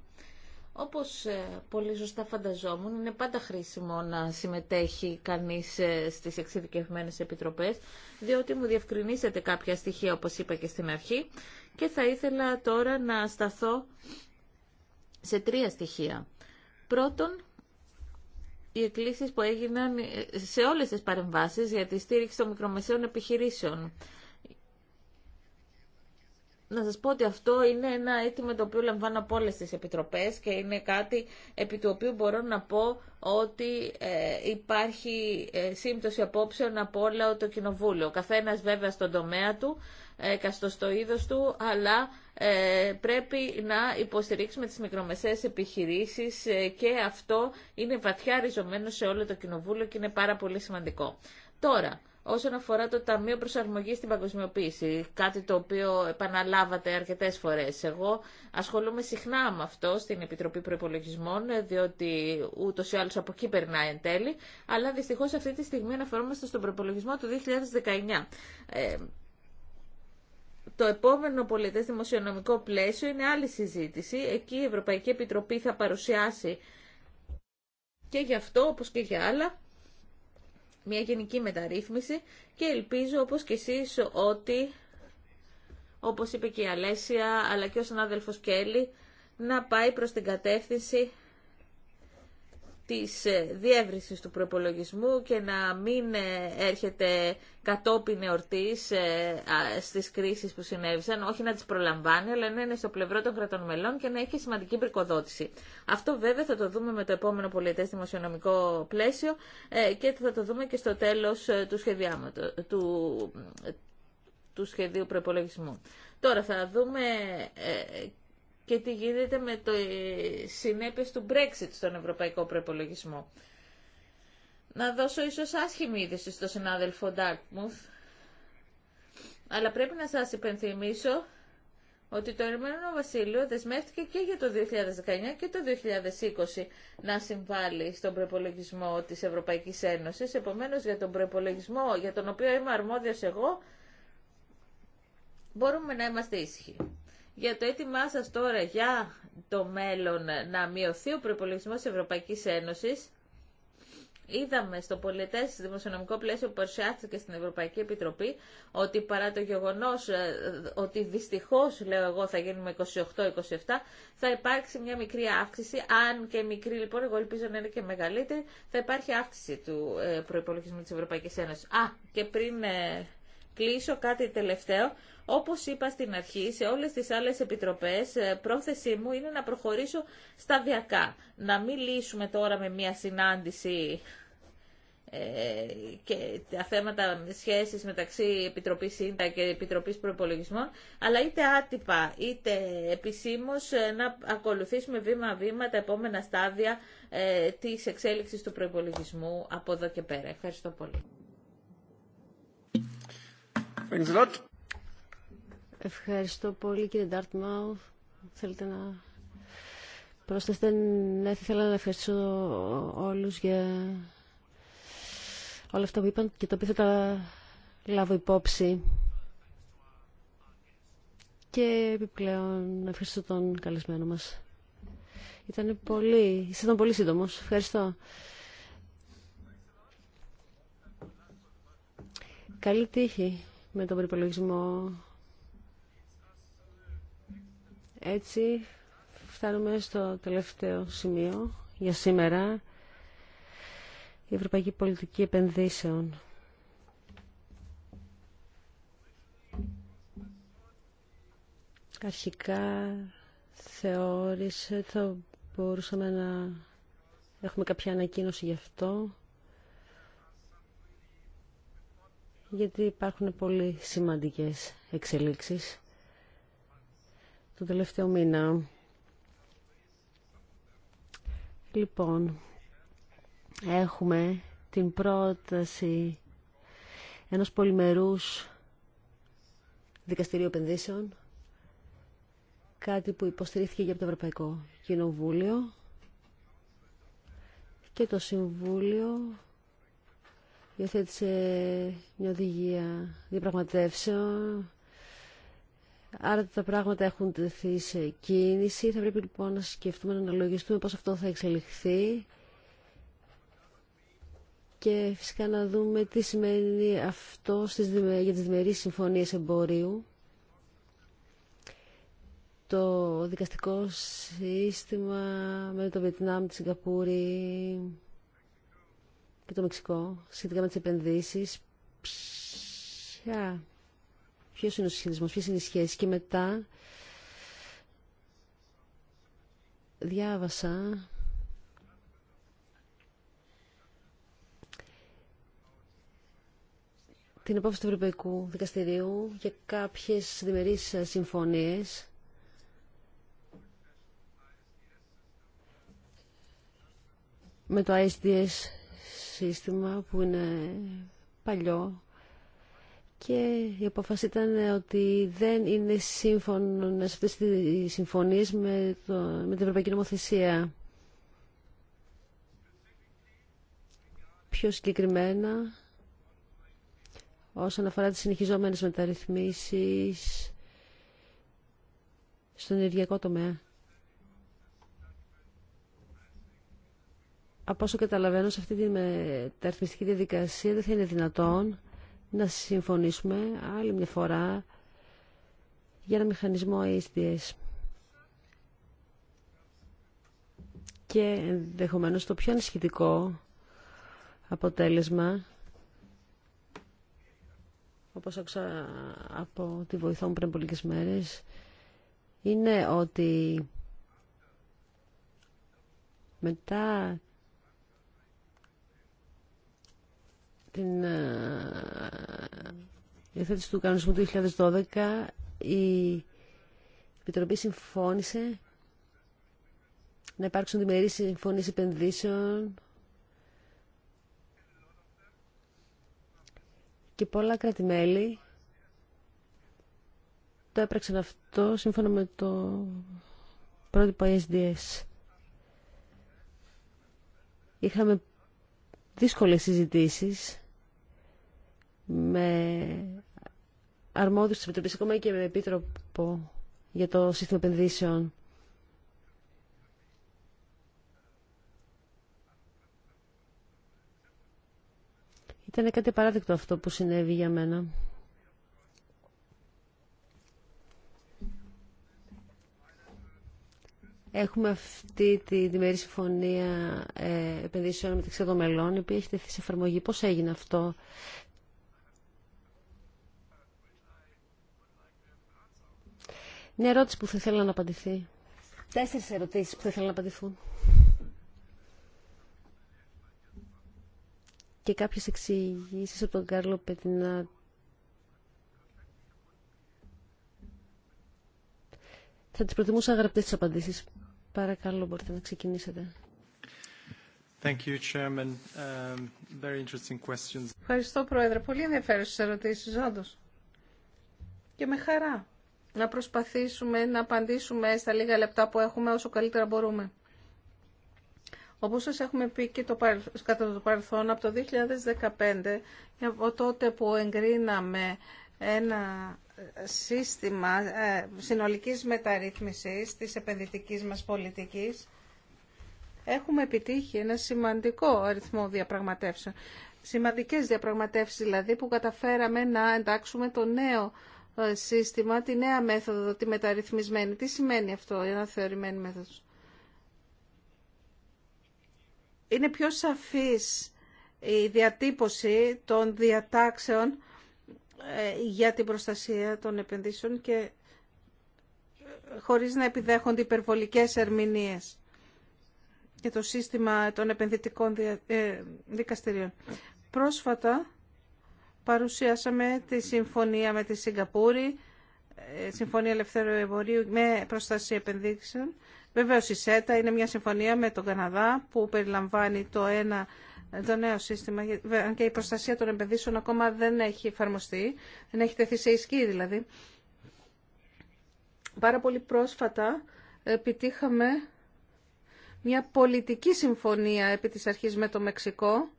Όπως ε, πολύ σωστά φανταζόμουν, είναι πάντα χρήσιμο να συμμετέχει κανείς ε, στις εξειδικευμένες επιτροπές, διότι μου διευκρινίσετε κάποια στοιχεία, όπως είπα και στην αρχή, και θα ήθελα τώρα να σταθώ σε τρία στοιχεία. Πρώτον, οι εκκλήσεις που έγιναν ε, σε όλες τις παρεμβάσεις για τη στήριξη των μικρομεσαίων επιχειρήσεων να σας πω ότι αυτό είναι ένα αίτημα το οποίο λαμβάνω από όλε τις επιτροπές και είναι κάτι επί του οποίου μπορώ να πω ότι ε, υπάρχει ε, σύμπτωση απόψεων από όλα το κοινοβούλιο. Ο καθένας βέβαια στον τομέα του, ε, καστο στο είδος του, αλλά ε, πρέπει να υποστηρίξουμε τις μικρομεσαίες επιχειρήσεις ε, και αυτό είναι βαθιά ριζωμένο σε όλο το κοινοβούλιο και είναι πάρα πολύ σημαντικό. Τώρα, όσον αφορά το Ταμείο Προσαρμογής στην Παγκοσμιοποίηση, κάτι το οποίο επαναλάβατε αρκετέ φορές. Εγώ ασχολούμαι συχνά με αυτό στην Επιτροπή Προπολογισμών, διότι ούτω ή άλλω από εκεί περνάει εν τέλει, αλλά δυστυχώς αυτή τη στιγμή αναφερόμαστε στον προπολογισμό του 2019. Ε, το επόμενο πολιτέ δημοσιονομικό πλαίσιο είναι άλλη συζήτηση. Εκεί η Ευρωπαϊκή Επιτροπή θα παρουσιάσει και γι' αυτό, όπως και για άλλα, μια γενική μεταρρύθμιση και ελπίζω όπως και εσείς ότι, όπως είπε και η Αλέσια αλλά και ο συνάδελφος Κέλλη, να πάει προς την κατεύθυνση της ε, διεύρυνσης του προπολογισμού και να μην ε, έρχεται κατόπιν εορτής ε, στις κρίσεις που συνέβησαν, όχι να τις προλαμβάνει, αλλά να είναι στο πλευρό των κρατών μελών και να έχει σημαντική πρικοδότηση. Αυτό βέβαια θα το δούμε με το επόμενο πολιτές δημοσιονομικό πλαίσιο και θα το δούμε και στο τέλος του, του, του σχεδίου προπολογισμού. Τώρα θα δούμε και τι γίνεται με το ε, συνέπειες του Brexit στον ευρωπαϊκό προπολογισμό. Να δώσω ίσως άσχημη είδηση στον συνάδελφο Ντάρκμουθ, αλλά πρέπει να σας υπενθυμίσω ότι το Ηνωμένο Βασίλειο δεσμεύτηκε και για το 2019 και το 2020 να συμβάλλει στον προπολογισμό της Ευρωπαϊκής Ένωσης. Επομένως, για τον προπολογισμό για τον οποίο είμαι αρμόδιος εγώ, μπορούμε να είμαστε ήσυχοι για το έτοιμά σα τώρα για το μέλλον να μειωθεί ο προπολογισμό τη Ευρωπαϊκής Ένωση, Είδαμε στο πολιτές δημοσιονομικό πλαίσιο που παρουσιάστηκε στην Ευρωπαϊκή Επιτροπή ότι παρά το γεγονός ε, ότι δυστυχώ λέω εγώ, θα γίνουμε 28-27, θα υπάρξει μια μικρή αύξηση, αν και μικρή λοιπόν, εγώ ελπίζω να είναι και μεγαλύτερη, θα υπάρχει αύξηση του ε, προπολογισμού τη Ευρωπαϊκή Ένωση. Α, και πριν ε, κλείσω κάτι τελευταίο. Όπως είπα στην αρχή, σε όλες τις άλλες επιτροπές, ε, πρόθεσή μου είναι να προχωρήσω σταδιακά. Να μην λύσουμε τώρα με μια συνάντηση ε, και τα θέματα σχέσεις μεταξύ Επιτροπής ΣΥΝΤΑ και Επιτροπής Προπολογισμών, αλλά είτε άτυπα είτε επισήμως ε, να ακολουθήσουμε βήμα-βήμα τα επόμενα στάδια της εξέλιξης του προπολογισμού από εδώ και πέρα. Ευχαριστώ πολύ. Ευχαριστώ πολύ κύριε Ντάρτμαου. Θέλετε να προσθέσετε. Ναι, θα ήθελα να ευχαριστήσω όλους για όλα αυτά που είπαν και το οποίο θα τα λάβω υπόψη. Και επιπλέον να ευχαριστώ τον καλεσμένο μας. Ήταν πολύ, ήσασταν πολύ σύντομος. Ευχαριστώ. Καλή τύχη με τον προπολογισμό. Έτσι φτάνουμε στο τελευταίο σημείο για σήμερα. Η Ευρωπαϊκή Πολιτική Επενδύσεων. Αρχικά θεώρησε ότι θα μπορούσαμε να έχουμε κάποια ανακοίνωση γι' αυτό. γιατί υπάρχουν πολύ σημαντικές εξελίξεις. Το τελευταίο μήνα. Λοιπόν, έχουμε την πρόταση ενός πολυμερούς δικαστηρίου επενδύσεων, κάτι που υποστηρίχθηκε για το Ευρωπαϊκό Κοινοβούλιο και το Συμβούλιο Υιοθέτησε μια οδηγία διαπραγματεύσεων. Άρα τα πράγματα έχουν τεθεί σε κίνηση. Θα πρέπει λοιπόν να σκεφτούμε, να αναλογιστούμε πώς αυτό θα εξελιχθεί και φυσικά να δούμε τι σημαίνει αυτό στις, για τις διμερείς συμφωνίες εμπορίου. Το δικαστικό σύστημα με το Βιετνάμ, τη Σιγκαπούρη, και το Μεξικό σχετικά με τι επενδύσεις ποια, είναι ο συσχετισμό, ποιε είναι οι σχέσει. και μετά διάβασα την απόφαση του Ευρωπαϊκού Δικαστηρίου για κάποιες διμερείς συμφωνίες με το ISDS σύστημα που είναι παλιό και η απόφαση ήταν ότι δεν είναι σύμφωνος αυτές τις συμφωνίες με, με την Ευρωπαϊκή Νομοθεσία. Πιο συγκεκριμένα, όσον αφορά τις συνεχιζόμενες μεταρρυθμίσεις στον ενεργειακό τομέα. από όσο καταλαβαίνω σε αυτή τη μεταρρυθμιστική διαδικασία δεν θα είναι δυνατόν να συμφωνήσουμε άλλη μια φορά για ένα μηχανισμό ASDS. Και ενδεχομένως το πιο ανησυχητικό αποτέλεσμα όπως άκουσα από τη βοηθό μου πριν από λίγες μέρες είναι ότι μετά την ε, υιοθέτηση του κανονισμού του 2012 η Επιτροπή συμφώνησε να υπάρξουν διμερείς συμφωνίες επενδύσεων και πολλά κράτη-μέλη το έπραξαν αυτό σύμφωνα με το πρότυπο SDS. Είχαμε δύσκολες συζητήσεις με αρμόδιους της Επιτροπής, ακόμα και με επίτροπο για το σύστημα επενδύσεων. Ήταν κάτι παράδειγμα αυτό που συνέβη για μένα. Έχουμε αυτή τη διμερή συμφωνία ε, επενδύσεων μεταξύ των μελών, η οποία έχει τεθεί σε εφαρμογή. Πώς έγινε αυτό. Μια ερώτηση που θα ήθελα να απαντηθεί. Τέσσερις ερωτήσεις που θα ήθελα να απαντηθούν. Και κάποιες εξηγήσεις από τον Κάρλο Πετινά. Θα τις προτιμούσα γραπτές τις απαντήσεις. Παρακαλώ, μπορείτε να ξεκινήσετε. Thank you, Chairman. Um, very Ευχαριστώ, Πρόεδρε. Πολύ ενδιαφέρουσες ερωτήσεις, όντως. Και με χαρά να προσπαθήσουμε να απαντήσουμε στα λίγα λεπτά που έχουμε όσο καλύτερα μπορούμε. Όπως σας έχουμε πει και το κατά το παρελθόν, από το 2015, από τότε που εγκρίναμε ένα σύστημα ε, συνολικής μεταρρύθμισης της επενδυτικής μας πολιτικής, έχουμε επιτύχει ένα σημαντικό αριθμό διαπραγματεύσεων. Σημαντικές διαπραγματεύσεις δηλαδή που καταφέραμε να εντάξουμε το νέο σύστημα τη νέα μέθοδο, τη μεταρρυθμισμένη. Τι σημαίνει αυτό, η αναθεωρημένη μέθοδος. Είναι πιο σαφής η διατύπωση των διατάξεων ε, για την προστασία των επενδύσεων και ε, χωρίς να επιδέχονται υπερβολικές ερμηνείες και το σύστημα των επενδυτικών ε, δικαστηρίων. Πρόσφατα παρουσιάσαμε τη συμφωνία με τη Σιγκαπούρη, ε, Συμφωνία Ελευθέρου Εμπορίου με προστασία επενδύσεων. Βεβαίω η ΣΕΤΑ είναι μια συμφωνία με τον Καναδά που περιλαμβάνει το, ένα, το νέο σύστημα και η προστασία των επενδύσεων ακόμα δεν έχει εφαρμοστεί, δεν έχει τεθεί σε ισχύ δηλαδή. Πάρα πολύ πρόσφατα ε, επιτύχαμε μια πολιτική συμφωνία επί της αρχής με το Μεξικό,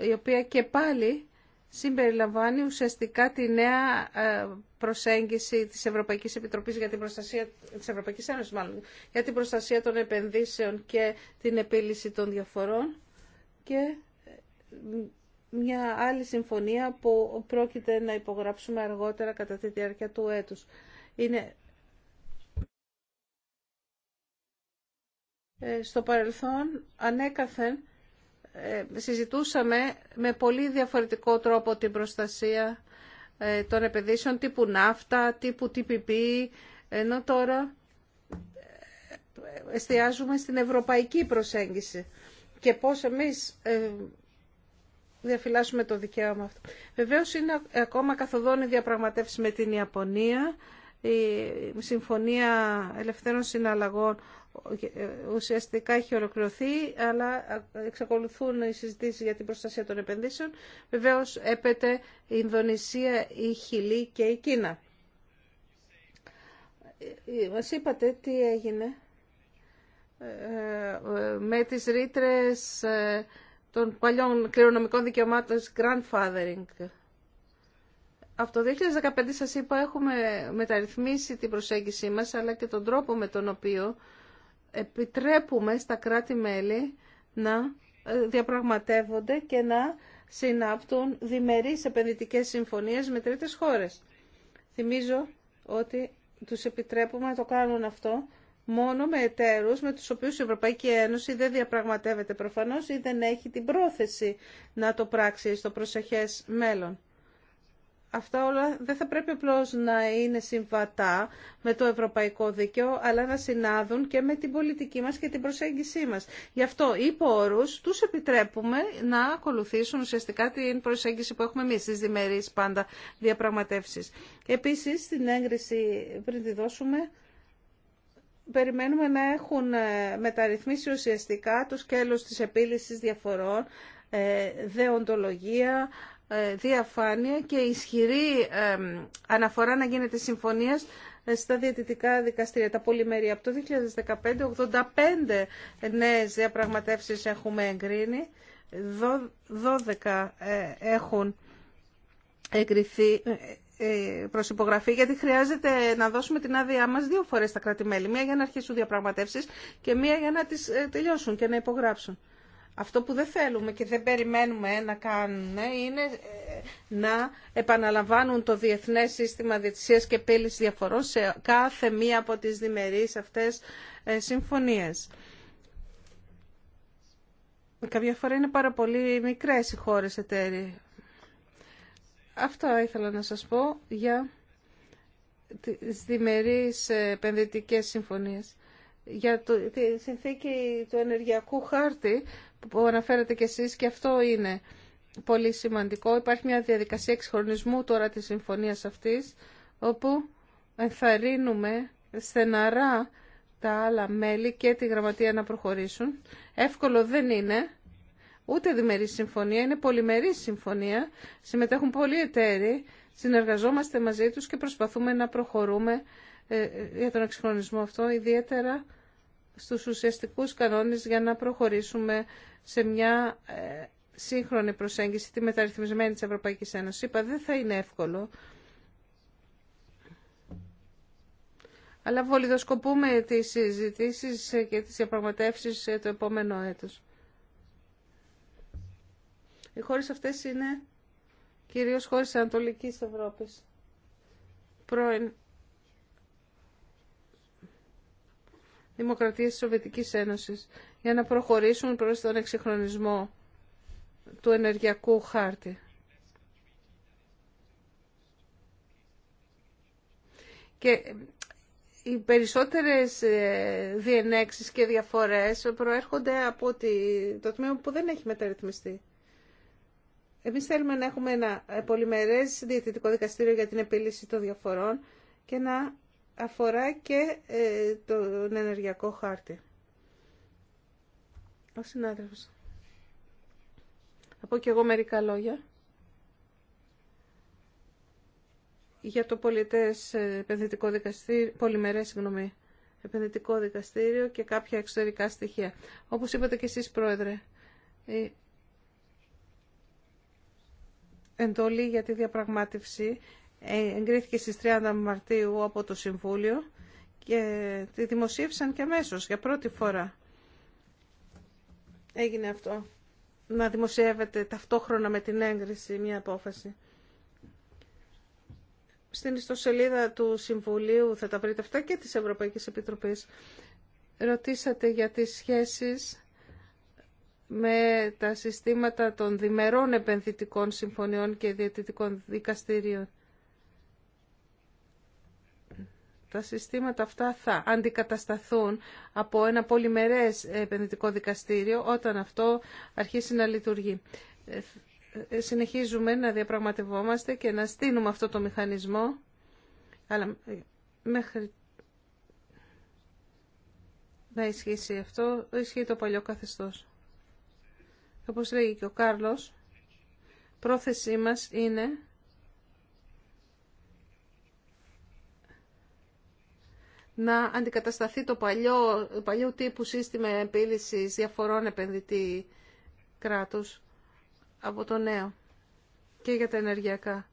η οποία και πάλι συμπεριλαμβάνει ουσιαστικά τη νέα ε, προσέγγιση της Ευρωπαϊκής Επιτροπής για την προστασία της Ευρωπαϊκής Ένωσης, για την προστασία των επενδύσεων και την επίλυση των διαφορών και ε, μια άλλη συμφωνία που πρόκειται να υπογράψουμε αργότερα κατά τη διάρκεια του έτους. Είναι ε, στο παρελθόν ανέκαθεν ε, συζητούσαμε με πολύ διαφορετικό τρόπο την προστασία ε, των επενδύσεων τύπου ναύτα, τύπου TPP, ενώ τώρα ε, εστιάζουμε στην ευρωπαϊκή προσέγγιση και πώς εμείς διαφυλάσσουμε το δικαίωμα αυτό. Βεβαίως είναι ακόμα καθοδόν η διαπραγματεύση με την Ιαπωνία, η Συμφωνία Ελευθέρων Συναλλαγών ουσιαστικά έχει ολοκληρωθεί, αλλά εξακολουθούν οι συζητήσεις για την προστασία των επενδύσεων. Βεβαίως έπεται η Ινδονησία, η Χιλή και η Κίνα. Μας είπατε τι έγινε ε, με τις ρήτρε ε, των παλιών κληρονομικών δικαιωμάτων grandfathering. Από το 2015 σας είπα έχουμε μεταρρυθμίσει την προσέγγιση μας αλλά και τον τρόπο με τον οποίο επιτρέπουμε στα κράτη-μέλη να ε, διαπραγματεύονται και να συνάπτουν διμερείς επενδυτικές συμφωνίες με τρίτες χώρες. Θυμίζω ότι τους επιτρέπουμε να το κάνουν αυτό μόνο με εταίρους με τους οποίους η Ευρωπαϊκή Ένωση δεν διαπραγματεύεται προφανώς ή δεν έχει την πρόθεση να το πράξει στο προσεχές μέλλον αυτά όλα δεν θα πρέπει απλώς να είναι συμβατά με το ευρωπαϊκό δίκαιο, αλλά να συνάδουν και με την πολιτική μας και την προσέγγισή μας. Γι' αυτό οι πόρους τους επιτρέπουμε να ακολουθήσουν ουσιαστικά την προσέγγιση που έχουμε εμείς στις διμερείς πάντα διαπραγματεύσεις. Επίσης, στην έγκριση πριν τη δώσουμε, περιμένουμε να έχουν ε, μεταρρυθμίσει ουσιαστικά το σκέλος της επίλυσης διαφορών, ε, δεοντολογία, ε, διαφάνεια και ισχυρή ε, αναφορά να γίνεται συμφωνίας ε, στα διαιτητικά δικαστήρια, τα πολυμερία. Από το 2015, 85 νέες διαπραγματεύσεις έχουμε εγκρίνει, 12 έχουν εγκριθεί προς υπογραφή, γιατί χρειάζεται να δώσουμε την άδειά μας δύο φορές στα κράτη-μέλη. Μία για να αρχίσουν διαπραγματεύσεις και μία για να τις τελειώσουν και να υπογράψουν. Αυτό που δεν θέλουμε και δεν περιμένουμε να κάνουν είναι ε, να επαναλαμβάνουν το Διεθνές Σύστημα Διετησίας και Πύλης Διαφορών σε κάθε μία από τις διμερείς αυτές ε, συμφωνίες. Καμιά φορά είναι πάρα πολύ μικρές οι χώρες εταίροι. Αυτό ήθελα να σας πω για τις διμερείς ε, επενδυτικές συμφωνίες. Για τη συνθήκη του ενεργειακού χάρτη που αναφέρατε κι εσείς και αυτό είναι πολύ σημαντικό. Υπάρχει μια διαδικασία εξχρονισμού τώρα της συμφωνίας αυτής, όπου ενθαρρύνουμε στεναρά τα άλλα μέλη και τη γραμματεία να προχωρήσουν. Εύκολο δεν είναι, ούτε διμερή συμφωνία, είναι πολυμερή συμφωνία. Συμμετέχουν πολλοί εταίροι, συνεργαζόμαστε μαζί τους και προσπαθούμε να προχωρούμε ε, ε, για τον εξχρονισμό αυτό, ιδιαίτερα στους ουσιαστικούς κανόνες για να προχωρήσουμε σε μια ε, σύγχρονη προσέγγιση τη μεταρρυθμισμένη της Ευρωπαϊκής Ένωσης. Είπα, δεν θα είναι εύκολο. Αλλά βολιδοσκοπούμε τις συζητήσεις και τις διαπραγματεύσεις το επόμενο έτος. Οι χώρες αυτές είναι κυρίως χώρες Ανατολικής Ευρώπης. Πρώην δημοκρατίες της Σοβιετικής Ένωσης για να προχωρήσουν προς τον εξυγχρονισμό του ενεργειακού χάρτη. Και οι περισσότερες ε, διενέξεις και διαφορές προέρχονται από το τμήμα που δεν έχει μεταρρυθμιστεί. Εμείς θέλουμε να έχουμε ένα πολυμερές διαιτητικό δικαστήριο για την επίλυση των διαφορών και να αφορά και ε, τον ενεργειακό χάρτη. Ο συνάδελφος. Θα και εγώ μερικά λόγια για το πολιτές ε, επενδυτικό δικαστήριο, πολυμερές επενδυτικό δικαστήριο και κάποια εξωτερικά στοιχεία. Όπως είπατε και εσείς πρόεδρε, η εντολή για τη διαπραγμάτευση εγκρίθηκε στις 30 Μαρτίου από το Συμβούλιο και τη δημοσίευσαν και αμέσω για πρώτη φορά. Έγινε αυτό. Να δημοσιεύεται ταυτόχρονα με την έγκριση μια απόφαση. Στην ιστοσελίδα του Συμβουλίου θα τα βρείτε αυτά και της Ευρωπαϊκής Επιτροπής. Ρωτήσατε για τις σχέσεις με τα συστήματα των διμερών επενδυτικών συμφωνιών και διαιτητικών δικαστήριων. τα συστήματα αυτά θα αντικατασταθούν από ένα πολυμερές ε, επενδυτικό δικαστήριο όταν αυτό αρχίσει να λειτουργεί. Ε, ε, συνεχίζουμε να διαπραγματευόμαστε και να στείλουμε αυτό το μηχανισμό, αλλά μέχρι να ισχύσει αυτό, ισχύει το παλιό καθεστώς. Όπως λέγει και ο Κάρλος, πρόθεσή μας είναι να αντικατασταθεί το παλιό, τύπου σύστημα επίλυσης διαφορών επενδυτή κράτους από το νέο και για τα ενεργειακά.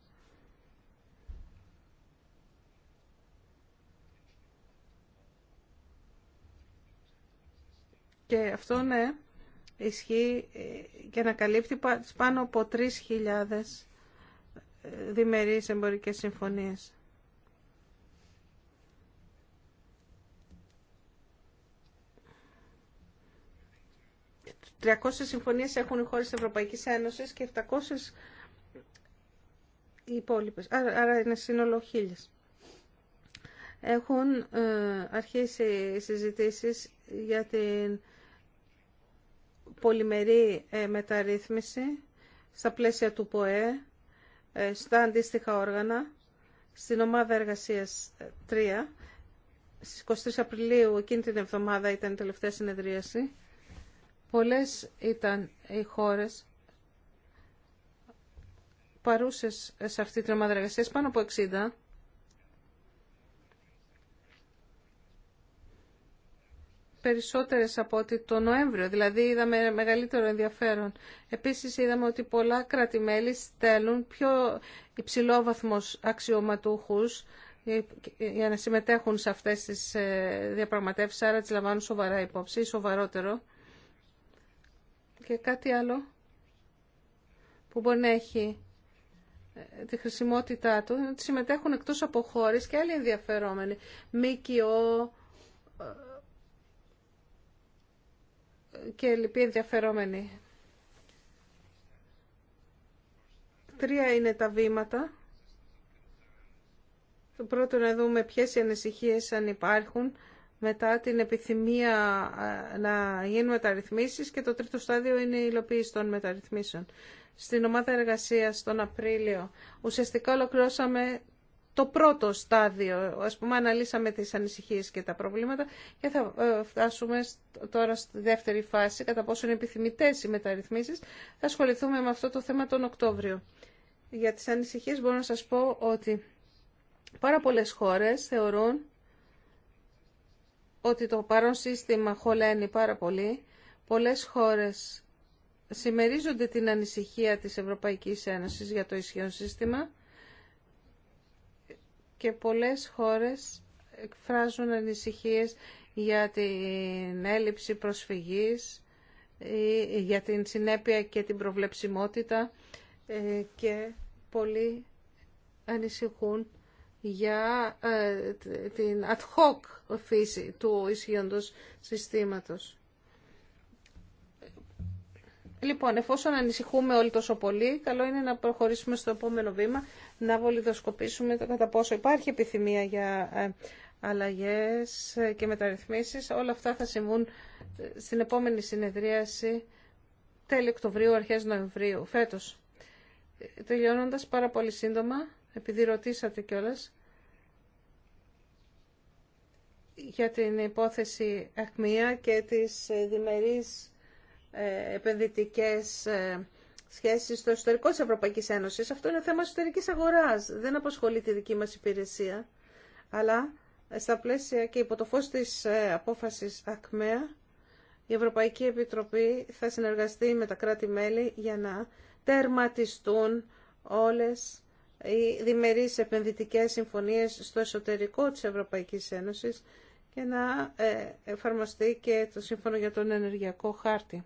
Και αυτό ναι, ισχύει και να καλύπτει πάνω από 3.000 διμερείς εμπορικές συμφωνίες. 300 συμφωνίες έχουν οι χώρες της Ευρωπαϊκής Ένωσης και 700 οι υπόλοιπες. Άρα είναι σύνολο χίλιες. Έχουν ε, αρχίσει οι συζητήσεις για την πολυμερή ε, μεταρρύθμιση στα πλαίσια του ΠΟΕ, ε, στα αντίστοιχα όργανα, στην ομάδα εργασίας 3. Στις 23 Απριλίου εκείνη την εβδομάδα ήταν η τελευταία συνεδρίαση Πολλές ήταν οι χώρες παρούσες σε αυτή την ομάδα εργασίας, πάνω από 60. Περισσότερες από ότι το Νοέμβριο, δηλαδή είδαμε μεγαλύτερο ενδιαφέρον. Επίσης είδαμε ότι πολλά κράτη-μέλη στέλνουν πιο υψηλό βαθμός αξιωματούχους για να συμμετέχουν σε αυτές τις ε, διαπραγματεύσεις, άρα τις λαμβάνουν σοβαρά υπόψη, σοβαρότερο. Και κάτι άλλο που μπορεί να έχει ε, τη χρησιμότητά του είναι ότι συμμετέχουν εκτός από χώρε και άλλοι ενδιαφερόμενοι. ΜΚΟ ε, και λοιποί ενδιαφερόμενοι. Τρία είναι τα βήματα. Το πρώτο να δούμε ποιες οι ανησυχίες αν υπάρχουν μετά την επιθυμία ε, να γίνουν μεταρρυθμίσεις και το τρίτο στάδιο είναι η υλοποίηση των μεταρρυθμίσεων. Στην ομάδα εργασίας τον Απρίλιο ουσιαστικά ολοκληρώσαμε το πρώτο στάδιο, ας πούμε αναλύσαμε τις ανησυχίες και τα προβλήματα και θα ε, φτάσουμε τώρα στη δεύτερη φάση, κατά πόσο είναι επιθυμητές οι μεταρρυθμίσεις, θα ασχοληθούμε με αυτό το θέμα τον Οκτώβριο. Για τις ανησυχίες μπορώ να σας πω ότι πάρα πολλές χώρες θεωρούν ότι το παρόν σύστημα χωλαίνει πάρα πολύ. Πολλές χώρες συμμερίζονται την ανησυχία της Ευρωπαϊκής Ένωσης για το ισχυρό σύστημα και πολλές χώρες εκφράζουν ανησυχίες για την έλλειψη προσφυγής, για την συνέπεια και την προβλεψιμότητα ε, και πολλοί ανησυχούν για ε, την ad hoc φύση του ισχύοντος συστήματος. Λοιπόν, εφόσον ανησυχούμε όλοι τόσο πολύ, καλό είναι να προχωρήσουμε στο επόμενο βήμα, να βολιδοσκοπήσουμε το κατά πόσο υπάρχει επιθυμία για ε, αλλαγές και μεταρρυθμίσεις. Όλα αυτά θα συμβούν ε, στην επόμενη συνεδρίαση τέλη Οκτωβρίου, αρχές Νοεμβρίου, φέτος. Τελειώνοντας πάρα πολύ σύντομα, επειδή ρωτήσατε κιόλας, για την υπόθεση αχμία και τις ε, διμερείς ε, επενδυτικές ε, σχέσεις στο εσωτερικό της Ευρωπαϊκής Ένωσης. Αυτό είναι θέμα εσωτερικής αγοράς. Δεν απασχολεί τη δική μας υπηρεσία. Αλλά στα πλαίσια και υπό το φως της απόφασης ΑΚΜΕΑ, η Ευρωπαϊκή Επιτροπή θα συνεργαστεί με τα κράτη-μέλη για να τερματιστούν όλες οι διμερείς επενδυτικές συμφωνίες στο εσωτερικό της Ευρωπαϊκής Ένωσης και να ε, εφαρμοστεί και το Σύμφωνο για τον Ενεργειακό Χάρτη.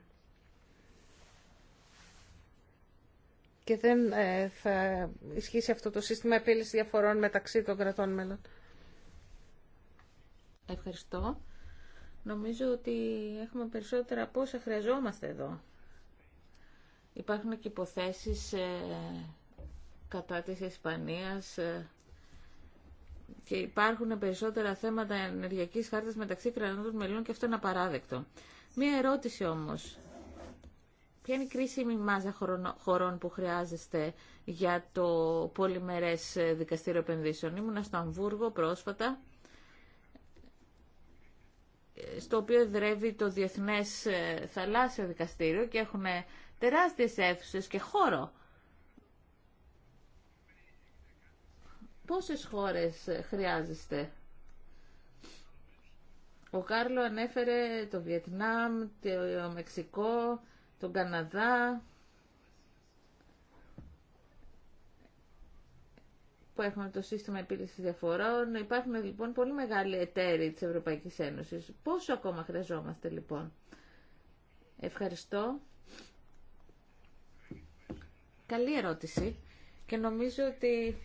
Και δεν ε, θα ισχύσει αυτό το σύστημα επίλυση διαφορών μεταξύ των κρατών μέλων. Ευχαριστώ. Νομίζω ότι έχουμε περισσότερα από όσα χρειαζόμαστε εδώ. Υπάρχουν και υποθέσεις ε, κατά της Ισπανίας και υπάρχουν περισσότερα θέματα ενεργειακής χάρτας μεταξύ κρατών μελών και αυτό είναι απαράδεκτο. Μία ερώτηση όμως. Ποια είναι η κρίσιμη μάζα χωρών που χρειάζεστε για το πολυμερές δικαστήριο επενδύσεων. Ήμουνα στο Αμβούργο πρόσφατα, στο οποίο εδρεύει το Διεθνές ε, Θαλάσσιο Δικαστήριο και έχουν τεράστιες αίθουσες και χώρο. Πόσες χώρες χρειάζεστε. Ο Κάρλο ανέφερε το Βιετνάμ, το Μεξικό, τον Καναδά, που έχουμε το σύστημα επίλυσης διαφορών. Υπάρχουν λοιπόν πολύ μεγάλοι εταίροι της Ευρωπαϊκής Ένωσης. Πόσο ακόμα χρειαζόμαστε λοιπόν. Ευχαριστώ. Καλή ερώτηση και νομίζω ότι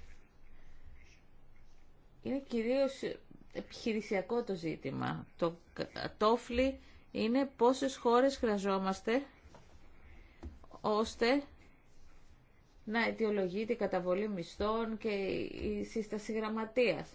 είναι κυρίως επιχειρησιακό το ζήτημα. Το τόφλι είναι πόσες χώρες χρειαζόμαστε ώστε να αιτιολογείται η καταβολή μισθών και η σύσταση γραμματείας.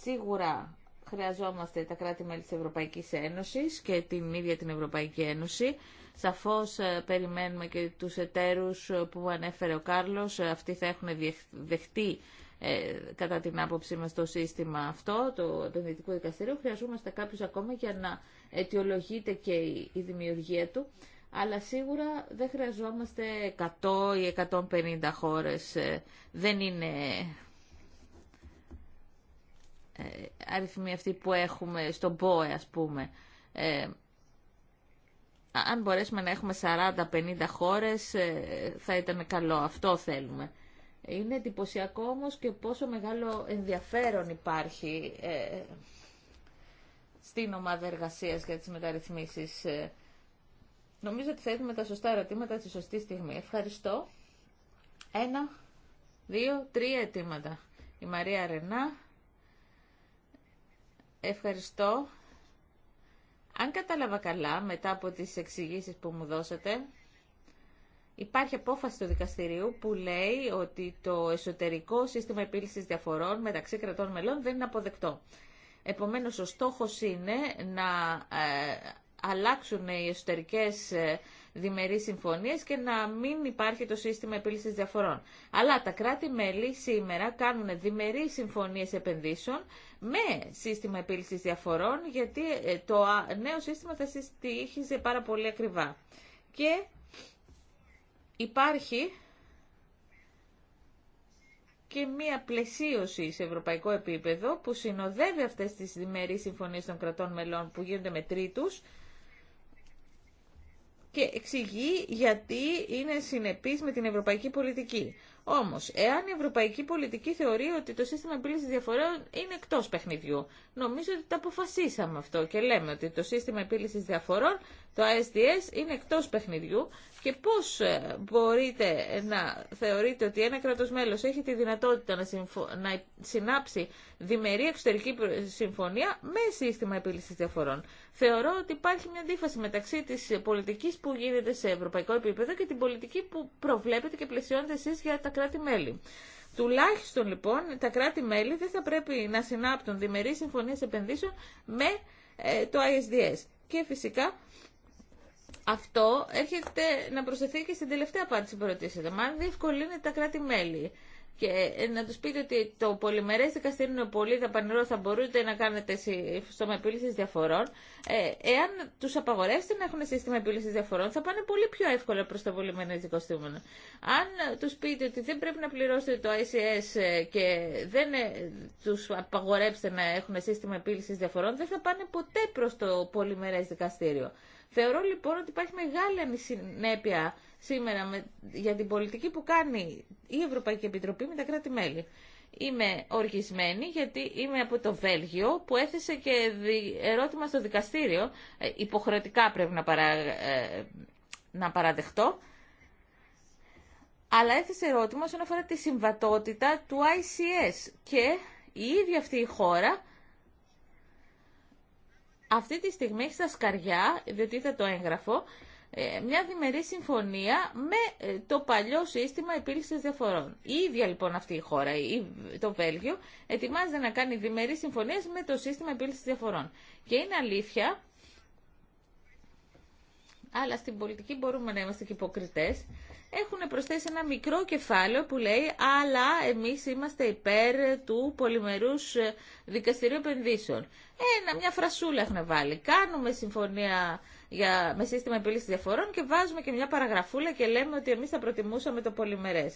Σίγουρα χρειαζόμαστε τα κράτη-μέλη της Ευρωπαϊκής Ένωσης και την ίδια την Ευρωπαϊκή Ένωση. Σαφώς ε, περιμένουμε και τους εταίρους που ανέφερε ο Κάρλος. Ε, αυτοί θα έχουν δεχτεί ε, κατά την άποψή μας το σύστημα αυτό, το επενδυτικό δικαστήριο. Χρειαζόμαστε κάποιους ακόμα για να αιτιολογείται και η, η δημιουργία του. Αλλά σίγουρα δεν χρειαζόμαστε 100 ή 150 χώρες. Ε, δεν είναι ε, αριθμοί αυτοί που έχουμε στον ΠΟΕ, ας πούμε. Ε, αν μπορέσουμε να έχουμε 40-50 χώρες, θα ήταν καλό. Αυτό θέλουμε. Είναι εντυπωσιακό όμως και πόσο μεγάλο ενδιαφέρον υπάρχει ε, στην ομάδα εργασίας για τις μεταρρυθμίσεις. Ε, νομίζω ότι έχουμε τα σωστά ερωτήματα στη σωστή στιγμή. Ευχαριστώ. Ένα, δύο, τρία αιτήματα. Η Μαρία Ρενά. Ευχαριστώ. Αν κατάλαβα καλά, μετά από τις εξηγήσεις που μου δώσατε, Υπάρχει απόφαση του δικαστηρίου που λέει ότι το εσωτερικό σύστημα επίλυσης διαφορών μεταξύ κρατών μελών δεν είναι αποδεκτό. Επομένως, ο στόχος είναι να ε, αλλάξουν οι εσωτερικές ε, διμερείς συμφωνίες και να μην υπάρχει το σύστημα επίλυσης διαφορών. Αλλά τα κράτη-μέλη σήμερα κάνουν διμερείς συμφωνίες επενδύσεων με σύστημα επίλυσης διαφορών, γιατί ε, το νέο σύστημα θα συστήχιζε πάρα πολύ ακριβά. Και υπάρχει και μία πλαισίωση σε ευρωπαϊκό επίπεδο που συνοδεύει αυτές τις διμερείς συμφωνίες των κρατών μελών που γίνονται με τρίτους και εξηγεί γιατί είναι συνεπής με την ευρωπαϊκή πολιτική. Όμως, εάν η ευρωπαϊκή πολιτική θεωρεί ότι το σύστημα επίλυσης διαφορών είναι εκτός παιχνιδιού, νομίζω ότι το αποφασίσαμε αυτό και λέμε ότι το σύστημα επίλυσης διαφορών το ISDS είναι εκτός παιχνιδιού και πώς ε, μπορείτε να θεωρείτε ότι ένα κράτος μέλος έχει τη δυνατότητα να, να συνάψει διμερή εξωτερική συμφωνία με σύστημα επίλυσης διαφορών. Θεωρώ ότι υπάρχει μια αντίφαση μεταξύ της πολιτικής που γίνεται σε ευρωπαϊκό επίπεδο και την πολιτική που προβλέπετε και πλαισιώνετε εσείς για τα κράτη-μέλη. Τουλάχιστον λοιπόν τα κράτη-μέλη δεν θα πρέπει να συνάπτουν διμερή συμφωνίες επενδύσεων με ε, το ISDS. Και φυσικά αυτό έρχεται να προσθεθεί και στην τελευταία απάντηση που ρωτήσατε. Μα αν διευκολύνεται τα κράτη-μέλη και ε, να του πείτε ότι το πολυμερέ δικαστήριο είναι πολύ δαπανηρό, θα μπορείτε να κάνετε σύστημα επιλυση διαφορών. Ε, εάν του απαγορεύσετε να έχουν σύστημα επιλυση διαφορών, θα πάνε πολύ πιο εύκολα προ το πολυμερές δικαστήριο. Αν του πείτε ότι δεν πρέπει να πληρώσετε το ICS ε, και δεν ε, τους απαγορεύσετε να έχουν σύστημα επίλυση διαφορών, δεν θα πάνε ποτέ προ το πολυμερέ δικαστήριο. Θεωρώ λοιπόν ότι υπάρχει μεγάλη ανησυνέπεια σήμερα για την πολιτική που κάνει η Ευρωπαϊκή Επιτροπή με τα κράτη-μέλη. Είμαι οργισμένη γιατί είμαι από το Βέλγιο που έθεσε και ερώτημα στο δικαστήριο. Ε, υποχρεωτικά πρέπει να, ε, να παραδεχτώ. Αλλά έθεσε ερώτημα όσον αφορά τη συμβατότητα του ICS και η ίδια αυτή η χώρα αυτή τη στιγμή έχει στα σκαριά, είδα το έγγραφο, ε, μια διμερή συμφωνία με ε, το παλιό σύστημα επίλυση διαφορών. Η ίδια λοιπόν αυτή η χώρα, το Βέλγιο, ετοιμάζεται να κάνει διμερή συμφωνίες με το σύστημα επίλυση διαφορών. Και είναι αλήθεια, αλλά στην πολιτική μπορούμε να είμαστε και υποκριτές, έχουν προσθέσει ένα μικρό κεφάλαιο που λέει «Αλλά εμείς είμαστε υπέρ του πολυμερούς ε, δικαστηρίου επενδύσεων». Ένα, ε, μια φρασούλα έχουν βάλει. Κάνουμε συμφωνία για, με σύστημα επίλυση διαφορών και βάζουμε και μια παραγραφούλα και λέμε ότι εμεί θα προτιμούσαμε το πολυμερέ.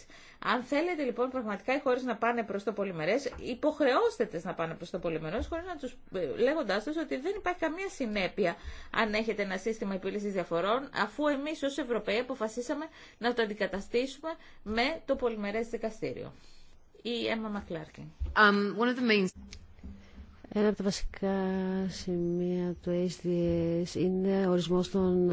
Αν θέλετε λοιπόν πραγματικά οι χώρε να πάνε προ το πολυμερέ, υποχρεώστε τι να πάνε προ το πολυμερέ, χωρί να του ε, λέγοντά του ότι δεν υπάρχει καμία συνέπεια αν έχετε ένα σύστημα επίλυση διαφορών, αφού εμεί ω Ευρωπαίοι αποφασίσαμε να το αντικαταστήσουμε με το πολυμερέ δικαστήριο. Η Emma McClarkin. Um, ένα από τα βασικά σημεία του HDS είναι ο ορισμός των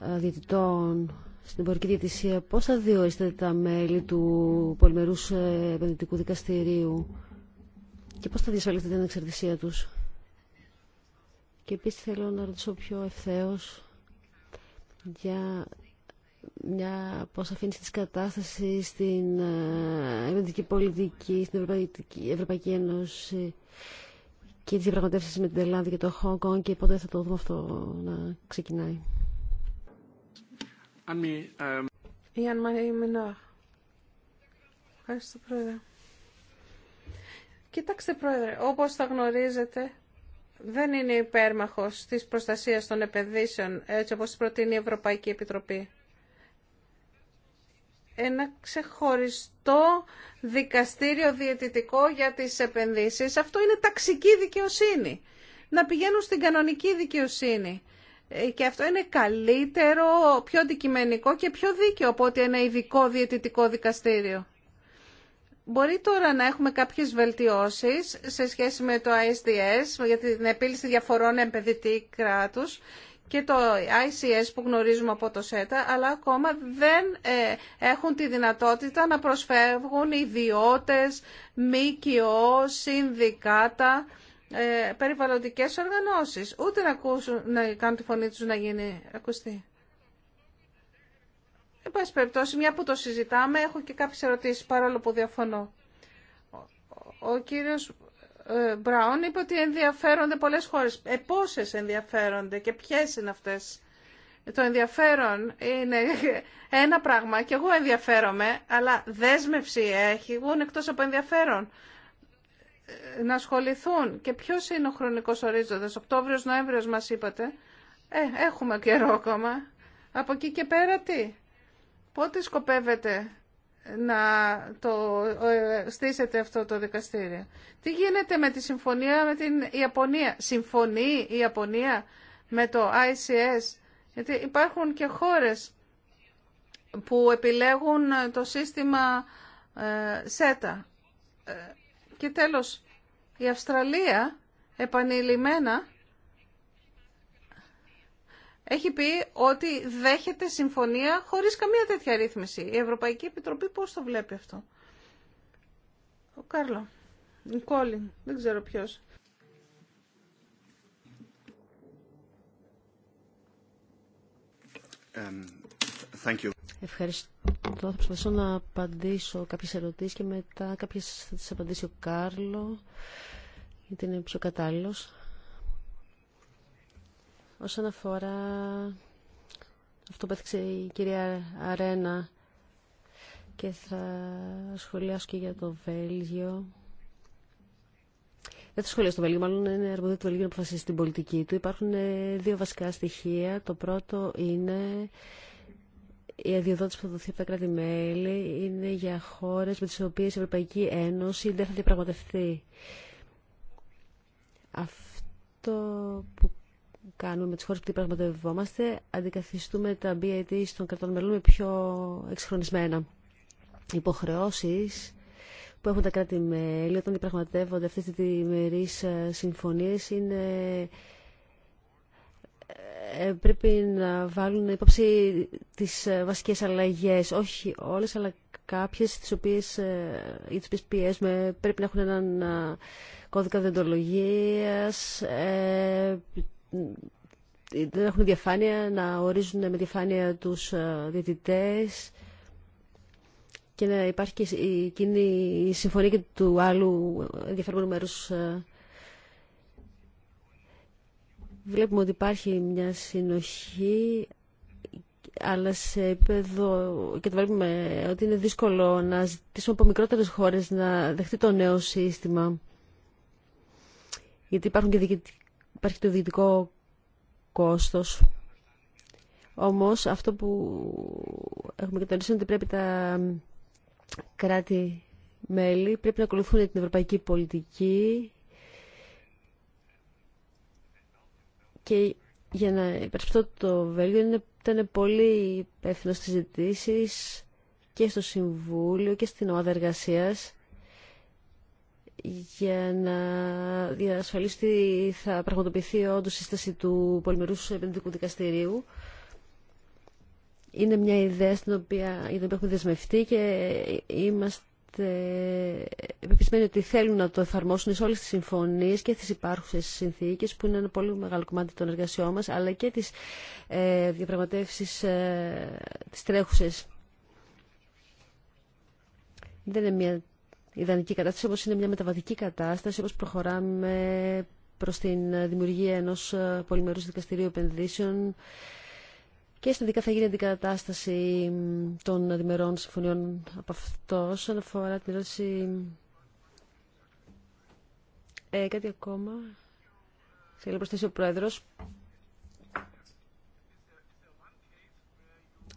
ε, ε, διαιτητών στην εμπορική διαιτησία. Πώς θα διορίσετε τα μέλη του Πολυμερούς ε, Επενδυτικού Δικαστηρίου και πώς θα διασφαλίσετε την εξαρτησία τους. Και επίσης θέλω να ρωτήσω πιο ευθέως για μια αφήνεις της κατάσταση στην ε, ευρωπαϊκή πολιτική, στην Ευρωπαϊκή, Ευρωπαϊκή Ένωση και τις διαπραγματεύσεις με την Ελλάδα και το Χόγκον και πότε θα το δούμε αυτό να ξεκινάει. Um, Ευχαριστώ, Πρόεδρε. Κοιτάξτε, Πρόεδρε, όπως θα γνωρίζετε, δεν είναι υπέρμαχος της προστασίας των επενδύσεων, έτσι όπως προτείνει η Ευρωπαϊκή Επιτροπή ένα ξεχωριστό δικαστήριο διαιτητικό για τις επενδύσεις. Αυτό είναι ταξική δικαιοσύνη. Να πηγαίνουν στην κανονική δικαιοσύνη. Ε, και αυτό είναι καλύτερο, πιο αντικειμενικό και πιο δίκαιο από ότι ένα ειδικό διαιτητικό δικαστήριο. Μπορεί τώρα να έχουμε κάποιες βελτιώσεις σε σχέση με το ISDS για την επίλυση διαφορών επενδυτή κράτους και το ICS που γνωρίζουμε από το ΣΕΤΑ, αλλά ακόμα δεν ε, έχουν τη δυνατότητα να προσφεύγουν ιδιώτες, ΜΚΟ, συνδικάτα, ε, περιβαλλοντικές οργανώσεις. Ούτε να, ακούσουν, κάνουν τη φωνή τους να γίνει ακουστή. Εν πάση περιπτώσει, μια που το συζητάμε, έχω και κάποιες ερωτήσεις, παρόλο που διαφωνώ. Ο κύριος ε, Μπράουν είπε ότι ενδιαφέρονται πολλές χώρες. Ε, πόσες ενδιαφέρονται και ποιες είναι αυτές. Το ενδιαφέρον είναι ένα πράγμα και εγώ ενδιαφέρομαι, αλλά δέσμευση έχει εγώ εκτός από ενδιαφέρον ε, να ασχοληθούν. Και ποιος είναι ο χρονικός ορίζοντας, Οκτώβριος, Νοέμβριος μας είπατε. Ε, έχουμε καιρό ακόμα. Από εκεί και πέρα τι. Πότε σκοπεύετε να το ε, στήσετε αυτό το δικαστήριο. Τι γίνεται με τη συμφωνία με την Ιαπωνία. Συμφωνεί η Ιαπωνία με το ICS. Γιατί υπάρχουν και χώρες που επιλέγουν το σύστημα ε, ΣΕΤΑ. Ε, και τέλος, η Αυστραλία επανειλημμένα έχει πει ότι δέχεται συμφωνία χωρίς καμία τέτοια ρύθμιση. Η Ευρωπαϊκή Επιτροπή πώς το βλέπει αυτό. Ο Κάρλο. Η Δεν ξέρω ποιος. Thank Ευχαριστώ. Θα προσπαθήσω να απαντήσω κάποιες ερωτήσεις και μετά κάποιες θα τις απαντήσει ο Κάρλο γιατί είναι πιο κατάλληλος. Όσον αφορά αυτό που έθιξε η κυρία Αρένα και θα σχολιάσω και για το Βέλγιο. Δεν θα σχολιάσω το Βέλγιο, μάλλον είναι αρμοδίο του Βέλγιο να αποφασίσει την πολιτική του. Υπάρχουν ε, δύο βασικά στοιχεία. Το πρώτο είναι η αδειοδότηση που θα δοθεί από τα κράτη-μέλη είναι για χώρες με τις οποίες η Ευρωπαϊκή Ένωση δεν θα διαπραγματευτεί. Αυτό που κάνουμε με τις χώρες που πραγματευόμαστε, αντικαθιστούμε τα BIT των κρατών μελών με πιο εξχρονισμένα υποχρεώσεις που έχουν τα κράτη-μέλη όταν διαπραγματεύονται αυτές τις διμερείς ε, συμφωνίες είναι ε, πρέπει να βάλουν υπόψη τις ε, βασικές αλλαγέ, όχι όλες, αλλά κάποιες τις οποίες, ή τις πιέζουμε πρέπει να έχουν έναν κώδικα δεντολογίας, δεν έχουν διαφάνεια να ορίζουν με διαφάνεια τους ε, διαιτητές και να υπάρχει και η, συμφωνία και του άλλου ενδιαφέροντος μέρους. Ε. Βλέπουμε ότι υπάρχει μια συνοχή αλλά σε επίπεδο και το βλέπουμε ότι είναι δύσκολο να ζητήσουμε από μικρότερες χώρες να δεχτεί το νέο σύστημα γιατί υπάρχουν και υπάρχει το δυτικό κόστος. Όμως αυτό που έχουμε κατανοήσει είναι ότι πρέπει τα κράτη-μέλη πρέπει να ακολουθούν την ευρωπαϊκή πολιτική και για να υπερσπιστώ το Βέλγιο ήταν πολύ υπεύθυνο στις ζητήσεις και στο Συμβούλιο και στην ομάδα εργασίας για να διασφαλίσει ότι θα πραγματοποιηθεί όντω η σύσταση του Πολυμερούς Επενδυτικού Δικαστηρίου. Είναι μια ιδέα στην οποία, για την οποία έχουμε δεσμευτεί και είμαστε επιπισμένοι ότι θέλουν να το εφαρμόσουν σε όλες τις συμφωνίες και τις υπάρχουσες συνθήκες που είναι ένα πολύ μεγάλο κομμάτι των εργασιών μας αλλά και τις ε, διαπραγματεύσεις ε, τρέχουσες. Δεν είναι μια ιδανική κατάσταση, όπως είναι μια μεταβατική κατάσταση, όπως προχωράμε προς την δημιουργία ενός ε, πολυμερούς δικαστηρίου επενδύσεων και στην θα γίνει αντικατάσταση των αντιμερών συμφωνιών από αυτό. Σε αφορά την ερώτηση... Ε, κάτι ακόμα. Θέλω να προσθέσει ο Πρόεδρος.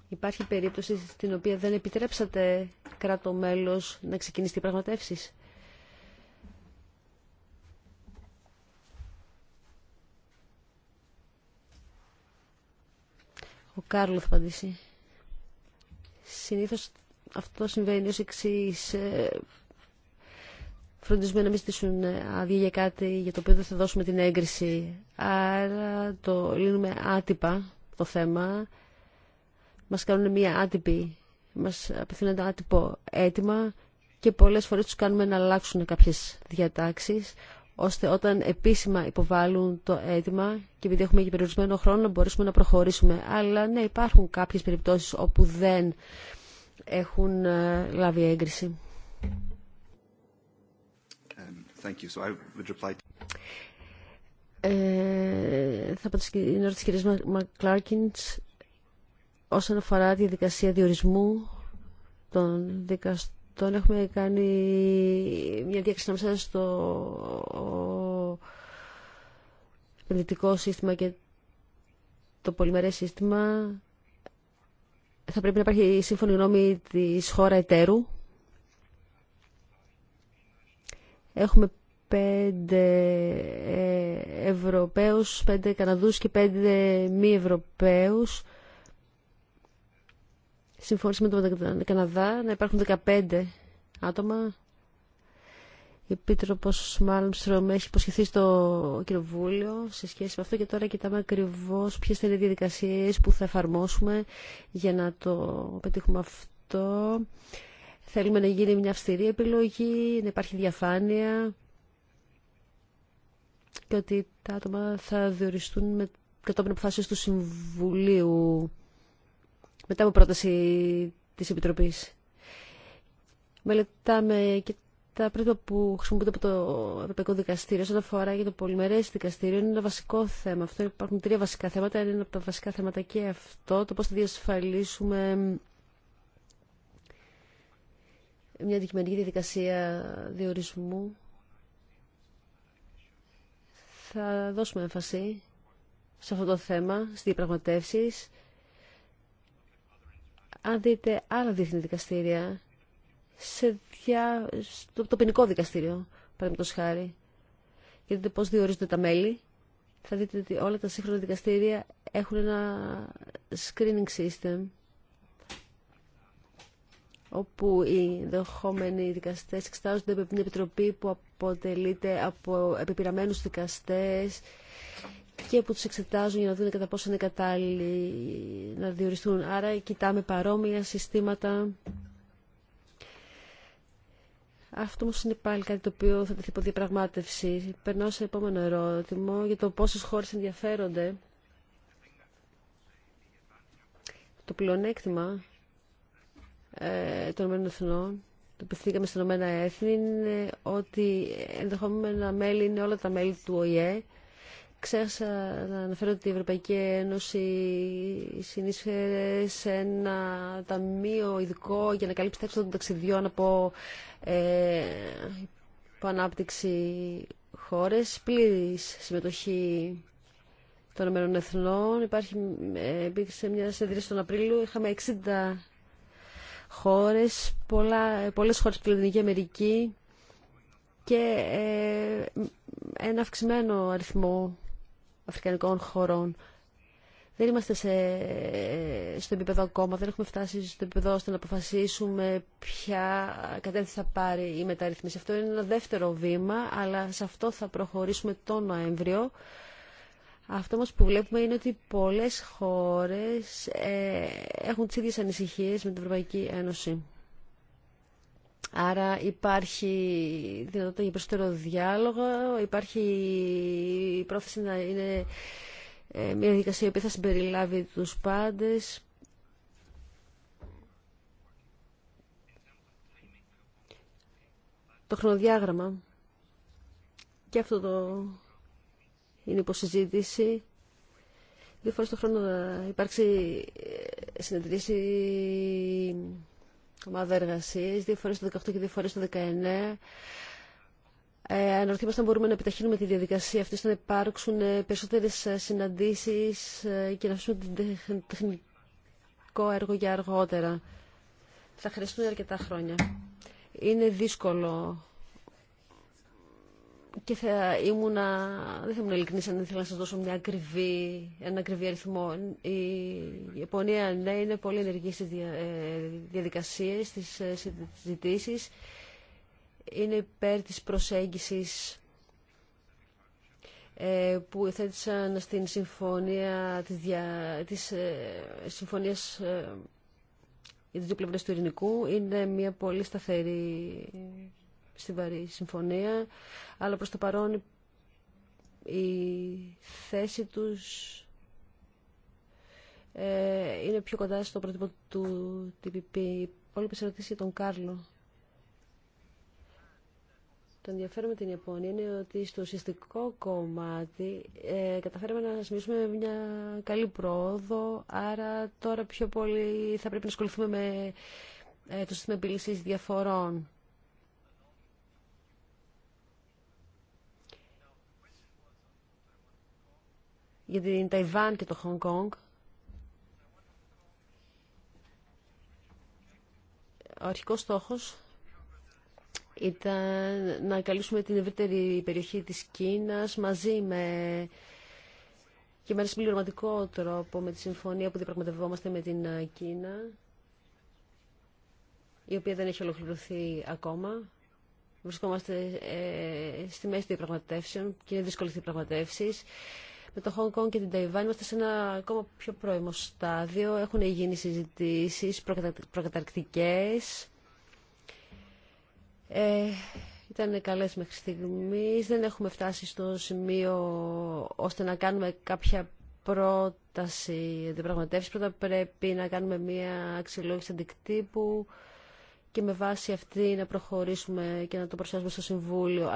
Υπάρχει περίπτωση στην οποία δεν επιτρέψατε κράτο μέλος να ξεκινήσει πραγματεύσεις. Ο Κάρλο θα απαντήσει. Συνήθως αυτό συμβαίνει ως εξής. Ε, φροντίζουμε να μην στήσουν ε, άδεια για κάτι για το οποίο δεν θα δώσουμε την έγκριση. Άρα το λύνουμε άτυπα το θέμα μας κάνουν μια άτυπη, μας απευθύνουν άτυπο αίτημα και πολλές φορές τους κάνουμε να αλλάξουν κάποιες διατάξεις ώστε όταν επίσημα υποβάλλουν το αίτημα και επειδή έχουμε και περιορισμένο χρόνο να μπορέσουμε να προχωρήσουμε. Αλλά ναι, υπάρχουν κάποιες περιπτώσεις όπου δεν έχουν ε, λάβει έγκριση. Um, ε, θα πω ερώτηση της όσον αφορά τη διαδικασία διορισμού των δικαστών έχουμε κάνει μια διαξυνάμεσα στο επενδυτικό σύστημα και το πολυμερές σύστημα θα πρέπει να υπάρχει η σύμφωνη γνώμη της χώρα εταίρου. Έχουμε πέντε ε, Ευρωπαίους, πέντε Καναδούς και πέντε μη Ευρωπαίους συμφώνηση με τον Καναδά να υπάρχουν 15 άτομα. Η Επίτροπος Μάλμστρομ έχει υποσχεθεί στο Κοινοβούλιο σε σχέση με αυτό και τώρα κοιτάμε ακριβώ ποιε θα είναι οι διαδικασίε που θα εφαρμόσουμε για να το πετύχουμε αυτό. Θέλουμε να γίνει μια αυστηρή επιλογή, να υπάρχει διαφάνεια και ότι τα άτομα θα διοριστούν με κατόπιν αποφάσεις του Συμβουλίου μετά από πρόταση της Επιτροπής. Μελετάμε και τα πρότυπα που χρησιμοποιούνται από το Ευρωπαϊκό Δικαστήριο όσον αφορά για το πολυμερές δικαστήριο είναι ένα βασικό θέμα. Αυτό υπάρχουν τρία βασικά θέματα. Είναι ένα από τα βασικά θέματα και αυτό, το πώς θα διασφαλίσουμε μια αντικειμενική διαδικασία διορισμού. Θα δώσουμε έμφαση σε αυτό το θέμα, στις διαπραγματεύσεις αν δείτε άλλα διεθνή δικαστήρια, σε δια... στο το ποινικό δικαστήριο, παραδείγματο χάρη, και δείτε πώς διορίζονται τα μέλη, θα δείτε ότι όλα τα σύγχρονα δικαστήρια έχουν ένα screening system όπου οι δεχόμενοι δικαστές εξετάζονται από την επιτροπή που αποτελείται από επιπειραμένους δικαστές και που τους εξετάζουν για να δουν κατά πόσο είναι κατάλληλοι να διοριστούν. Άρα κοιτάμε παρόμοια συστήματα. Αυτό όμω είναι πάλι κάτι το οποίο θα τεθεί από διαπραγμάτευση. Περνώ σε επόμενο ερώτημα για το πόσε χώρε ενδιαφέρονται. Το πλεονέκτημα ε, των ΗΕ, το οποίο στα στην Έθνη, είναι ότι ενδεχόμενα μέλη είναι όλα τα μέλη του ΟΗΕ. Ξέχασα να αναφέρω ότι η Ευρωπαϊκή Ένωση συνείσφερε σε ένα ταμείο ειδικό για να καλύψει τα έξοδα των ταξιδιών από, ε, ανάπτυξη χώρες, πλήρης συμμετοχή των Ηνωμένων Εθνών. Υπάρχει, ε, υπήρξε μια συνεδρία τον Απρίλιο, είχαμε 60 χώρες, πολλά, πολλές χώρες από την Ελληνική Αμερική και ε, ένα αυξημένο αριθμό αφρικανικών χωρών. Δεν είμαστε σε, στο επίπεδο ακόμα, δεν έχουμε φτάσει στο επίπεδο ώστε να αποφασίσουμε ποια κατεύθυνση θα πάρει η μεταρρύθμιση. Αυτό είναι ένα δεύτερο βήμα, αλλά σε αυτό θα προχωρήσουμε το Νοέμβριο. Αυτό όμως που βλέπουμε είναι ότι πολλές χώρες ε, έχουν τις ίδιες ανησυχίες με την Ευρωπαϊκή Ένωση. Άρα υπάρχει δυνατότητα για περισσότερο διάλογο, υπάρχει η πρόθεση να είναι ε, μια δικασία που θα συμπεριλάβει τους πάντες. Το χρονοδιάγραμμα και αυτό το είναι υποσυζήτηση. Δύο φορές το χρόνο θα υπάρξει ε, ομάδα εργασία, δύο φορέ το 2018 και δύο φορέ το 2019. Ε, αναρωτιόμαστε αν μπορούμε να επιταχύνουμε τη διαδικασία αυτή, να υπάρξουν ε, περισσότερε συναντήσει ε, και να αφήσουμε το τεχνικό έργο για αργότερα. Θα χρειαστούν αρκετά χρόνια. Είναι δύσκολο και θα δεν θα ήμουν ειλικρινής αν ήθελα να σας δώσω μια ακριβή, ένα ακριβή αριθμό. Η Ιαπωνία ναι, είναι πολύ ενεργή στις διαδικασίε, διαδικασίες, στις ε, συζητήσει. Είναι υπέρ της προσέγγισης ε, που θέτησαν στην συμφωνία της, δια, της ε, συμφωνίας για τις δύο πλευρές του Ειρηνικού. Είναι μια πολύ σταθερή στη βαρύ Συμφωνία, αλλά προς το παρόν η θέση τους ε, είναι πιο κοντά στο πρότυπο του TPP. Πολύ ερωτήσει για τον Κάρλο. Το ενδιαφέρον με την Ιαπωνία είναι ότι στο ουσιαστικό κομμάτι ε, καταφέραμε να σημειώσουμε μια καλή πρόοδο, άρα τώρα πιο πολύ θα πρέπει να ασχοληθούμε με ε, το σύστημα διαφορών. για την Ταϊβάν και το Χονγκ Κονγκ. Ο αρχικός στόχος ήταν να καλύψουμε την ευρύτερη περιοχή της Κίνας μαζί με και με ένα συμπληρωματικό τρόπο με τη συμφωνία που διαπραγματευόμαστε με την ε, Κίνα η οποία δεν έχει ολοκληρωθεί ακόμα. Βρισκόμαστε ε, στη μέση των διαπραγματεύσεων και είναι δύσκολες διαπραγματεύσεις με το Hong Kong και την Ταϊβάν είμαστε σε ένα ακόμα πιο πρώιμο στάδιο. Έχουν γίνει συζητήσεις προκαταρκτικές. Ε, ήταν καλές μέχρι στιγμή. Δεν έχουμε φτάσει στο σημείο ώστε να κάνουμε κάποια πρόταση αντιπραγματεύσεις. Πρώτα πρέπει να κάνουμε μία αξιολόγηση αντικτύπου και με βάση αυτή να προχωρήσουμε και να το προσφέρουμε στο Συμβούλιο.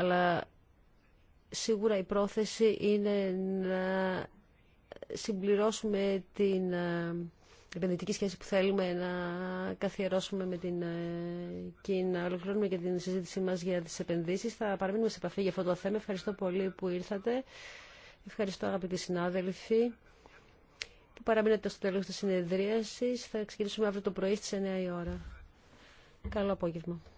Σίγουρα η πρόθεση είναι να συμπληρώσουμε την ε, επενδυτική σχέση που θέλουμε να καθιερώσουμε με την ε, Κίνα. Ολοκληρώνουμε και την συζήτησή μας για τις επενδύσεις. Θα παραμείνουμε σε επαφή για αυτό το θέμα. Ευχαριστώ πολύ που ήρθατε. Ευχαριστώ αγαπητοί συνάδελφοι που παραμείνετε στο τέλος της συνεδρίασης. Θα ξεκινήσουμε αύριο το πρωί στις 9 η ώρα. Καλό απόγευμα.